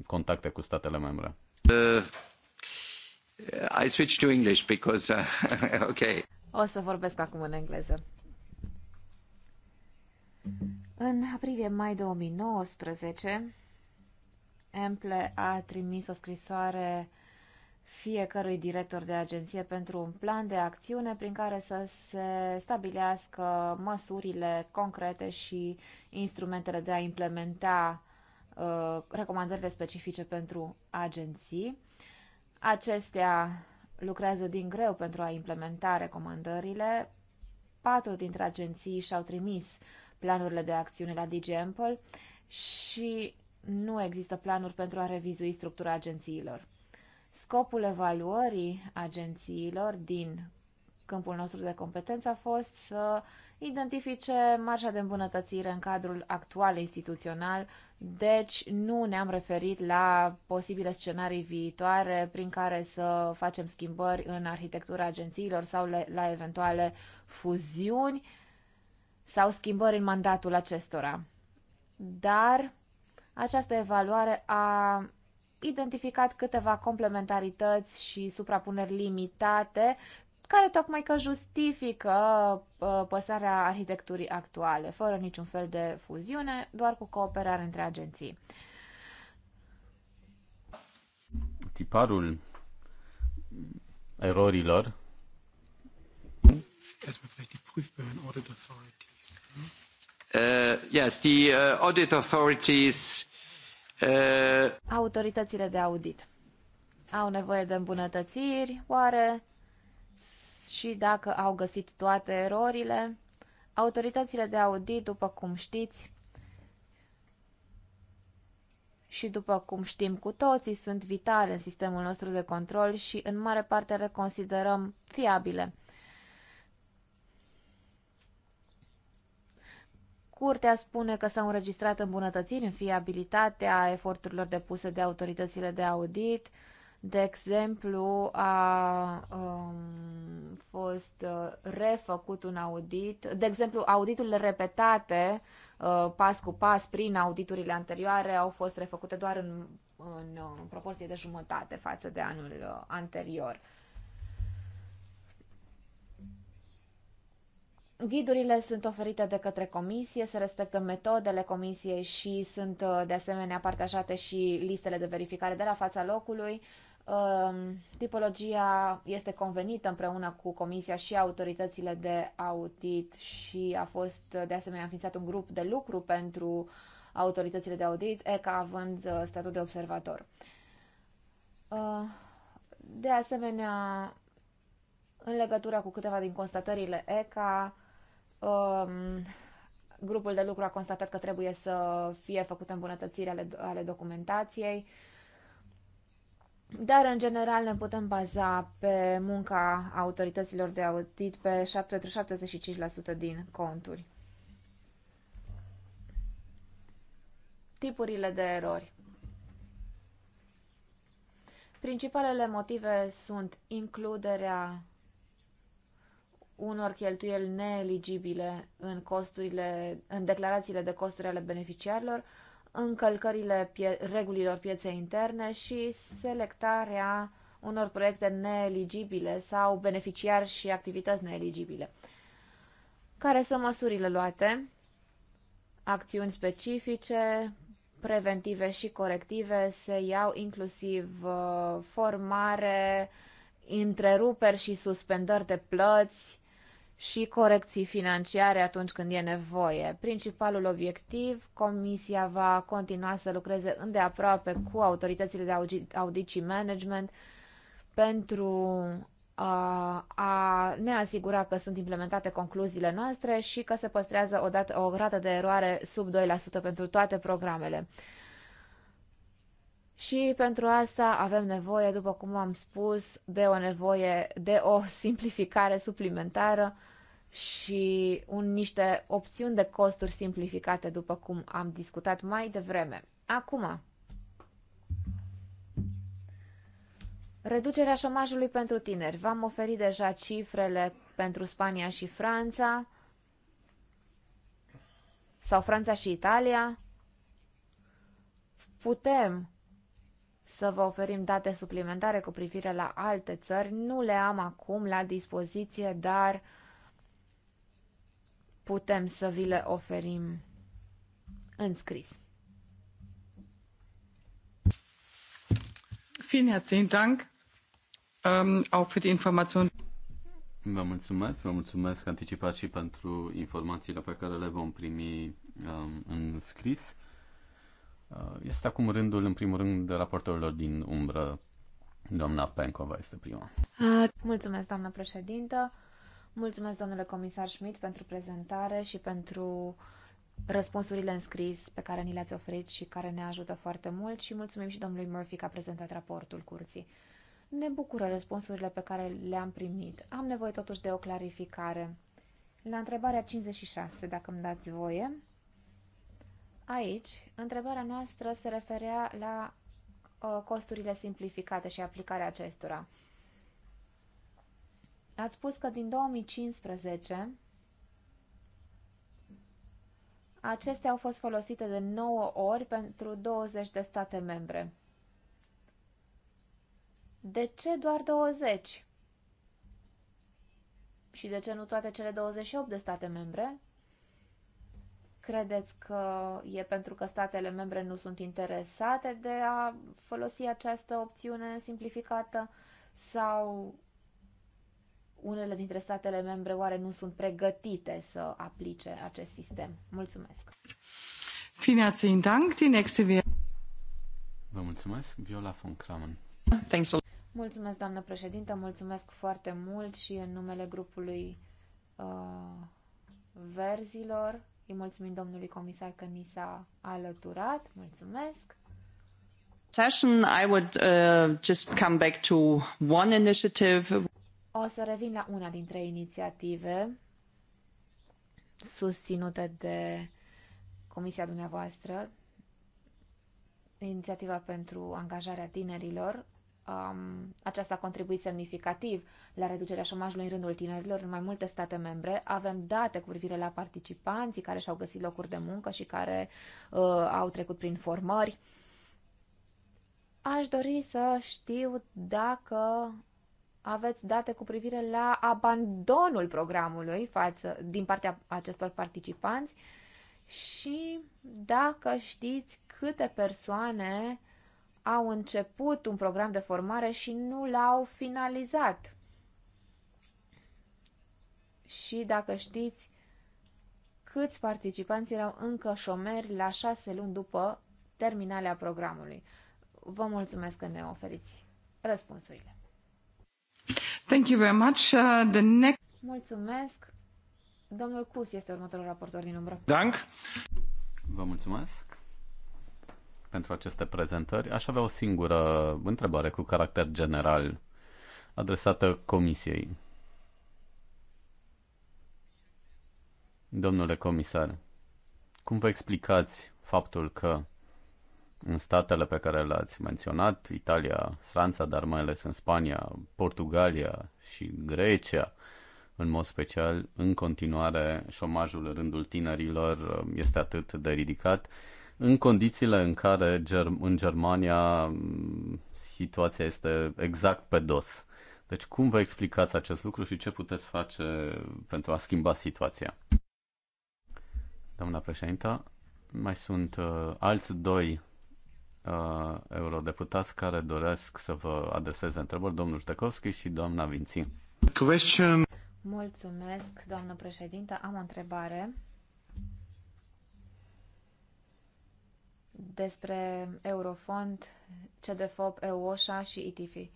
contacte cu statele membre. Uh, I switch to English because uh, <laughs> okay. O să vorbesc acum în engleză. În aprilie-mai 2019, Emple a trimis o scrisoare uh, fiecărui director de agenție pentru un plan de acțiune prin care să se stabilească măsurile concrete și instrumentele de a implementa uh, recomandările specifice pentru agenții. Acestea lucrează din greu pentru a implementa recomandările. Patru dintre agenții și-au trimis planurile de acțiune la DGMPL și nu există planuri pentru a revizui structura agențiilor. Scopul evaluării agențiilor din câmpul nostru de competență a fost să identifice marja de îmbunătățire în cadrul actual instituțional, deci nu ne-am referit la posibile scenarii viitoare prin care să facem schimbări în arhitectura agențiilor sau la eventuale fuziuni sau schimbări în mandatul acestora. Dar această evaluare a identificat câteva complementarități și suprapuneri limitate care tocmai că justifică uh, păsarea arhitecturii actuale, fără niciun fel de fuziune, doar cu cooperare între agenții. Tiparul erorilor Uh, yes, the uh, Audit Authorities Autoritățile de audit au nevoie de îmbunătățiri, oare? Și dacă au găsit toate erorile, autoritățile de audit, după cum știți, și după cum știm cu toții, sunt vitale în sistemul nostru de control și în mare parte le considerăm fiabile. Curtea spune că s-au înregistrat îmbunătățiri în fiabilitatea eforturilor depuse de autoritățile de audit. De exemplu, a um, fost uh, refăcut un audit. De exemplu, auditurile repetate uh, pas cu pas prin auditurile anterioare au fost refăcute doar în, în, uh, în proporție de jumătate față de anul uh, anterior. Ghidurile sunt oferite de către comisie, se respectă metodele comisiei și sunt uh, de asemenea partajate și listele de verificare de la fața locului. Um, tipologia este convenită împreună cu comisia și autoritățile de audit și a fost uh, de asemenea înființat un grup de lucru pentru autoritățile de audit, ECA având uh, statut de observator. De asemenea, în legătură cu câteva din constatările ECA, Um, grupul de lucru a constatat că trebuie să fie făcute îmbunătățiri ale, ale documentației, dar în general ne putem baza pe munca autorităților de audit pe 75% din conturi. Tipurile de erori. Principalele motive sunt includerea unor cheltuieli neeligibile în, costurile, în declarațiile de costuri ale beneficiarilor, încălcările pie- regulilor pieței interne și selectarea unor proiecte neeligibile sau beneficiari și activități neeligibile. Care sunt măsurile luate? Acțiuni specifice, preventive și corective se iau inclusiv uh, formare, întreruperi și suspendări de plăți, și corecții financiare atunci când e nevoie. Principalul obiectiv, Comisia va continua să lucreze îndeaproape cu autoritățile de audit, și management pentru a, uh, a ne asigura că sunt implementate concluziile noastre și că se păstrează o, dată, o rată de eroare sub 2% pentru toate programele. Și pentru asta avem nevoie, după cum am spus, de o nevoie de o simplificare suplimentară și un, niște opțiuni de costuri simplificate, după cum am discutat mai devreme. Acum, reducerea șomajului pentru tineri. V-am oferit deja cifrele pentru Spania și Franța sau Franța și Italia. Putem să vă oferim date suplimentare cu privire la alte țări. Nu le am acum la dispoziție, dar uh, putem să vi le oferim în scris. Vielen herzlichen Dank ähm, auch für die Information. Vă mulțumesc, vă mulțumesc anticipat și pentru informațiile pe care le vom primi um, în scris. Äh, este acum rândul, în primul rând, de raportorilor din umbră. Doamna Pencova este prima. Mulțumesc, doamnă președintă. Mulțumesc, domnule comisar Schmidt, pentru prezentare și pentru răspunsurile în scris pe care ni le-ați oferit și care ne ajută foarte mult și mulțumim și domnului Murphy că a prezentat raportul curții. Ne bucură răspunsurile pe care le-am primit. Am nevoie totuși de o clarificare. La întrebarea 56, dacă îmi dați voie, aici întrebarea noastră se referea la uh, costurile simplificate și aplicarea acestora. Ați spus că din 2015 acestea au fost folosite de 9 ori pentru 20 de state membre. De ce doar 20? Și de ce nu toate cele 28 de state membre? Credeți că e pentru că statele membre nu sunt interesate de a folosi această opțiune simplificată sau unele dintre statele membre oare nu sunt pregătite să aplice acest sistem? Mulțumesc! Vielen Dank. Die nächste Vă mulțumesc, Viola von Kramen. Thanks Mulțumesc, doamnă președintă, mulțumesc foarte mult și în numele grupului uh, Verzilor. Îi mulțumim domnului comisar că ni s-a alăturat. Mulțumesc. Session, I would uh, just come back to one initiative. O să revin la una dintre inițiative susținute de comisia dumneavoastră, inițiativa pentru angajarea tinerilor. Um, aceasta a contribuit semnificativ la reducerea șomajului în rândul tinerilor în mai multe state membre. Avem date cu privire la participanții care și-au găsit locuri de muncă și care uh, au trecut prin formări. Aș dori să știu dacă aveți date cu privire la abandonul programului față, din partea acestor participanți și dacă știți câte persoane au început un program de formare și nu l-au finalizat. Și dacă știți câți participanți erau încă șomeri la șase luni după terminarea programului. Vă mulțumesc că ne oferiți răspunsurile. Thank you very much. Uh, the next... Mulțumesc. Domnul Cus este următorul raportor din umbră. Dank. Vă mulțumesc pentru aceste prezentări. Aș avea o singură întrebare cu caracter general adresată Comisiei. Domnule comisar, cum vă explicați faptul că în statele pe care le-ați menționat, Italia, Franța, dar mai ales în Spania, Portugalia și Grecia, în mod special, în continuare, șomajul în rândul tinerilor uh, este atât de ridicat, în condițiile în care în Germania mm, situația este exact pe dos. Deci cum vă explicați acest lucru și ce puteți face pentru a schimba situația? Doamna președinta, mai sunt uh, alți doi uh, eurodeputați care doresc să vă adreseze întrebări, domnul Ștecovski și doamna Vinții. Question. Mulțumesc, doamnă președintă. Am o întrebare despre Eurofond, CDFOP, EUOSHA și ITFI.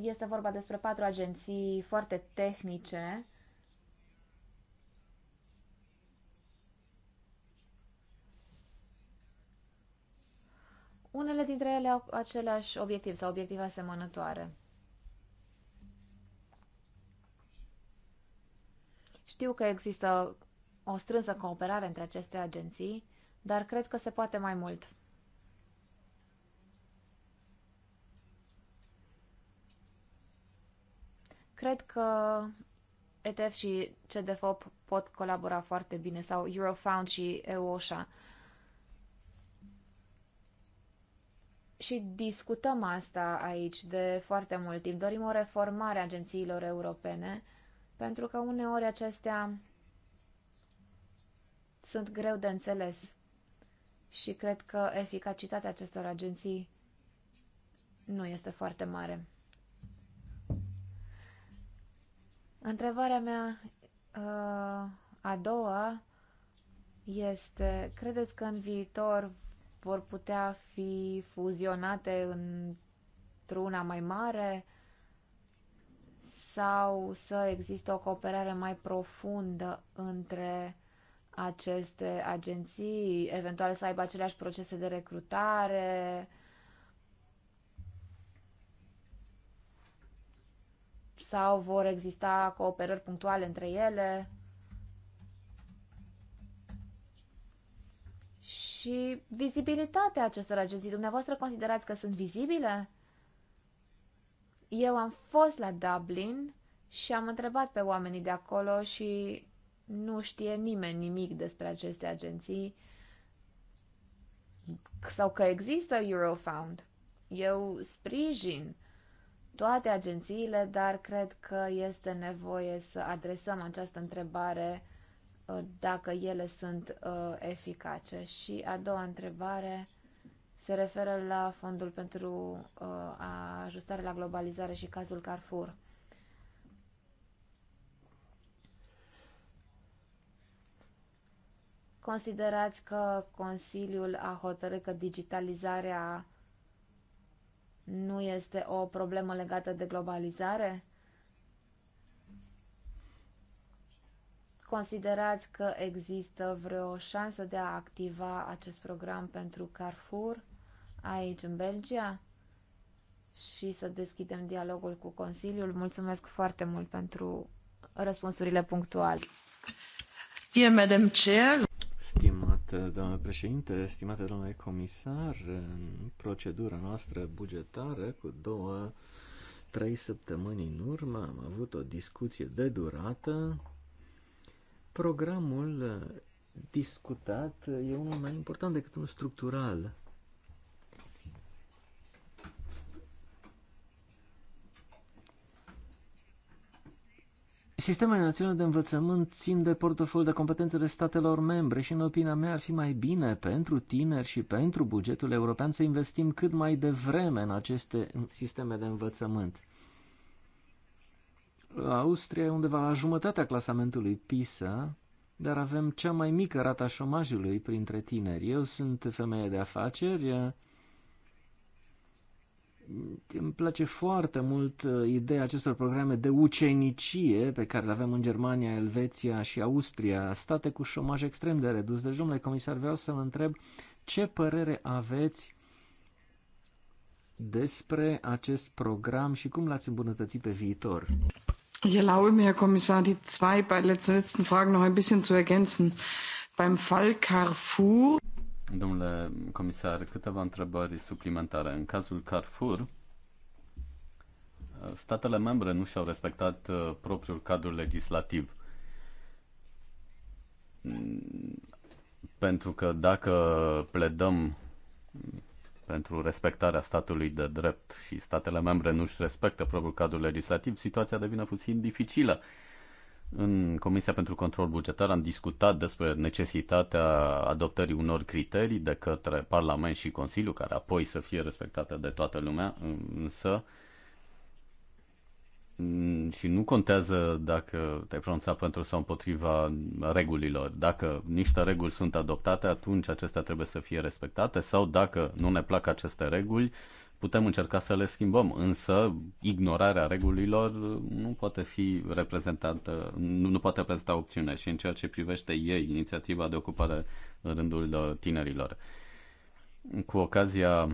Este vorba despre patru agenții foarte tehnice Unele dintre ele au același obiectiv sau obiective asemănătoare. Știu că există o strânsă cooperare între aceste agenții, dar cred că se poate mai mult. Cred că ETF și CDFOP pot colabora foarte bine, sau Eurofound și EUOSHA. și discutăm asta aici de foarte mult timp. Dorim o reformare a agențiilor europene, pentru că uneori acestea sunt greu de înțeles și cred că eficacitatea acestor agenții nu este foarte mare. Întrebarea mea uh, a doua este, credeți că în viitor vor putea fi fuzionate într-una mai mare sau să existe o cooperare mai profundă între aceste agenții, eventual să aibă aceleași procese de recrutare, sau vor exista cooperări punctuale între ele. și vizibilitatea acestor agenții. Dumneavoastră considerați că sunt vizibile? Eu am fost la Dublin și am întrebat pe oamenii de acolo și nu știe nimeni nimic despre aceste agenții sau că există Eurofound. Eu sprijin toate agențiile, dar cred că este nevoie să adresăm această întrebare Uh, dacă ele sunt uh, eficace. Și a doua întrebare se referă la Fondul pentru uh, ajustare la globalizare și cazul Carrefour. Considerați că Consiliul a hotărât că digitalizarea nu este o problemă legată de globalizare? Considerați că există vreo șansă de a activa acest program pentru Carrefour aici în Belgia și să deschidem dialogul cu Consiliul? Mulțumesc foarte mult pentru răspunsurile punctuale. Dear Madam Chair, Stimată doamnă președinte, stimate domnule comisar, în procedura noastră bugetară cu două, trei săptămâni în urmă am avut o discuție de durată Programul uh, discutat uh, e unul mai important decât unul structural. Sistemele naționale de învățământ țin de portofoliul de competențele statelor membre și, în opinia mea, ar fi mai bine pentru tineri și pentru bugetul european să investim cât mai devreme în aceste sisteme de învățământ. Austria e undeva la jumătatea clasamentului PISA, dar avem cea mai mică rata șomajului printre tineri. Eu sunt femeie de afaceri, îmi place foarte mult uh, ideea acestor programe de ucenicie pe care le avem în Germania, Elveția și Austria, state cu șomaj extrem de redus. Deci, domnule comisar, vreau să vă întreb ce părere aveți despre acest program și cum l-ați îmbunătățit pe viitor. Ich erlaube mir, Herr Kommissar, die zwei bei letzten, letzten Fragen noch ein bisschen zu ergänzen. Beim Fall Carrefour. Domnule comisar, câteva întrebări suplimentare. În cazul Carrefour, statele membre nu și-au respectat uh, propriul cadru legislativ. Pentru că dacă pledăm pentru respectarea statului de drept și statele membre nu își respectă propriul cadru legislativ, situația devine puțin dificilă. În Comisia pentru Control Bugetar am discutat despre necesitatea adoptării unor criterii de către Parlament și Consiliu, care apoi să fie respectate de toată lumea, însă uh, Mm, și nu contează dacă te-ai pronunțat pentru sau împotriva regulilor. Dacă niște reguli sunt adoptate, atunci acestea trebuie să fie respectate sau dacă nu ne plac aceste reguli, putem încerca să le schimbăm, însă ignorarea regulilor nu poate fi reprezentată, nu, nu poate prezenta opțiune și în ceea ce privește ei, inițiativa de ocupare în rândul uh, tinerilor. Cu ocazia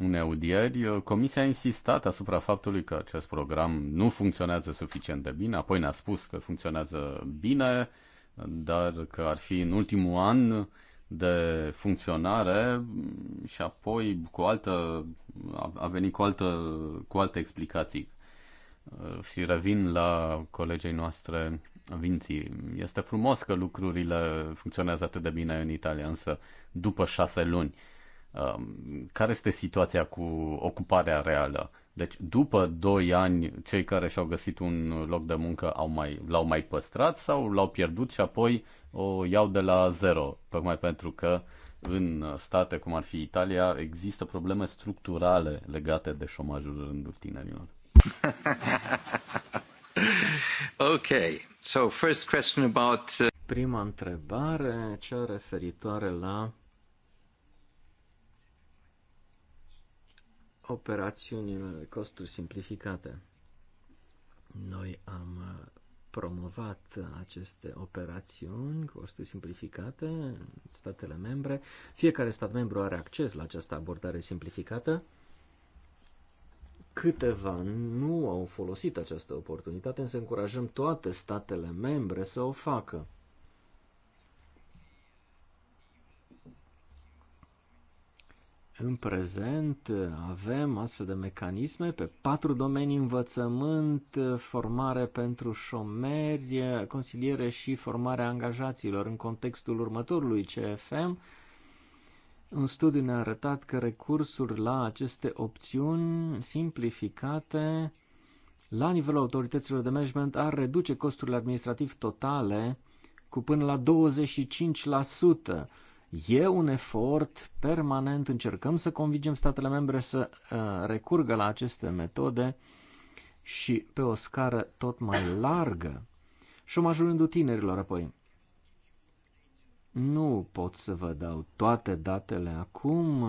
un audieri, uh, Comisia a insistat asupra faptului că acest program nu funcționează suficient de bine, apoi ne-a spus că funcționează bine, dar că ar fi în ultimul an de funcționare și apoi cu altă, a venit cu, altă, cu alte explicații. Uh, și revin la colegei noastre Vinții. Este frumos că lucrurile funcționează atât de bine în Italia, însă după șase luni Um, care este situația cu ocuparea reală? Deci, după 2 ani, cei care și-au găsit un loc de muncă au mai, l-au mai păstrat sau l-au pierdut și apoi o iau de la zero, tocmai pentru că în state cum ar fi Italia există probleme structurale legate de șomajul rândul tinerilor. <laughs> ok, so first question about... Uh, Prima întrebare, cea referitoare la operațiunile de costuri simplificate. Noi am uh, promovat aceste operațiuni, costuri simplificate în statele membre. Fiecare stat membru are acces la această abordare simplificată. Câteva nu au folosit această oportunitate, însă încurajăm toate statele membre să o facă. În prezent uh, avem astfel de mecanisme pe patru domenii, învățământ, uh, formare pentru șomeri, uh, consiliere și formarea angajaților în contextul următorului CFM. Un studiu ne-a arătat că recursul la aceste opțiuni simplificate la nivelul autorităților de management ar reduce costurile administrativ totale cu până la 25% E un efort permanent, încercăm să convingem statele membre să uh, recurgă la aceste metode și pe o scară tot mai largă. Șomajul rândul tinerilor apoi. Nu pot să vă dau toate datele acum.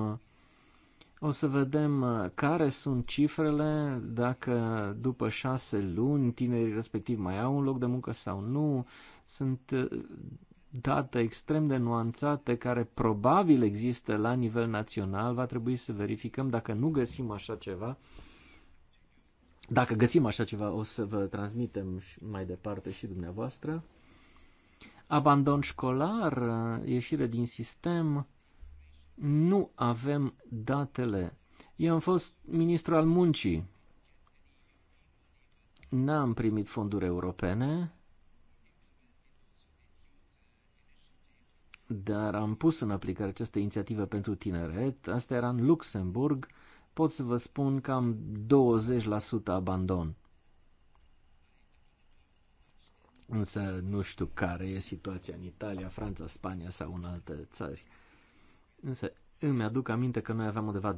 O să vedem uh, care sunt cifrele, dacă după șase luni tinerii respectiv mai au un loc de muncă sau nu. Sunt uh, dată extrem de nuanțată care probabil există la nivel național, va trebui să verificăm dacă nu găsim așa ceva. Dacă găsim așa ceva, o să vă transmitem mai departe și dumneavoastră. Abandon școlar, ieșire din sistem, nu avem datele. Eu am fost ministru al muncii. N-am primit fonduri europene, dar am pus în aplicare această inițiativă pentru tineret. Asta era în Luxemburg. Pot să vă spun că am 20% abandon. Însă nu știu care e situația în Italia, Franța, Spania sau în alte țări. Însă îmi aduc aminte că noi aveam undeva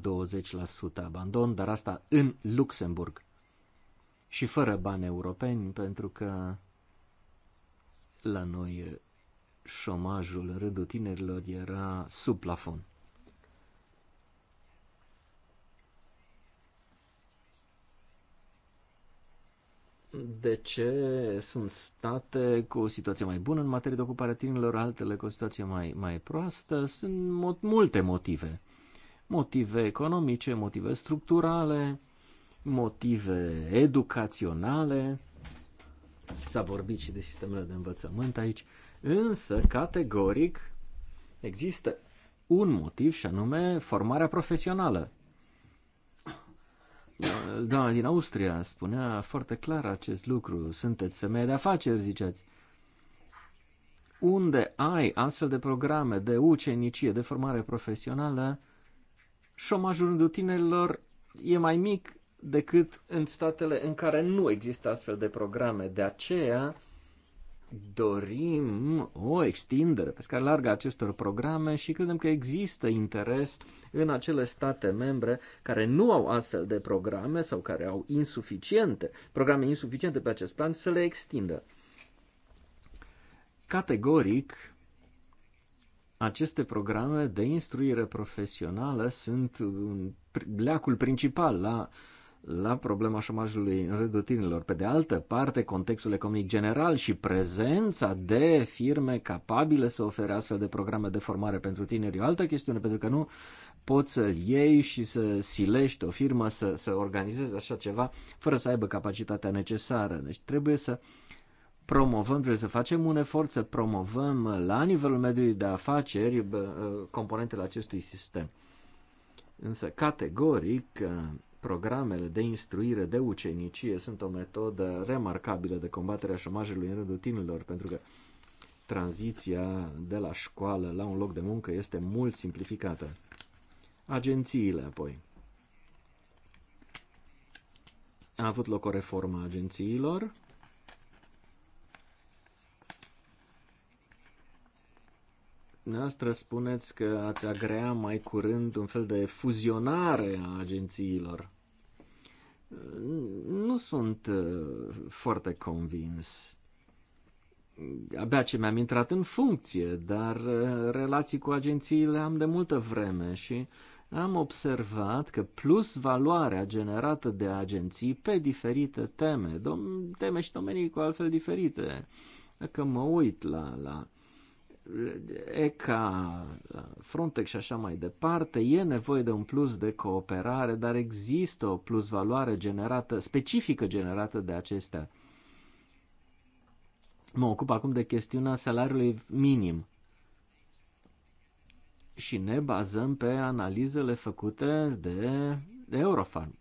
20% abandon, dar asta în Luxemburg. Și fără bani europeni, pentru că la noi șomajul rândul tinerilor era sub plafon. de ce sunt state cu o situație mai bună în materie de ocupare a tinerilor, altele cu o situație mai, mai proastă. Sunt mo- multe motive. Motive economice, motive structurale, motive educaționale. S-a vorbit și de sistemele de învățământ aici. Însă, categoric, există un motiv și anume formarea profesională. Doamna din Austria spunea foarte clar acest lucru. Sunteți femeie de afaceri, ziceați. Unde ai astfel de programe de ucenicie, de formare profesională, șomajul rândul tinerilor e mai mic decât în statele în care nu există astfel de programe. De aceea, dorim o extindere pe scară largă a acestor programe și credem că există interes în acele state membre care nu au astfel de programe sau care au insuficiente, programe insuficiente pe acest plan să le extindă. Categoric, aceste programe de instruire profesională sunt leacul principal la la problema șomajului în rândul tinerilor. Pe de altă parte, contextul economic general și prezența de firme capabile să ofere astfel de programe de formare pentru tineri e o altă chestiune, pentru că nu poți să iei și să silești o firmă să, să organizeze așa ceva fără să aibă capacitatea necesară. Deci trebuie să promovăm, trebuie să facem un efort să promovăm la nivelul mediului de afaceri ă, componentele acestui sistem. Însă, categoric, ă, Programele de instruire de ucenicie sunt o metodă remarcabilă de combatere a șomajului în rândul tinerilor, pentru că tranziția de la școală la un loc de muncă este mult simplificată. Agențiile, apoi. A avut loc o reformă a agențiilor Dumneavoastră spuneți că ați agrea mai curând un fel de fuzionare a agențiilor. Nu sunt uh, foarte convins. Abia ce mi-am intrat în funcție, dar uh, relații cu agențiile am de multă vreme și am observat că plus valoarea generată de agenții pe diferite teme, teme și domenii cu altfel diferite, dacă mă uit la, la ECA, Frontex și așa mai departe, e nevoie de un plus de cooperare, dar există o plus valoare generată, specifică generată de acestea. Mă ocup acum de chestiunea salariului minim și ne bazăm pe analizele făcute de Eurofarm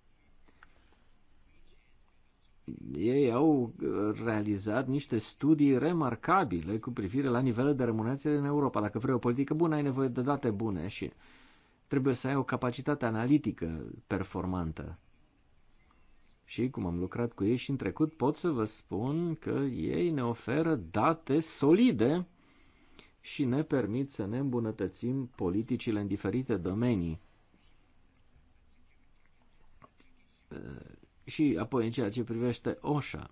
ei au uh, realizat niște studii remarcabile cu privire la nivelul de remunerație în Europa. Dacă vrei o politică bună, ai nevoie de date bune și trebuie să ai o capacitate analitică performantă. Și cum am lucrat cu ei și în trecut, pot să vă spun că ei ne oferă date solide și ne permit să ne îmbunătățim politicile în diferite domenii și apoi în ceea ce privește oșa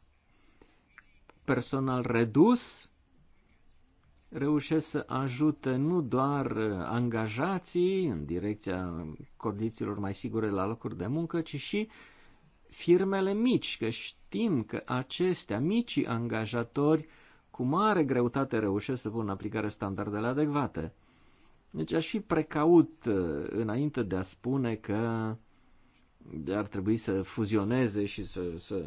Personal redus reușesc să ajute nu doar angajații în direcția condițiilor mai sigure la locuri de muncă, ci și firmele mici, că știm că acestea, micii angajatori, cu mare greutate reușesc să pună în aplicare standardele adecvate. Deci aș fi precaut uh, înainte de a spune că ar trebui să fuzioneze și să, să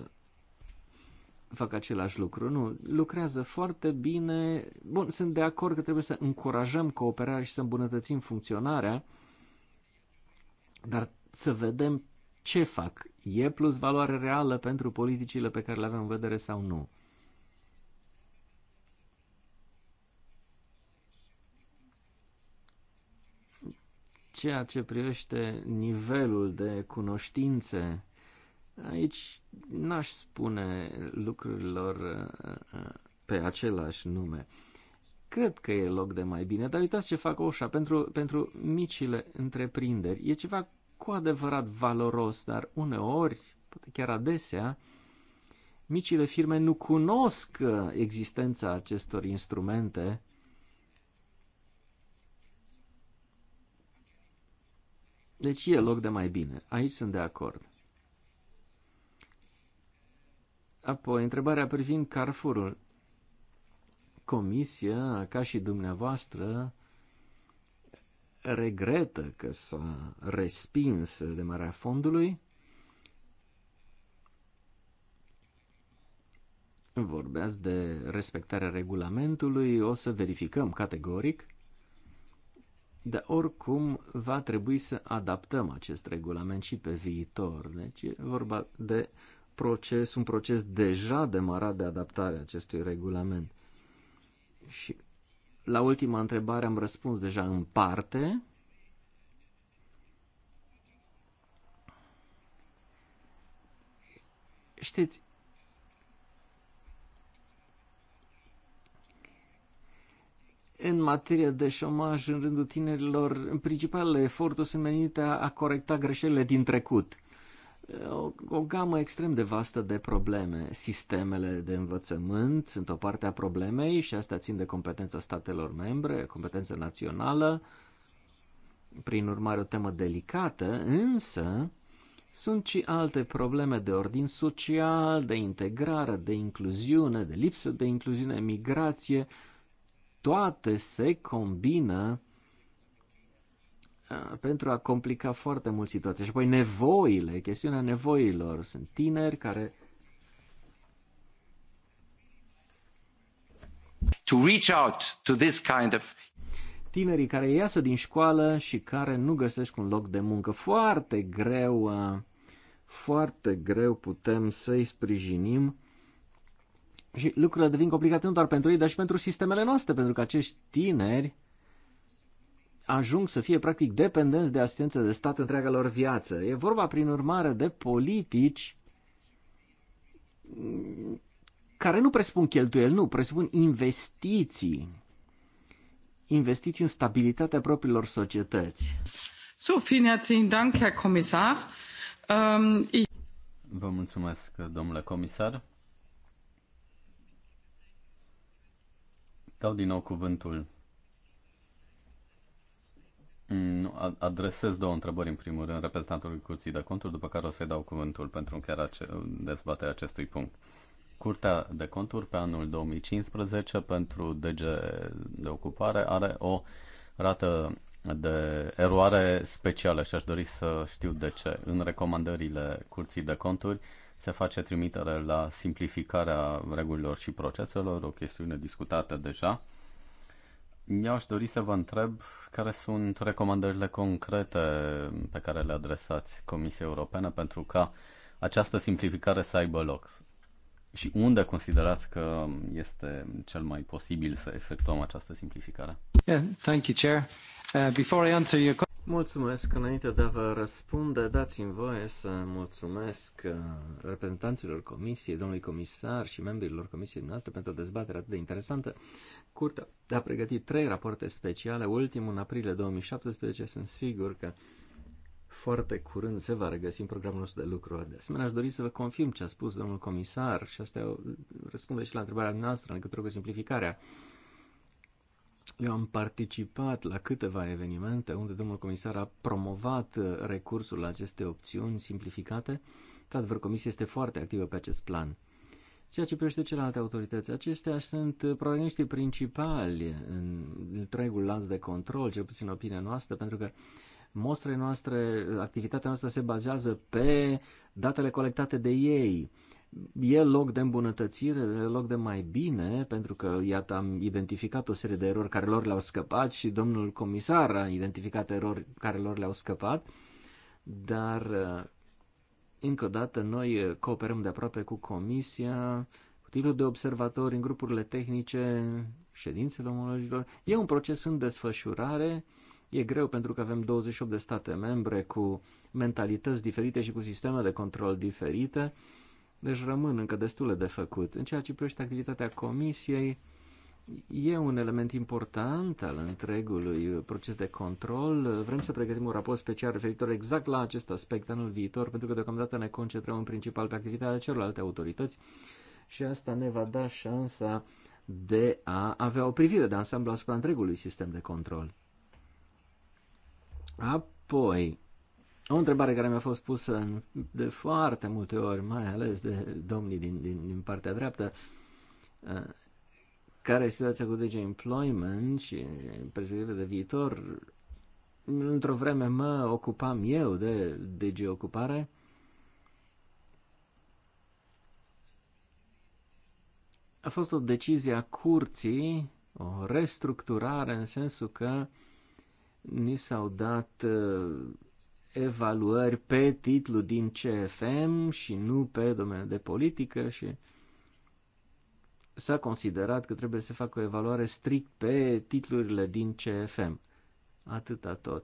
facă același lucru. Nu, lucrează foarte bine. Bun, sunt de acord că trebuie să încurajăm cooperarea și să îmbunătățim funcționarea, dar să vedem ce fac. E plus valoare reală pentru politicile pe care le avem în vedere sau nu? ceea ce privește nivelul de cunoștințe, aici n-aș spune lucrurilor uh, uh, pe același nume. Cred că e loc de mai bine, dar uitați ce fac oșa pentru, pentru micile întreprinderi. E ceva cu adevărat valoros, dar uneori, poate chiar adesea, micile firme nu cunosc uh, existența acestor instrumente Deci e loc de mai bine. Aici sunt de acord. Apoi, întrebarea privind Carrefourul. Comisia, ca și dumneavoastră, regretă că s-a respins demararea fondului. Vorbeați de respectarea regulamentului, o să verificăm categoric. Dar oricum va trebui să adaptăm acest regulament și pe viitor. Deci e vorba de proces, un proces deja demarat de adaptare a acestui regulament. Și la ultima întrebare am răspuns deja în parte. Știți, în materie de șomaj în rândul tinerilor, în principalele eforturi sunt menite a, corecta greșelile din trecut. O, o gamă extrem de vastă de probleme. Sistemele de învățământ sunt o parte a problemei și asta țin de competența statelor membre, competența națională, prin urmare o temă delicată, însă sunt și alte probleme de ordin social, de integrare, de incluziune, de lipsă de incluziune, migrație, toate se combină uh, pentru a complica foarte mult situația. Și apoi nevoile, chestiunea nevoilor. Sunt tineri care to reach out to this kind of tinerii care iasă din școală și care nu găsesc un loc de muncă. Foarte greu, uh, foarte greu putem să-i sprijinim și lucrurile devin complicate nu doar pentru ei, dar și pentru sistemele noastre, pentru că acești tineri ajung să fie practic dependenți de asistență de stat întreaga lor viață. E vorba, prin urmare, de politici care nu presupun cheltuieli, nu, presupun investiții. Investiții în stabilitatea propriilor societăți. So, vielen Dank, Herr Kommissar. Um, ich... Vă mulțumesc, domnule comisar. Dau din nou cuvântul. Mm, adresez două întrebări, în primul rând, reprezentantului Curții de Conturi, după care o să-i dau cuvântul pentru chiar dezbaterea acestui punct. Curtea de Conturi pe anul 2015 pentru DG de ocupare are o rată de eroare specială și aș dori să știu de ce. În recomandările Curții de Conturi, uh, se face trimitere la simplificarea regulilor și proceselor, o chestiune discutată deja. Eu aș dori să vă întreb care sunt recomandările concrete pe care le adresați Comisiei Europene pentru ca această simplificare să aibă loc și unde considerați că este cel mai posibil să efectuăm această simplificare? Yeah, thank you, Chair. Uh, before I answer your Mulțumesc. Înainte de a vă răspunde, dați-mi voie să mulțumesc uh, reprezentanților comisiei, domnului comisar și membrilor comisiei noastre pentru o dezbatere atât de interesantă. Curtea a pregătit trei rapoarte speciale, ultimul în aprilie 2017. Sunt sigur că foarte curând se va regăsi în programul nostru de lucru. De asemenea, aș dori să vă confirm ce a spus domnul comisar și asta răspunde și la întrebarea noastră în legătură cu simplificarea. Eu am participat la câteva evenimente unde domnul comisar a promovat uh, recursul la aceste opțiuni simplificate. Într-adevăr, comisia este foarte activă pe acest plan. Ceea ce privește celelalte autorități, acestea sunt uh, protagoniștii principali în întregul lanț de control, cel puțin opinia noastră, pentru că mostrele noastre, uh, activitatea noastră se bazează pe datele colectate de ei E loc de îmbunătățire, e loc de mai bine, pentru că, iată, am identificat o serie de erori care lor le-au scăpat și domnul comisar a identificat erori care lor le-au scăpat, dar, eh, încă o dată, noi cooperăm de aproape cu Comisia, cu titlul de observatori în grupurile tehnice, ședințele omologilor. E un proces în desfășurare, E greu pentru că avem 28 de state membre cu mentalități diferite și cu sisteme de control diferite. Deci rămân încă destule de făcut. În ceea ce privește activitatea comisiei, e un element important al întregului proces de control. Vrem să pregătim un raport special referitor exact la acest aspect anul viitor, pentru că deocamdată ne concentrăm în principal pe activitatea celorlalte autorități și asta ne va da șansa de a avea o privire de ansamblu asupra întregului sistem de control. Apoi, o întrebare care mi-a fost pusă de foarte multe ori, mai ales de domnii din, din, din partea dreaptă, uh, care este situația cu DG Employment și perspectiva de viitor. Într-o vreme mă ocupam eu de DG Ocupare. A fost o decizie a curții, o restructurare în sensul că ni s-au dat uh, evaluări pe titlu din CFM și nu pe domeniul de politică și s-a considerat că trebuie să facă o evaluare strict pe titlurile din CFM. Atâta tot.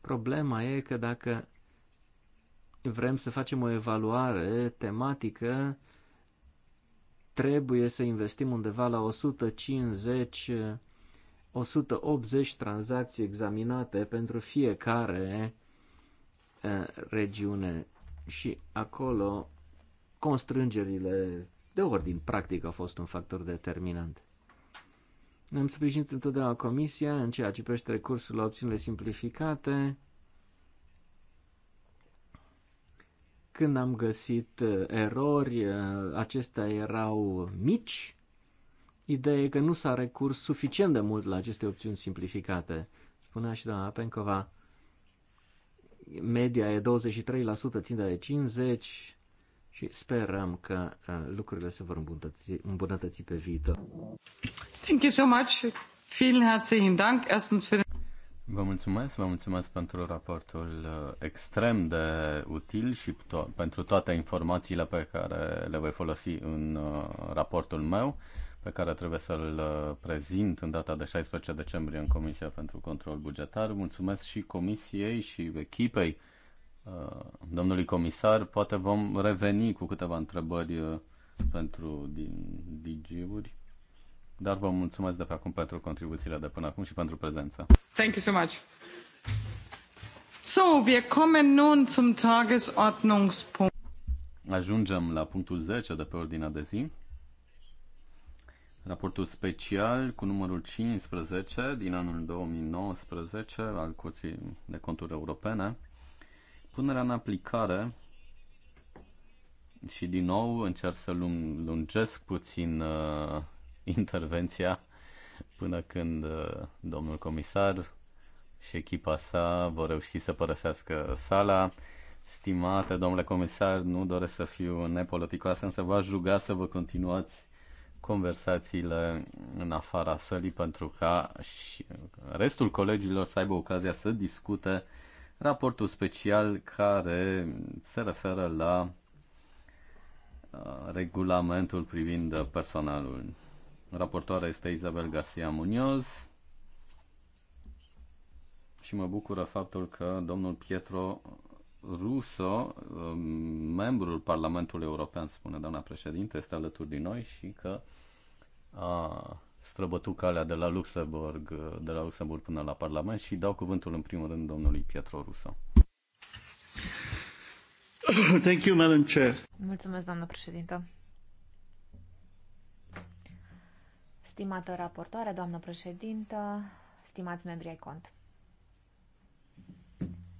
Problema e că dacă vrem să facem o evaluare tematică, trebuie să investim undeva la 150 180 tranzacții examinate pentru fiecare regiune și acolo constrângerile de ordin practic au fost un factor determinant. Am sprijinit întotdeauna comisia în ceea ce privește recursul la opțiunile simplificate. Când am găsit erori, acestea erau mici Ideea e că nu s-a recurs suficient de mult la aceste opțiuni simplificate. Spunea și doamna Pencova, media e 23%, ținta de 50% și sperăm că uh, lucrurile se vor îmbunătăți, îmbunătăți pe viitor. Thank you so much. Vielen herzlichen Dank. Erstens für Vă mulțumesc, vă mulțumesc pentru raportul uh, extrem de util și to- pentru toate informațiile pe care le voi folosi în uh, raportul meu pe care trebuie să-l uh, prezint în data de 16 decembrie în Comisia pentru Control Bugetar. Mulțumesc și Comisiei și echipei uh, domnului comisar. Poate vom reveni cu câteva întrebări uh, pentru DG-uri, dar vă mulțumesc de pe acum pentru contribuțiile de până acum și pentru prezență. Thank you so much. So, wir kommen nun zum Tagesordnungspunkt. Ajungem la punctul 10 de pe ordinea de zi. Raportul special cu numărul 15 din anul 2019 al Curții de Conturi Europene, punerea în aplicare și din nou încerc să lungesc puțin uh, <laughs> intervenția până când uh, domnul comisar și echipa sa vor reuși să părăsească sala. Stimate domnule comisar, nu doresc să fiu nepoloticoasă, însă v-aș ruga să vă continuați conversațiile în afara sălii pentru ca și restul colegilor să aibă ocazia să discute raportul special care se referă la uh, regulamentul privind personalul. Raportoarea este Isabel Garcia Munoz și mă bucură faptul că domnul Pietro Russo, uh, membrul Parlamentului European, spune doamna președinte, este alături de noi și că a străbătut calea de la Luxemburg, de la Luxemburg până la Parlament și dau cuvântul în primul rând domnului Pietro Rusa. Thank you, Madam Chair. Mulțumesc, doamnă președintă. Stimată raportoare, doamnă președintă, stimați membri ai cont.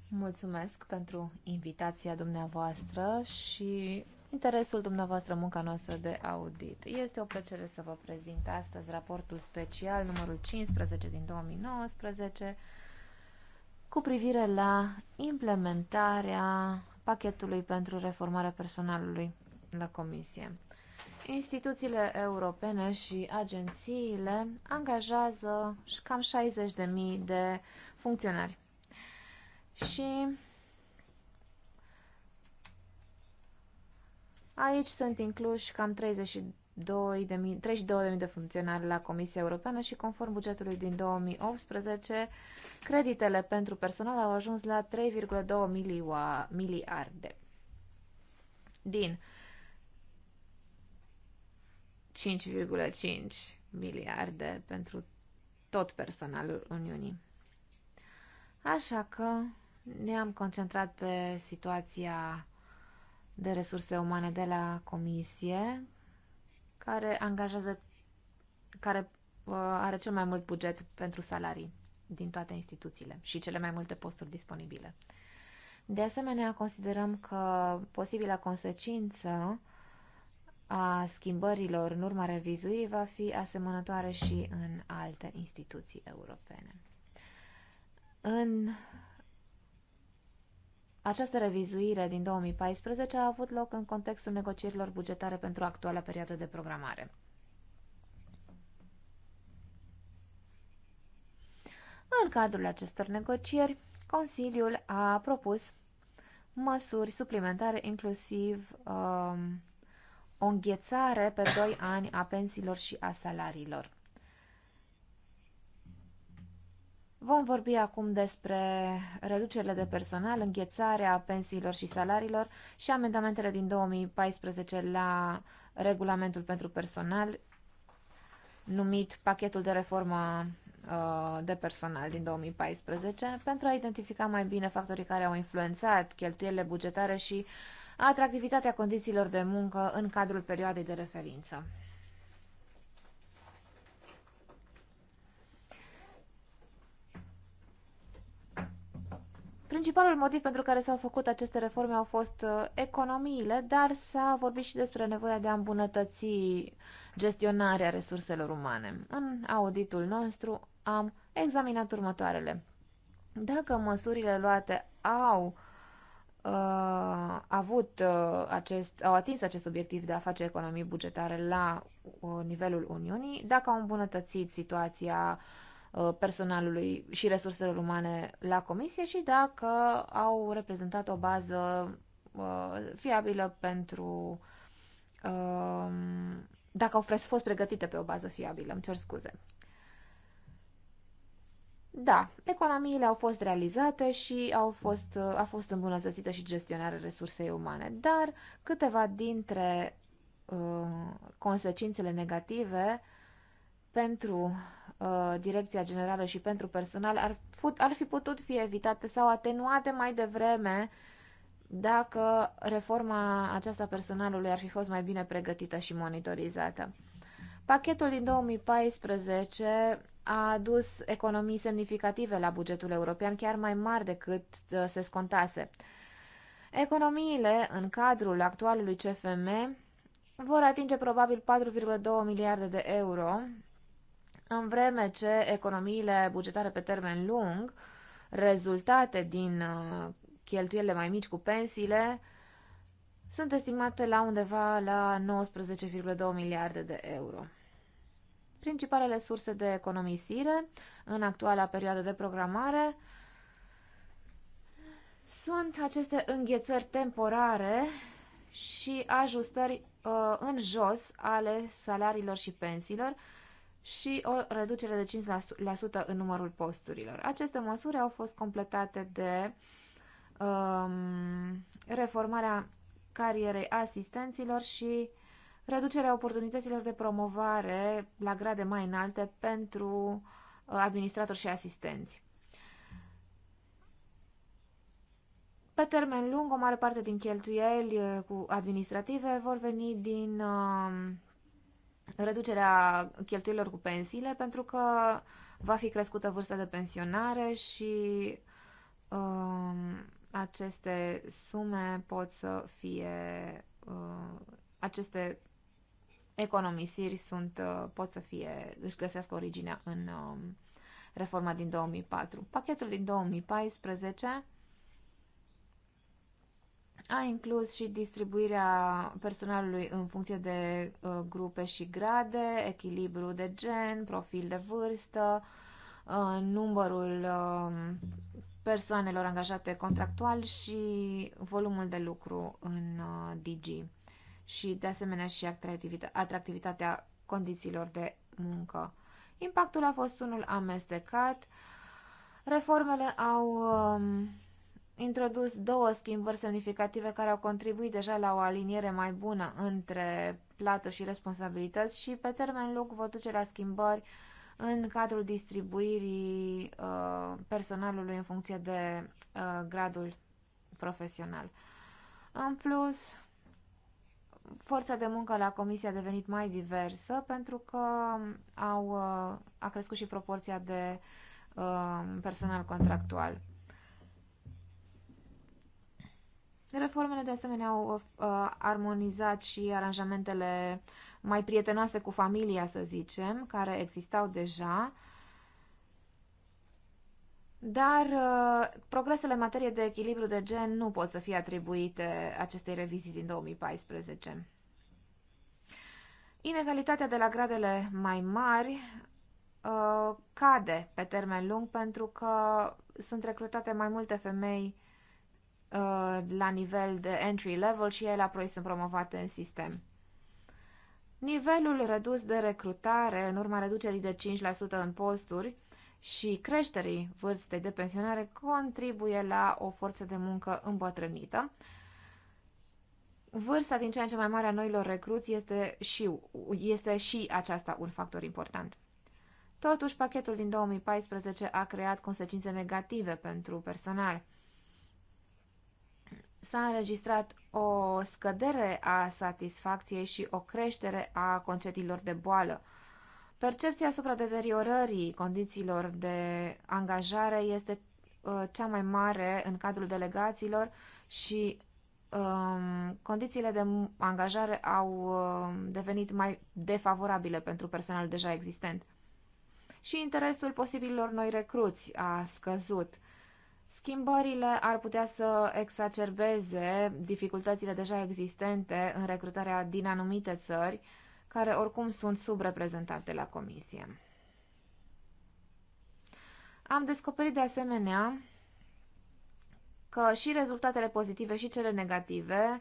Mulțumesc pentru invitația dumneavoastră și interesul dumneavoastră, munca noastră de audit. Este o plăcere să vă prezint astăzi raportul special numărul 15 din 2019 cu privire la implementarea pachetului pentru reformarea personalului la Comisie. Instituțiile europene și agențiile angajează cam 60.000 de funcționari. Și Aici sunt incluși cam 32.000 de, de, funcționari la Comisia Europeană și conform bugetului din 2018, creditele pentru personal au ajuns la 3,2 miliarde. Din 5,5 miliarde pentru tot personalul Uniunii. Așa că ne-am concentrat pe situația de resurse umane de la Comisie, care angajează, care uh, are cel mai mult buget pentru salarii din toate instituțiile și cele mai multe posturi disponibile. De asemenea, considerăm că posibila consecință a schimbărilor în urma revizuirii va fi asemănătoare și în alte instituții europene. În această revizuire din 2014 a avut loc în contextul negocierilor bugetare pentru actuala perioadă de programare. În cadrul acestor negocieri, Consiliul a propus măsuri suplimentare, inclusiv um, o înghețare pe 2 ani a pensiilor și a salariilor. Vom vorbi acum despre reducerile de personal, înghețarea pensiilor și salariilor și amendamentele din 2014 la regulamentul pentru personal, numit pachetul de reformă uh, de personal din 2014, pentru a identifica mai bine factorii care au influențat cheltuielile bugetare și atractivitatea condițiilor de muncă în cadrul perioadei de referință. Principalul motiv pentru care s-au făcut aceste reforme au fost uh, economiile, dar s-a vorbit și despre nevoia de a îmbunătăți gestionarea resurselor umane. În auditul nostru am examinat următoarele. Dacă măsurile luate au uh, avut uh, acest, au atins acest obiectiv de a face economii bugetare la uh, nivelul Uniunii, dacă au îmbunătățit situația uh, Uh, personalului și resurselor umane la comisie și dacă au reprezentat o bază uh, fiabilă pentru Uh, dacă au fost pregătite pe o bază fiabilă, îmi cer scuze. Da, economiile au fost realizate și au fost, a fost îmbunătățită și gestionarea resursei umane, dar câteva dintre uh, consecințele negative pentru uh, Direcția Generală și pentru Personal ar, fut, ar fi putut fi evitate sau atenuate mai devreme dacă reforma aceasta personalului ar fi fost mai bine pregătită și monitorizată. Pachetul din 2014 a adus economii semnificative la bugetul european, chiar mai mari decât uh, se scontase. Economiile în cadrul actualului CFM vor atinge probabil 4,2 miliarde de euro, în vreme ce economiile bugetare pe termen lung, rezultate din uh, cheltuielile mai mici cu pensiile, sunt estimate la undeva la 19,2 miliarde de euro. Principalele surse de economisire în actuala perioadă de programare sunt aceste înghețări temporare și ajustări uh, în jos ale salariilor și pensiilor, și o reducere de 5% în numărul posturilor. Aceste măsuri au fost completate de um, reformarea carierei asistenților și reducerea oportunităților de promovare la grade mai înalte pentru uh, administratori și asistenți. Pe termen lung, o mare parte din cheltuieli uh, administrative vor veni din uh, reducerea cheltuielor cu pensiile pentru că va fi crescută vârsta de pensionare și um, aceste sume pot să fie uh, aceste economisiri sunt, uh, pot să fie, își găsească originea în um, reforma din 2004. Pachetul din 2014 a inclus și distribuirea personalului în funcție de uh, grupe și grade, echilibru de gen, profil de vârstă, uh, numărul uh, persoanelor angajate contractual și volumul de lucru în uh, DG și de asemenea și atractivitatea condițiilor de muncă. Impactul a fost unul amestecat. Reformele au um, introdus două schimbări semnificative care au contribuit deja la o aliniere mai bună între plată și responsabilități și pe termen lung vor duce la schimbări în cadrul distribuirii uh, personalului în funcție de uh, gradul profesional. În plus, forța de muncă la comisie a devenit mai diversă pentru că au, uh, a crescut și proporția de uh, personal contractual. Reformele, de asemenea, au uh, armonizat și aranjamentele mai prietenoase cu familia, să zicem, care existau deja, dar uh, progresele în materie de echilibru de gen nu pot să fie atribuite acestei revizii din 2014. Inegalitatea de la gradele mai mari uh, cade pe termen lung pentru că sunt recrutate mai multe femei Uh, la nivel de entry level și ele apoi sunt promovate în sistem. Nivelul redus de recrutare în urma reducerii de 5% în posturi și creșterii vârstei de pensionare contribuie la o forță de muncă îmbătrânită. Vârsta din ce în ce mai mare a noilor recruți este și, este și aceasta un factor important. Totuși, pachetul din 2014 a creat consecințe negative pentru personal – s-a înregistrat o scădere a satisfacției și o creștere a concediilor de boală. Percepția asupra deteriorării condițiilor de angajare este uh, cea mai mare în cadrul delegațiilor și um, condițiile de angajare au um, devenit mai defavorabile pentru personal deja existent. Și interesul posibililor noi recruți a scăzut. Schimbările ar putea să exacerbeze dificultățile deja existente în recrutarea din anumite țări, care oricum sunt subreprezentate la comisie. Am descoperit de asemenea că și rezultatele pozitive și cele negative,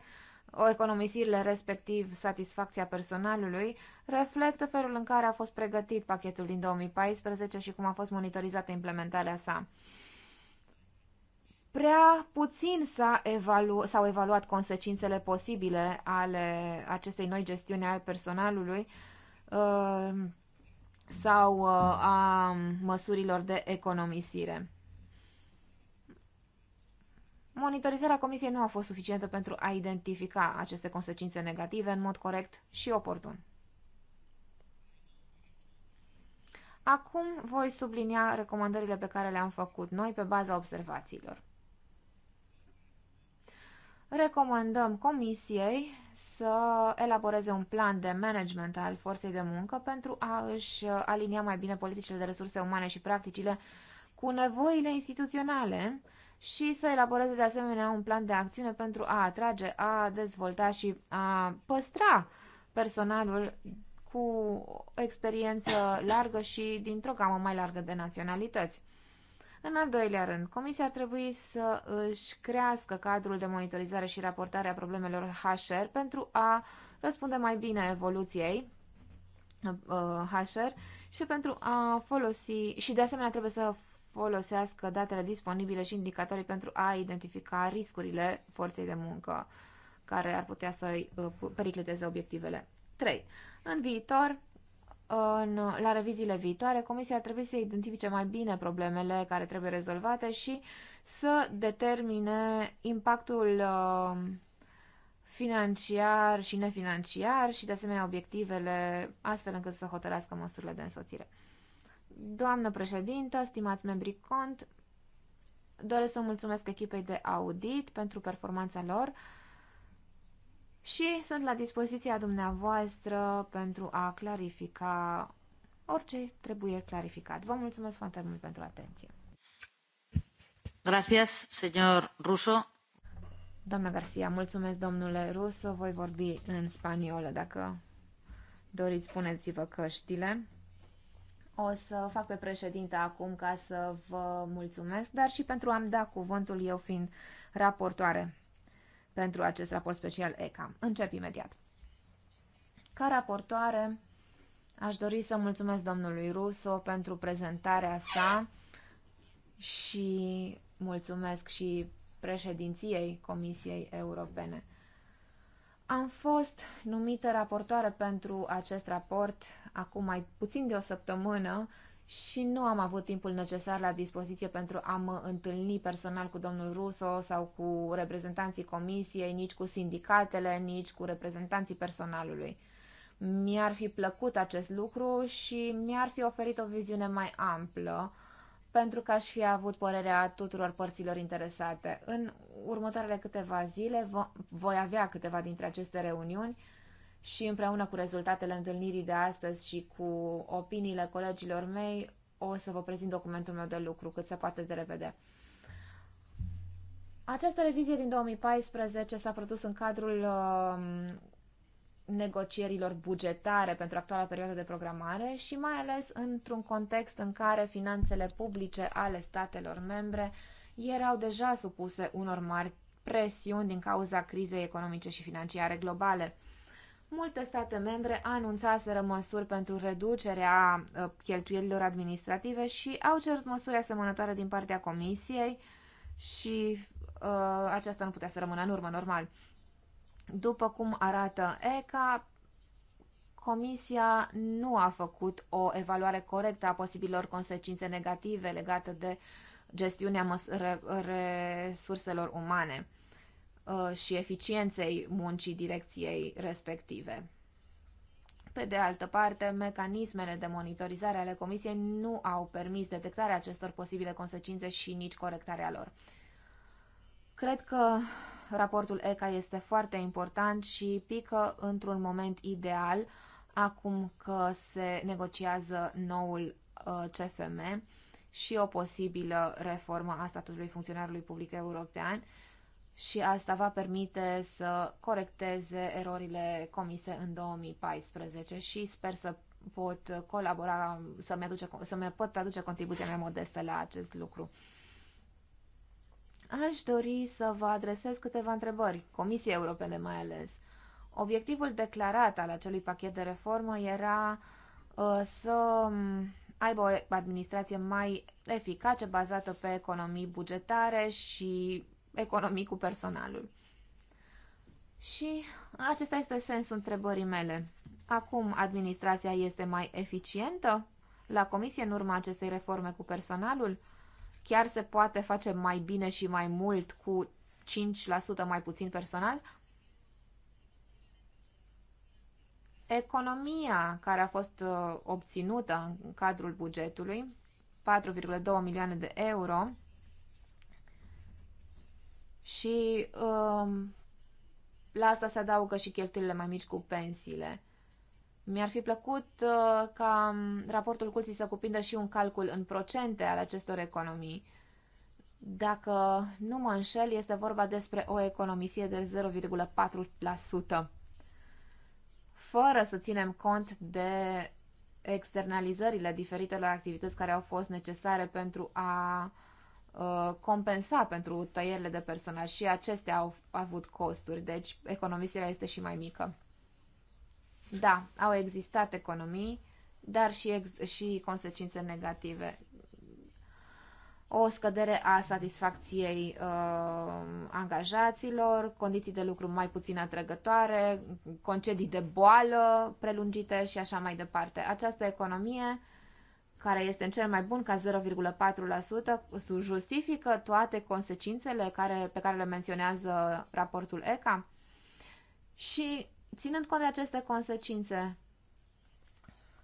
o economisirile respectiv satisfacția personalului, reflectă felul în care a fost pregătit pachetul din 2014 și cum a fost monitorizată implementarea sa prea puțin s au evalu- evaluat consecințele posibile ale acestei noi gestiuni al personalului uh, sau uh, a măsurilor de economisire. Monitorizarea comisiei nu a fost suficientă pentru a identifica aceste consecințe negative în mod corect și oportun. Acum voi sublinia recomandările pe care le-am făcut noi pe baza observațiilor. Recomandăm Comisiei să elaboreze un plan de management al forței de muncă pentru a își alinia mai bine politicile de resurse umane și practicile cu nevoile instituționale și să elaboreze de asemenea un plan de acțiune pentru a atrage, a dezvolta și a păstra personalul cu experiență largă și dintr-o gamă mai largă de naționalități. În al doilea rând, Comisia ar trebui să își crească cadrul de monitorizare și raportare a problemelor HR pentru a răspunde mai bine evoluției HR uh, și pentru a folosi și de asemenea trebuie să folosească datele disponibile și indicatorii pentru a identifica riscurile forței de muncă care ar putea să uh, pericliteze obiectivele. 3. În viitor, în, la reviziile viitoare, Comisia ar trebui să identifice mai bine problemele care trebuie rezolvate și să determine impactul uh, financiar și nefinanciar și, de asemenea, obiectivele, astfel încât să hotărească măsurile de însoțire. Doamnă președintă, stimați membri cont, doresc să mulțumesc echipei de audit pentru performanța lor și sunt la dispoziția dumneavoastră pentru a clarifica orice trebuie clarificat. Vă mulțumesc foarte mult pentru atenție. Gracias, señor Russo. Doamna Garcia, mulțumesc, domnule Russo. Voi vorbi în spaniolă, dacă doriți, puneți-vă căștile. O să fac pe președinte acum ca să vă mulțumesc, dar și pentru a-mi da cuvântul eu fiind raportoare pentru acest raport special ECA. Încep imediat. Ca raportoare, aș dori să mulțumesc domnului Ruso pentru prezentarea sa și mulțumesc și președinției Comisiei Europene. Am fost numită raportoare pentru acest raport acum mai puțin de o săptămână și nu am avut timpul necesar la dispoziție pentru a mă întâlni personal cu domnul Russo sau cu reprezentanții comisiei, nici cu sindicatele, nici cu reprezentanții personalului. Mi-ar fi plăcut acest lucru și mi-ar fi oferit o viziune mai amplă pentru că aș fi avut părerea tuturor părților interesate. În următoarele câteva zile vo- voi avea câteva dintre aceste reuniuni și împreună cu rezultatele întâlnirii de astăzi și cu opiniile colegilor mei, o să vă prezint documentul meu de lucru cât se poate de repede. Această revizie din 2014 s-a produs în cadrul um, negocierilor bugetare pentru actuala perioadă de programare și mai ales într-un context în care finanțele publice ale statelor membre erau deja supuse unor mari presiuni din cauza crizei economice și financiare globale. Multe state membre anunțaseră măsuri pentru reducerea uh, cheltuielilor administrative și au cerut măsuri asemănătoare din partea Comisiei și uh, aceasta nu putea să rămână în urmă, normal. După cum arată ECA, Comisia nu a făcut o evaluare corectă a posibilor consecințe negative legate de gestiunea resurselor umane. Uh, și eficienței muncii direcției respective. Pe de altă parte, mecanismele de monitorizare ale Comisiei nu au permis detectarea acestor posibile consecințe și nici corectarea lor. Cred că raportul ECA este foarte important și pică într-un moment ideal acum că se negociază noul uh, CFM și o posibilă reformă a statutului funcționarului public european și asta va permite să corecteze erorile comise în 2014 și sper să pot colabora, să-mi, să pot aduce contribuția mea modestă la acest lucru. Aș dori să vă adresez câteva întrebări, Comisiei Europene mai ales. Obiectivul declarat al acelui pachet de reformă era uh, să um, aibă o administrație mai eficace, bazată pe economii bugetare și economii cu personalul. Și acesta este sensul întrebării mele. Acum administrația este mai eficientă? La comisie în urma acestei reforme cu personalul? Chiar se poate face mai bine și mai mult cu 5% mai puțin personal? Economia care a fost uh, obținută în cadrul bugetului, 4,2 milioane de euro, și um, la asta se adaugă și cheltuielile mai mici cu pensiile. Mi-ar fi plăcut uh, ca um, raportul curții să cuprindă și un calcul în procente al acestor economii. Dacă nu mă înșel, este vorba despre o economisie de 0,4%. Fără să ținem cont de externalizările diferitelor activități care au fost necesare pentru a uh, Uh, compensa pentru tăierile de personal și acestea au avut costuri, deci economisirea este și mai mică. Da, au existat economii, dar și, ex- și consecințe negative. O scădere a satisfacției uh, angajaților, condiții de lucru mai puțin atrăgătoare, concedii de boală prelungite și așa mai departe. Această economie uh, care este în cel mai bun ca 0,4%, justifică toate consecințele care, pe care le menționează raportul ECA? Și ținând cont de aceste consecințe,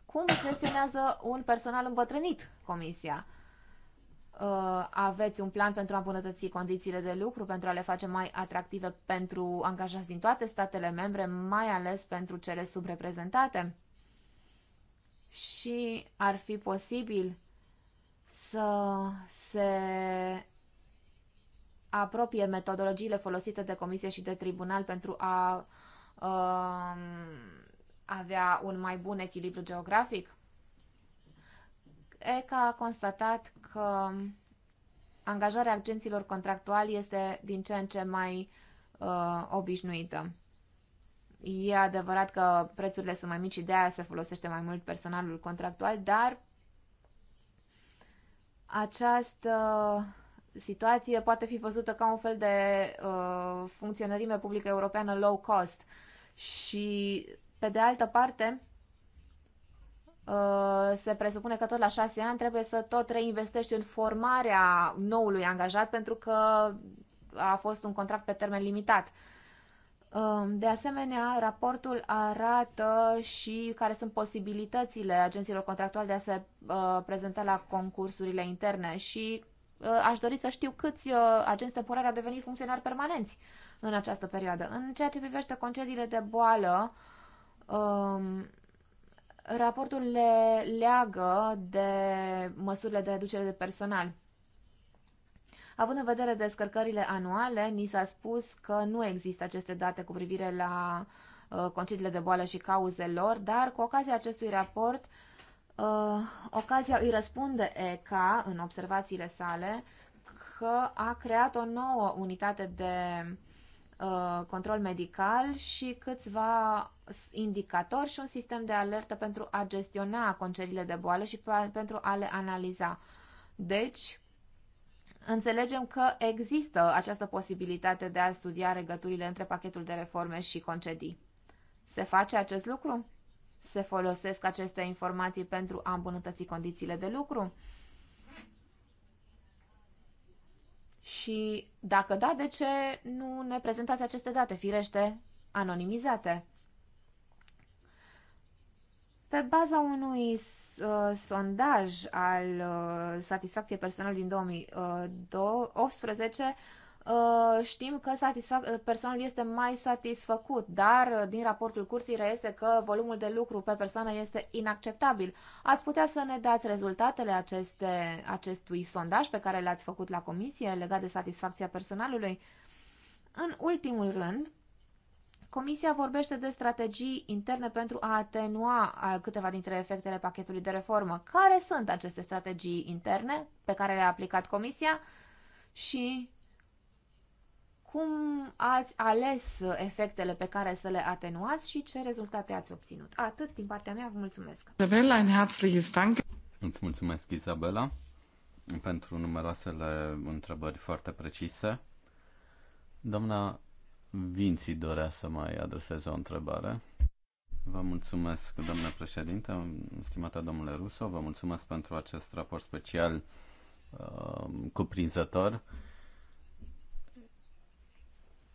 cum gestionează un personal îmbătrânit comisia? Uh, aveți un plan pentru a îmbunătăți condițiile de lucru, pentru a le face mai atractive pentru angajați din toate statele membre, mai ales pentru cele subreprezentate? și ar fi posibil să se apropie metodologiile folosite de comisie și de tribunal pentru a uh, avea un mai bun echilibru geografic? ECA a constatat că angajarea agenților contractuali este din ce în ce mai uh, obișnuită. E adevărat că prețurile sunt mai mici și de aia se folosește mai mult personalul contractual, dar această situație poate fi văzută ca un fel de uh, funcționărime publică europeană low cost. Și, pe de altă parte, uh, se presupune că tot la șase ani trebuie să tot reinvestești în formarea noului angajat pentru că a fost un contract pe termen limitat. Uh, Um, de asemenea, raportul arată și care sunt posibilitățile agenților contractuali de a se uh, prezenta la concursurile interne și uh, aș dori să știu câți uh, agenți temporari au devenit funcționari permanenți în această perioadă. În ceea ce privește concediile de boală, um, raportul le leagă de măsurile de reducere de personal. Având în vedere descărcările anuale, ni s-a spus că nu există aceste date cu privire la uh, concediile de boală și cauzelor, dar cu ocazia acestui raport, uh, ocazia îi răspunde ECA în observațiile sale că a creat o nouă unitate de uh, control medical și câțiva indicatori și un sistem de alertă pentru a gestiona concediile de boală și pentru a le analiza. Deci, înțelegem că există această posibilitate de a studia legăturile între pachetul de reforme și concedii. Se face acest lucru? Se folosesc aceste informații pentru a îmbunătăți condițiile de lucru? Și dacă da, de ce nu ne prezentați aceste date, firește, anonimizate? Pe baza unui uh, sondaj al uh, satisfacției personale din 2018, uh, știm că satisfac- personal este mai satisfăcut, dar din raportul curții reiese că volumul de lucru pe persoană este inacceptabil. Ați putea să ne dați rezultatele aceste, acestui sondaj pe care l-ați făcut la comisie legat de satisfacția personalului? În ultimul rând, Comisia vorbește de strategii interne pentru a atenua câteva dintre efectele pachetului de reformă. Care sunt aceste strategii interne pe care le-a aplicat Comisia și cum ați ales efectele pe care să le atenuați și ce rezultate ați obținut? Atât din partea mea, vă mulțumesc. Isabella, un herzliches Dank. Îți mulțumesc, Isabela, pentru numeroasele întrebări foarte precise. Doamna Vinții dorea să mai adreseze o întrebare. Vă mulțumesc, domnule președinte, stimată domnule Ruso, vă mulțumesc pentru acest raport special uh, cuprinzător.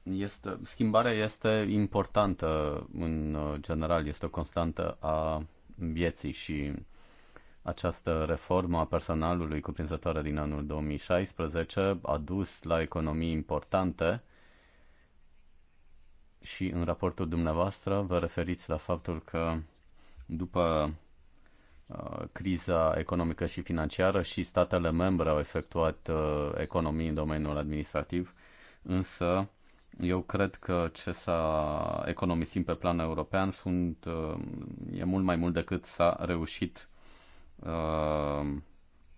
Este, schimbarea este importantă în general, este o constantă a vieții și această reformă a personalului cuprinzătoare din anul 2016 a dus la economii importante și în raportul dumneavoastră vă referiți la faptul că după uh, criza economică și financiară și statele membre au efectuat uh, economii în domeniul administrativ, însă eu cred că ce s-a economisit pe plan european sunt, uh, e mult mai mult decât s-a reușit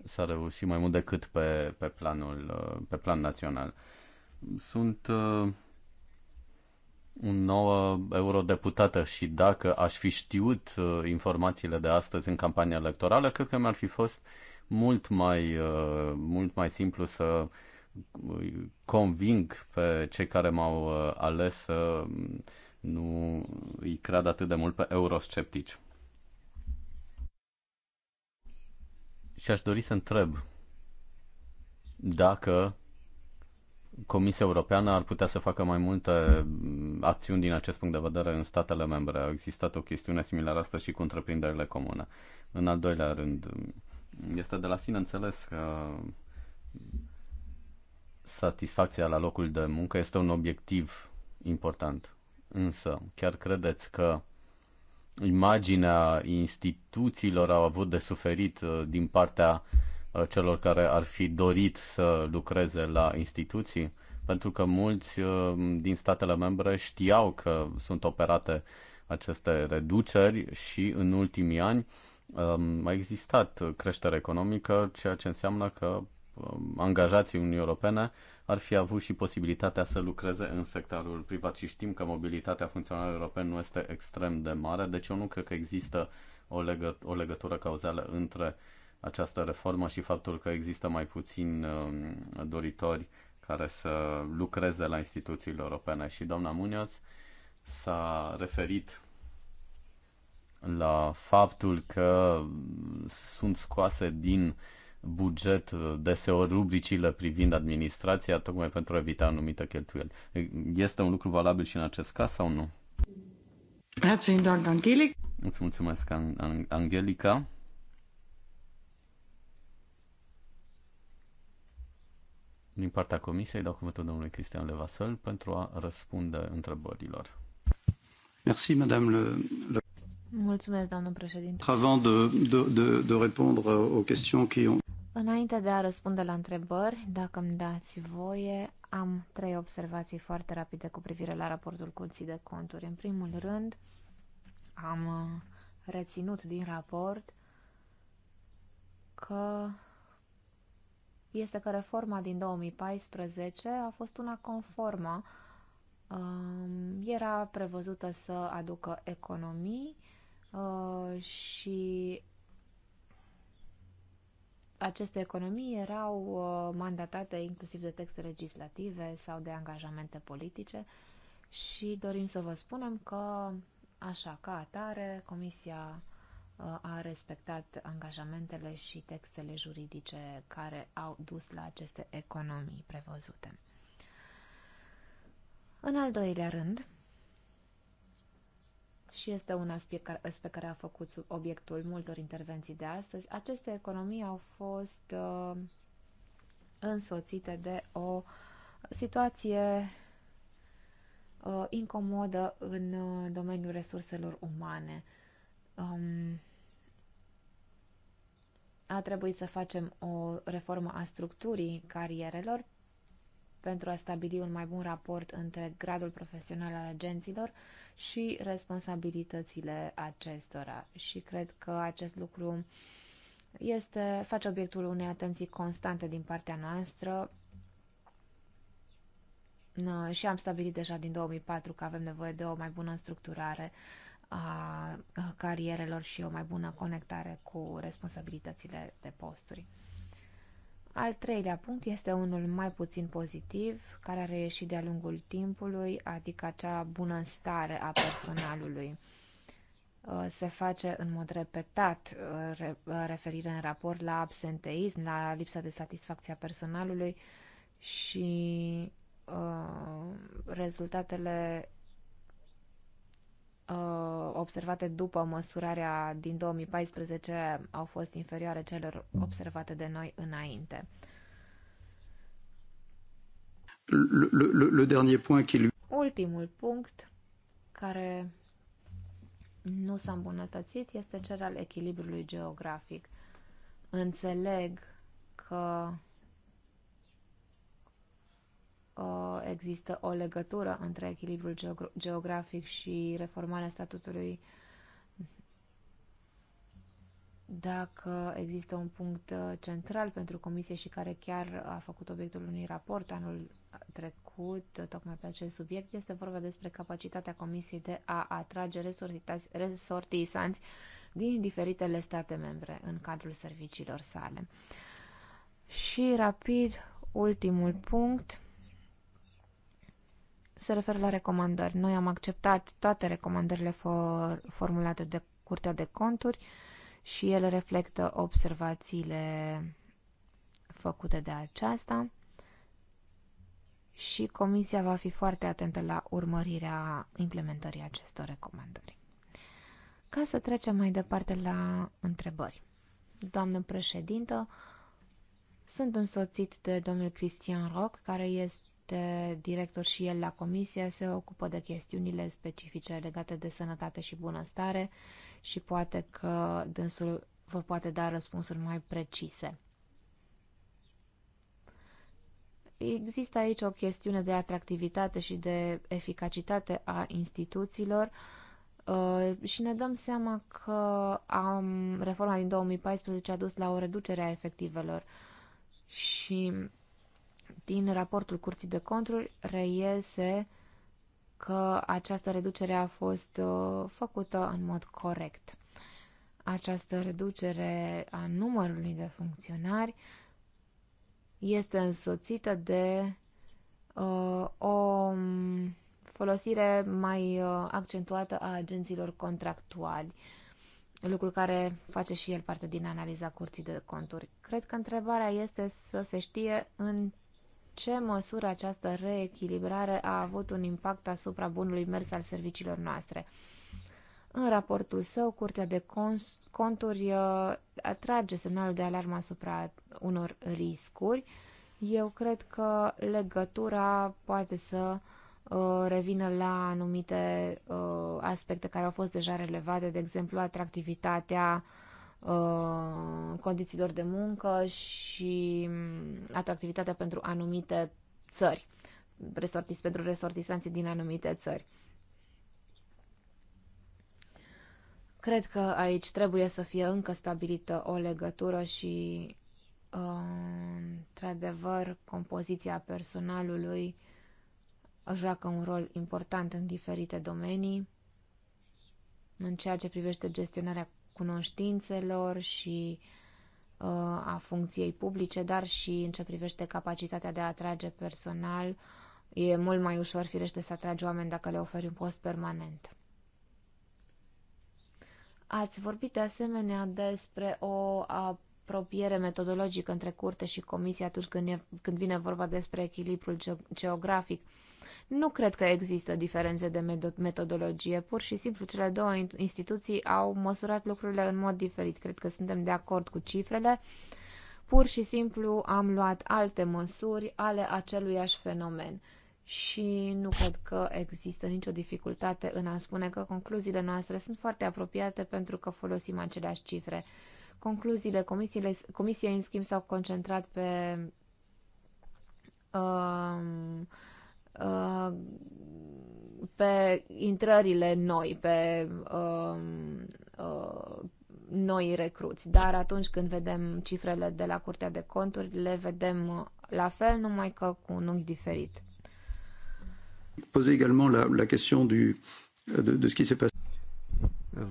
s-a reușit mai mult decât pe, pe, planul, pe plan național. Sunt nouă eurodeputată și dacă aș fi știut uh, informațiile de astăzi în campania electorală, cred că mi-ar fi fost mult mai, uh, mult mai simplu să uh, conving pe cei care m-au ales să mm, nu îi cred atât de mult pe eurosceptici. Și aș dori să întreb dacă Comisia Europeană ar putea să facă mai multe mm, acțiuni din acest punct de vedere în statele membre. A existat o chestiune similară asta și cu întreprinderile comune. În al doilea rând, mm, este de la sine înțeles că satisfacția la locul de muncă este un obiectiv important. Însă, chiar credeți că imaginea instituțiilor au avut de suferit uh, din partea Uh, celor care ar fi dorit să lucreze la instituții? Pentru că mulți uh, din statele membre știau că sunt operate aceste reduceri și în ultimii ani um, a existat creștere economică, ceea ce înseamnă că um, angajații Uniunii Europene ar fi avut și posibilitatea să lucreze în sectorul privat și știm că mobilitatea funcționarilor europeni nu este extrem de mare, deci eu nu cred că există o, legă, o legătură cauzală între uh, această reformă și faptul că există mai puțin um, doritori care să lucreze la instituțiile europene. Și doamna Munoz s-a referit la faptul că sunt scoase din buget deseori rubricile privind administrația, tocmai pentru a evita anumite cheltuieli. Este un lucru valabil și în acest caz sau nu? Herzlichen Dank, Angelica. Îți mulțumesc, Angelica. din partea Comisiei, dau cuvântul domnului Cristian Levasol pentru a răspunde întrebărilor. Merci, madame le, le... Mulțumesc, doamnă președinte. Avant de, de, de, de répondre aux questions qui ont... Înainte de a răspunde la întrebări, dacă îmi dați voie, am trei observații foarte rapide cu privire la raportul Curții de Conturi. În primul rând, am reținut din raport că este că reforma din 2014 a fost una conformă. Um, era prevăzută să aducă economii uh, și aceste economii erau uh, mandatate inclusiv de texte legislative sau de angajamente politice și dorim să vă spunem că, așa ca atare, Comisia Uh, a respectat angajamentele și textele juridice care au dus la aceste economii prevăzute. În al doilea rând, și este un aspect pe care a făcut obiectul multor intervenții de astăzi, aceste economii au fost uh, însoțite de o situație uh, incomodă în uh, domeniul resurselor umane. Um, a trebuit să facem o reformă a structurii carierelor pentru a stabili un mai bun raport între gradul profesional al agenților și responsabilitățile acestora. Și cred că acest lucru este, face obiectul unei atenții constante din partea noastră și am stabilit deja din 2004 că avem nevoie de o mai bună structurare uh, a carierelor și o mai bună conectare cu responsabilitățile de posturi. Al treilea punct este unul mai puțin pozitiv, care a reieșit de-a lungul timpului, adică acea stare a personalului. Se face în mod repetat referire în raport la absenteism, la lipsa de satisfacție a personalului și rezultatele Uh, observate după măsurarea din 2014 au fost inferioare celor observate de noi înainte. Le, le, le dernier point qui... Ultimul punct care nu s-a îmbunătățit este cel al echilibrului geografic. Înțeleg că Uh, există o legătură între echilibrul geografic și reformarea statutului dacă există un punct uh, central pentru comisie și care chiar a făcut obiectul unui raport anul trecut, uh, tocmai pe acest subiect, este vorba despre capacitatea comisiei de a atrage resortisanți din diferitele state membre în cadrul serviciilor sale. Și rapid, ultimul punct se referă la recomandări. Noi am acceptat toate recomandările for, formulate de Curtea de Conturi și ele reflectă observațiile făcute de aceasta și Comisia va fi foarte atentă la urmărirea implementării acestor recomandări. Ca să trecem mai departe la întrebări. Doamnă președintă, sunt însoțit de domnul Cristian Roc, care este este director și el la comisie, se ocupă de chestiunile specifice legate de sănătate și bunăstare și poate că dânsul vă poate da răspunsuri mai precise. Există aici o chestiune de atractivitate și de eficacitate a instituțiilor uh, și ne dăm seama că am, reforma din 2014 a dus la o reducere a efectivelor și din raportul Curții de Conturi reiese că această reducere a fost uh, făcută în mod corect. Această reducere a numărului de funcționari este însoțită de uh, o mm, folosire mai uh, accentuată a agenților contractuali, lucru care face și el parte din analiza curții de conturi. Cred că întrebarea este să se știe în ce măsură această reechilibrare a avut un impact asupra bunului mers al serviciilor noastre. În raportul său, Curtea de Conturi uh, atrage semnalul de alarmă asupra unor riscuri. Eu cred că legătura poate să uh, revină la anumite uh, aspecte care au fost deja relevate, de exemplu atractivitatea Uh, condițiilor de muncă și mm, atractivitatea pentru anumite țări, resortis, pentru resortisanții din anumite țări. Cred că aici trebuie să fie încă stabilită o legătură și, uh, într-adevăr, compoziția personalului joacă un rol important în diferite domenii. În ceea ce privește gestionarea cunoștințelor și uh, a funcției publice, dar și în ce privește capacitatea de a atrage personal. E mult mai ușor, firește, să atragi oameni dacă le oferi un post permanent. Ați vorbit de asemenea despre o apropiere metodologică între curte și comisie atunci când, e, când vine vorba despre echilibrul geografic. Uh, nu cred că există diferențe de metodologie, pur și simplu cele două instituții au măsurat lucrurile în mod diferit. Cred că suntem de acord cu cifrele. Pur și simplu am luat alte măsuri ale aceluiași fenomen și nu cred că există nicio dificultate în a spune că concluziile noastre sunt foarte apropiate pentru că folosim aceleași cifre. Concluziile comisiei, în schimb, s-au concentrat pe Uh, Uh, pe intrările noi, pe uh, uh, noi recruți. Dar atunci când vedem cifrele de la Curtea de Conturi, le vedem la fel, numai că cu un unghi diferit. Poze également la, la question du, de, de ce qui s'est passé.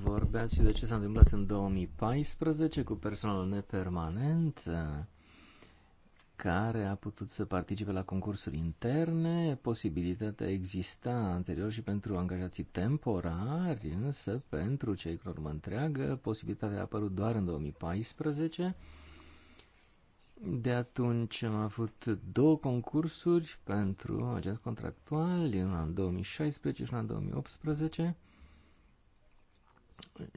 Vorbeați și de ce s-a întâmplat în 2014 cu personalul nepermanent care a putut să participe la concursuri interne, posibilitatea exista anterior și pentru angajații temporari, însă pentru cei cu urmă întreagă, posibilitatea a apărut doar în 2014. De atunci am avut două concursuri pentru agenți contractuali, în 2016 și în 2018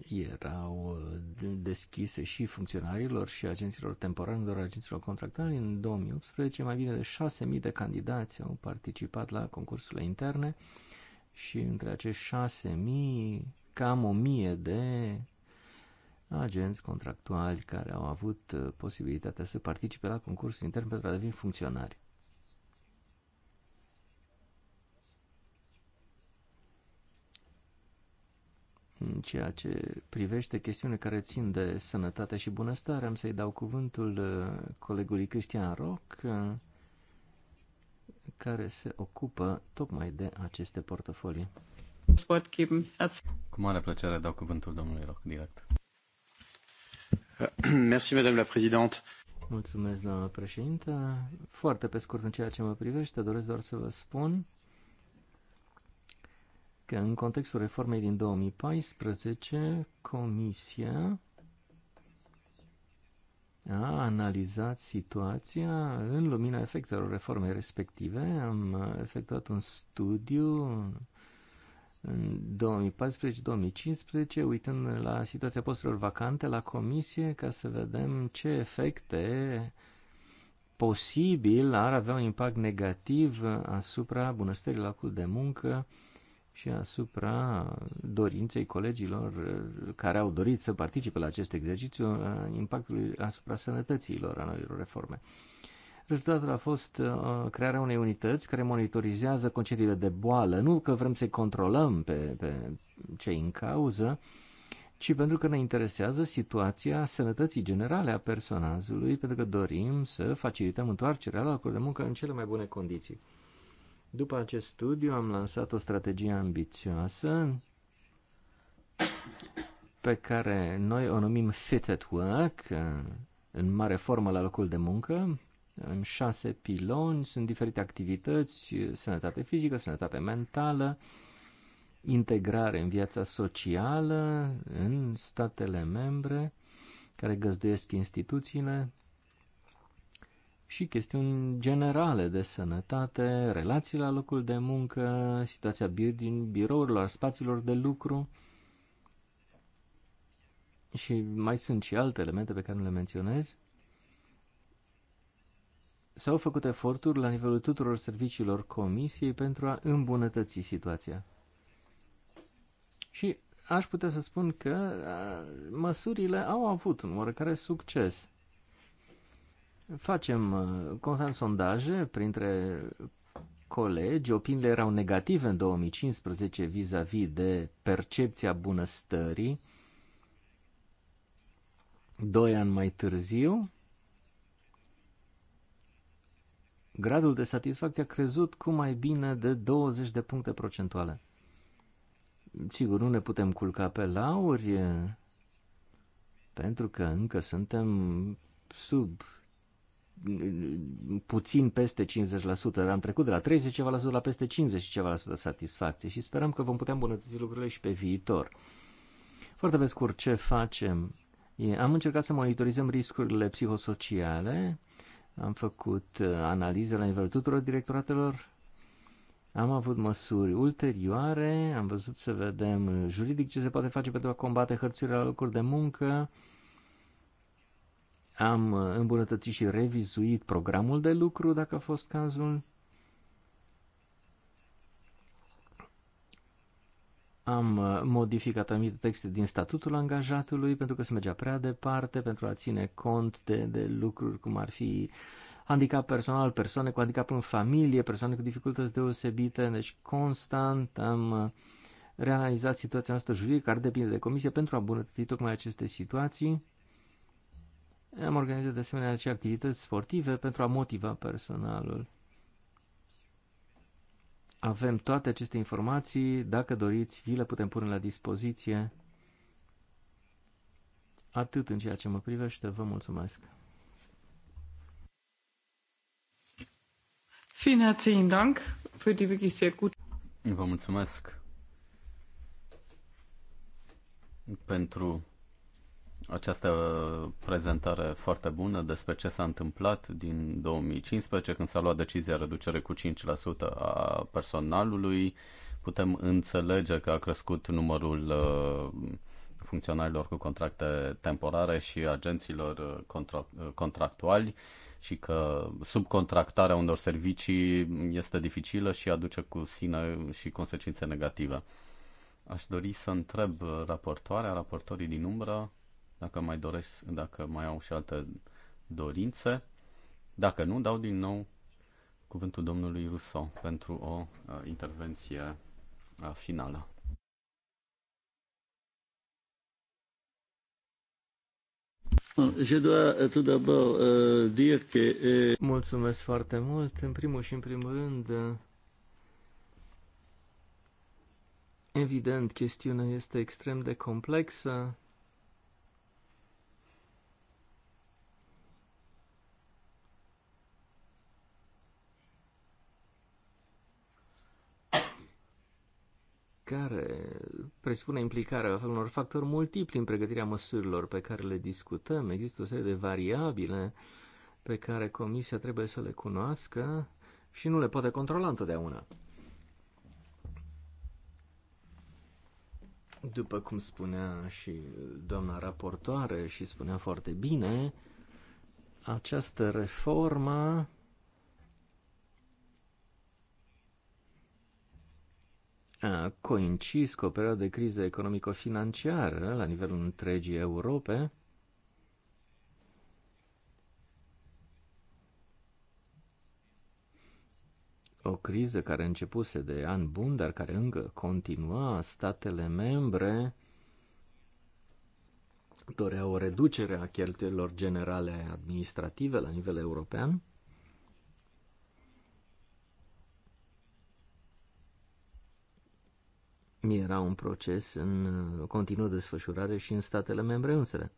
erau uh, deschise și funcționarilor și agenților temporari, nu doar agenților contractuali. În 2018, mai bine de 6.000 de candidați au participat la concursurile interne și între acești 6.000, cam 1.000 de agenți contractuali care au avut uh, posibilitatea să participe la concursul intern pentru a deveni funcționari. în ceea ce privește chestiune care țin de sănătate și bunăstare. Am să-i dau cuvântul uh, colegului Cristian Roc, uh, care se ocupă tocmai de aceste portofolii. Cu mare plăcere dau cuvântul domnului Roc direct. <coughs> Merci, madame la présidente. Mulțumesc, doamna președintă. Foarte pe scurt în ceea ce mă privește, doresc doar să vă spun că în contextul reformei din 2014, Comisia a analizat situația în lumina efectelor reformei respective. Am efectuat un studiu în 2014-2015, uitând la situația posturilor vacante la comisie ca să vedem ce efecte posibil ar avea un impact negativ asupra bunăstării locului de muncă și asupra dorinței colegilor eh, care au dorit să participe la acest exercițiu, eh, impactului asupra sănătății lor, a noilor reforme. Rezultatul a fost eh, crearea unei unități care monitorizează concediile de boală, nu că vrem să-i controlăm pe, pe cei în cauză, ci pentru că ne interesează situația sănătății generale a personajului, pentru că dorim să facilităm întoarcerea la locul de muncă în cele mai bune condiții. După acest studiu am lansat o strategie ambițioasă pe care noi o numim Fit at Work, în mare formă la locul de muncă, în șase piloni, sunt diferite activități, sănătate fizică, sănătate mentală, integrare în viața socială în statele membre care găzduiesc instituțiile, și chestiuni generale de sănătate, relații la locul de muncă, situația bir din birourilor, spațiilor de lucru și mai sunt și alte elemente pe care nu le menționez. S-au făcut eforturi la nivelul tuturor serviciilor comisiei pentru a îmbunătăți situația. Și aș putea să spun că măsurile au avut un oarecare succes. Facem uh, constant sondaje printre colegi, opiniile erau negative în 2015 vis-a-vis -vis de percepția bunăstării. Doi ani mai târziu, gradul de satisfacție a crezut cu mai bine de 20 de puncte procentuale. Sigur, nu ne putem culca pe lauri, pentru că încă suntem sub puțin peste 50%, am trecut de la 30 ceva la sută la peste 50 ceva la sută satisfacție și sperăm că vom putea îmbunătăți lucrurile și pe viitor. Foarte pe scurt, ce facem? Am încercat să monitorizăm riscurile psihosociale, am făcut uh, analize la nivelul tuturor directoratelor, am avut măsuri ulterioare, am văzut să vedem uh, juridic ce se poate face pentru a combate hărțuirea la locuri de muncă, am uh, îmbunătățit și revizuit programul de lucru, dacă a fost cazul. Am uh, modificat anumite texte din statutul angajatului pentru că se mergea prea departe, pentru a ține cont de, de lucruri cum ar fi handicap personal, persoane cu handicap în familie, persoane cu dificultăți deosebite. Deci constant am uh, reanalizat situația noastră juridică, care depinde de comisie, pentru a îmbunătăți tocmai aceste situații. Am organizat de asemenea și activități sportive pentru a motiva personalul. Avem toate aceste informații, dacă doriți, vi le putem pune la dispoziție. Atât în ceea ce mă privește, vă mulțumesc. Vielen Dank für die wirklich sehr gute. Vă mulțumesc pentru această prezentare foarte bună despre ce s-a întâmplat din 2015, când s-a luat decizia reducere cu 5% a personalului. Putem înțelege că a crescut numărul uh, funcționarilor cu contracte temporare și agenților uh, contra- uh, contractuali și că subcontractarea unor servicii este dificilă și aduce cu sine și consecințe negative. Aș dori să întreb raportoarea, raportorii din umbră, dacă mai doresc, dacă mai au și altă dorințe. Dacă nu, dau din nou cuvântul domnului Rousseau pentru o uh, intervenție uh, finală. Euh, euh, euh, Mulțumesc foarte mult. În primul și în primul rând, uh, evident, chestiunea este extrem de complexă. care presupune implicarea unor factori multipli în pregătirea măsurilor pe care le discutăm. Există o serie de variabile pe care Comisia trebuie să le cunoască și nu le poate controla întotdeauna. După cum spunea și doamna raportoare și spunea foarte bine, această reformă a coincis cu o perioadă de criză economico-financiară la nivelul întregii Europe, o criză care începuse de an bun dar care încă continua, statele membre doreau o reducere a cheltuielor generale administrative la nivel european, Era un proces în uh, continuă desfășurare și în statele membre însele.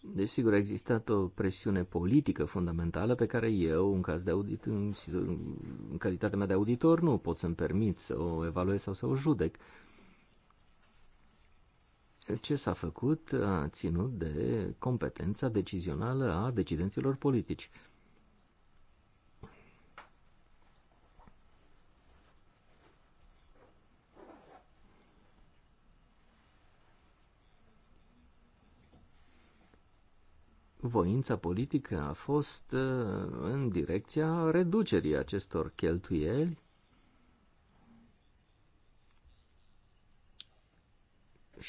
Desigur, a existat o presiune politică fundamentală pe care eu, în, caz de audit, în, în calitatea mea de auditor, nu pot să-mi permit să o evaluez sau să o judec. Uh, ce s-a făcut a ținut de competența decizională a decidenților politici. voința politică a fost uh, în direcția reducerii acestor cheltuieli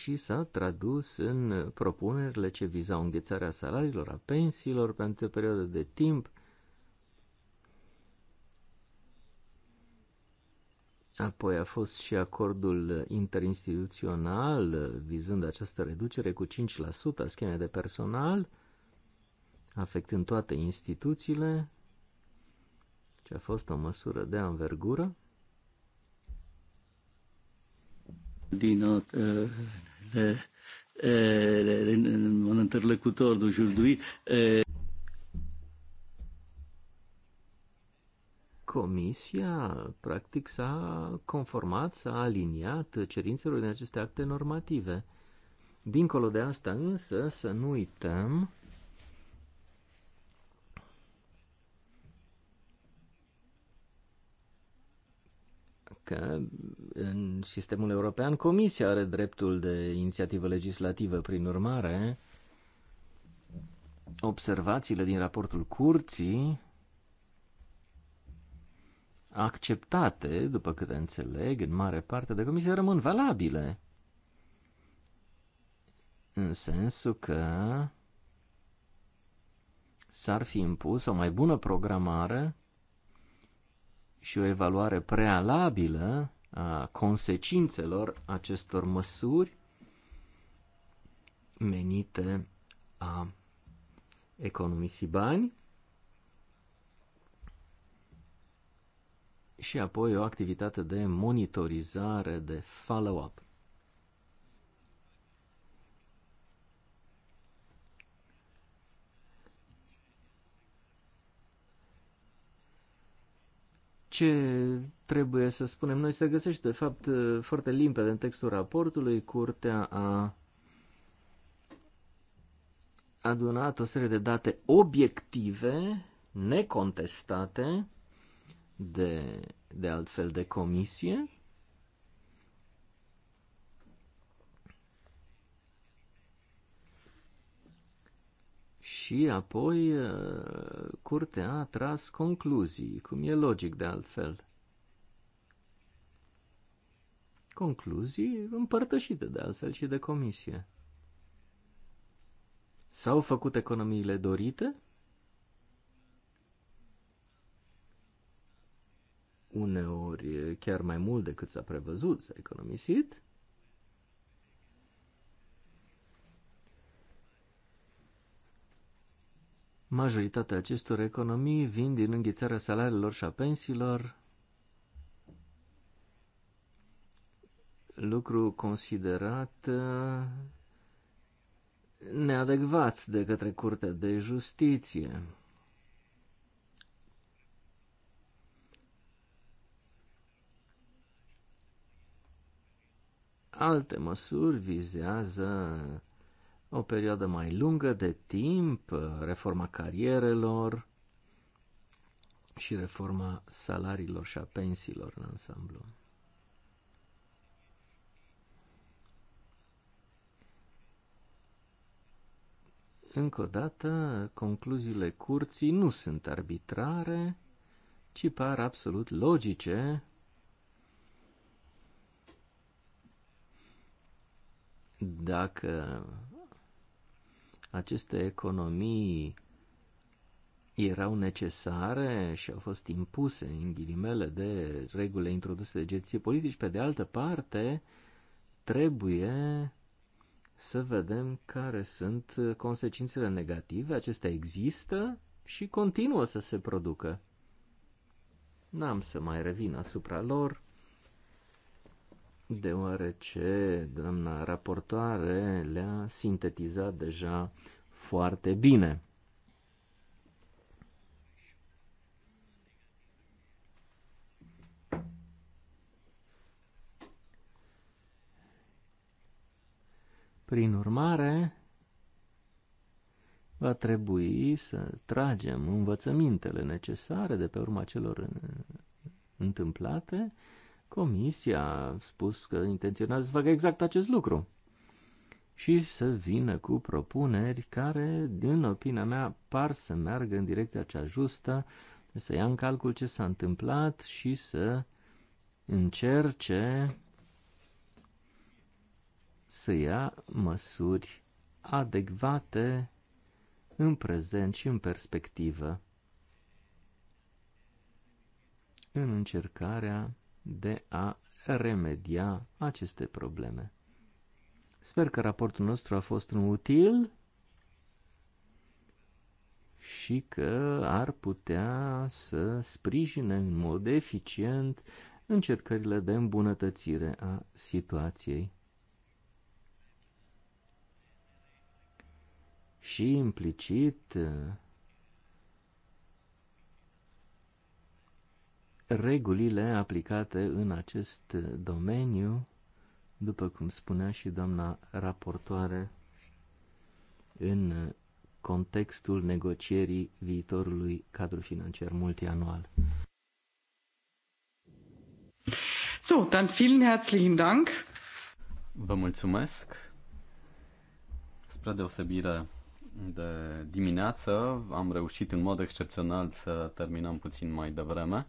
și s-a tradus în propunerile ce vizau înghețarea salariilor, a pensiilor pentru o perioadă de timp, Apoi a fost și acordul interinstituțional vizând această reducere cu 5% a schemei de personal, afectând toate instituțiile, ce a fost o măsură de anvergură. Din uh, mon interlocuteur d'aujourd'hui. Comisia, practic, s-a conformat, s-a aliniat cerințelor din aceste acte normative. Dincolo de asta, însă, să nu uităm că în sistemul european Comisia are dreptul de inițiativă legislativă. Prin urmare, observațiile din raportul curții acceptate, după câte înțeleg, în mare parte de comisie rămân valabile. În sensul că s-ar fi impus o mai bună programare și o evaluare prealabilă a consecințelor acestor măsuri menite a economisi bani și apoi o activitate de monitorizare, de follow-up. Ce trebuie să spunem noi se găsește, de fapt, foarte limpede în textul raportului. Curtea a adunat o serie de date obiective, necontestate, de, de altfel de comisie, Și apoi uh, curtea a tras concluzii, cum e logic de altfel. Concluzii împărtășite de altfel și de comisie. S-au făcut economiile dorite? Uneori chiar mai mult decât s-a prevăzut s-a economisit – Majoritatea acestor economii vin din înghițarea salariilor și a pensiilor, lucru considerat uh, neadecvat de către Curtea de Justiție. Alte măsuri vizează o perioadă mai lungă de timp, uh, reforma carierelor și reforma salariilor și a pensiilor în ansamblu. Încă o dată, concluziile curții nu sunt arbitrare, ci par absolut logice dacă aceste economii erau necesare și au fost impuse, în ghilimele, de regulile introduse de genții politici, pe de altă parte, trebuie să vedem care sunt consecințele negative. Acestea există și continuă să se producă. N-am să mai revin asupra lor deoarece doamna raportoare le-a sintetizat deja foarte bine. Prin urmare, va trebui să tragem învățămintele necesare de pe urma celor întâmplate Comisia a spus că intenționează să facă exact acest lucru și să vină cu propuneri care, din opinia mea, par să meargă în direcția cea justă, să ia în calcul ce s-a întâmplat și să încerce să ia măsuri adecvate în prezent și în perspectivă în încercarea de a remedia aceste probleme. Sper că raportul nostru a fost un util și că ar putea să sprijine în mod eficient încercările de îmbunătățire a situației. Și implicit regulile aplicate în acest domeniu, după cum spunea și doamna raportoare, în contextul negocierii viitorului cadru financiar multianual. So, dann vielen herzlichen Dank. Vă mulțumesc. Spre deosebire de dimineață am reușit în mod excepțional să terminăm puțin mai devreme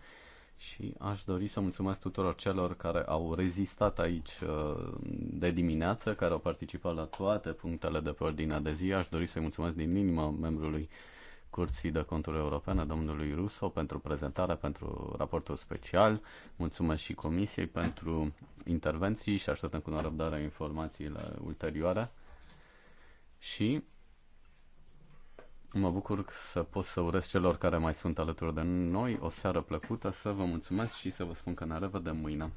și aș dori să mulțumesc tuturor celor care au rezistat aici uh, de dimineață, care au participat la toate punctele de pe ordinea de zi. Aș dori să-i mulțumesc din inimă membrului Curții de Conturi Europene, domnului Russo, pentru prezentare, pentru raportul special. Mulțumesc și Comisiei pentru intervenții și așteptăm cu nerăbdare informațiile ulterioare. Și Mă bucur să pot să urez celor care mai sunt alături de noi o seară plăcută, să vă mulțumesc și să vă spun că ne revedem mâine.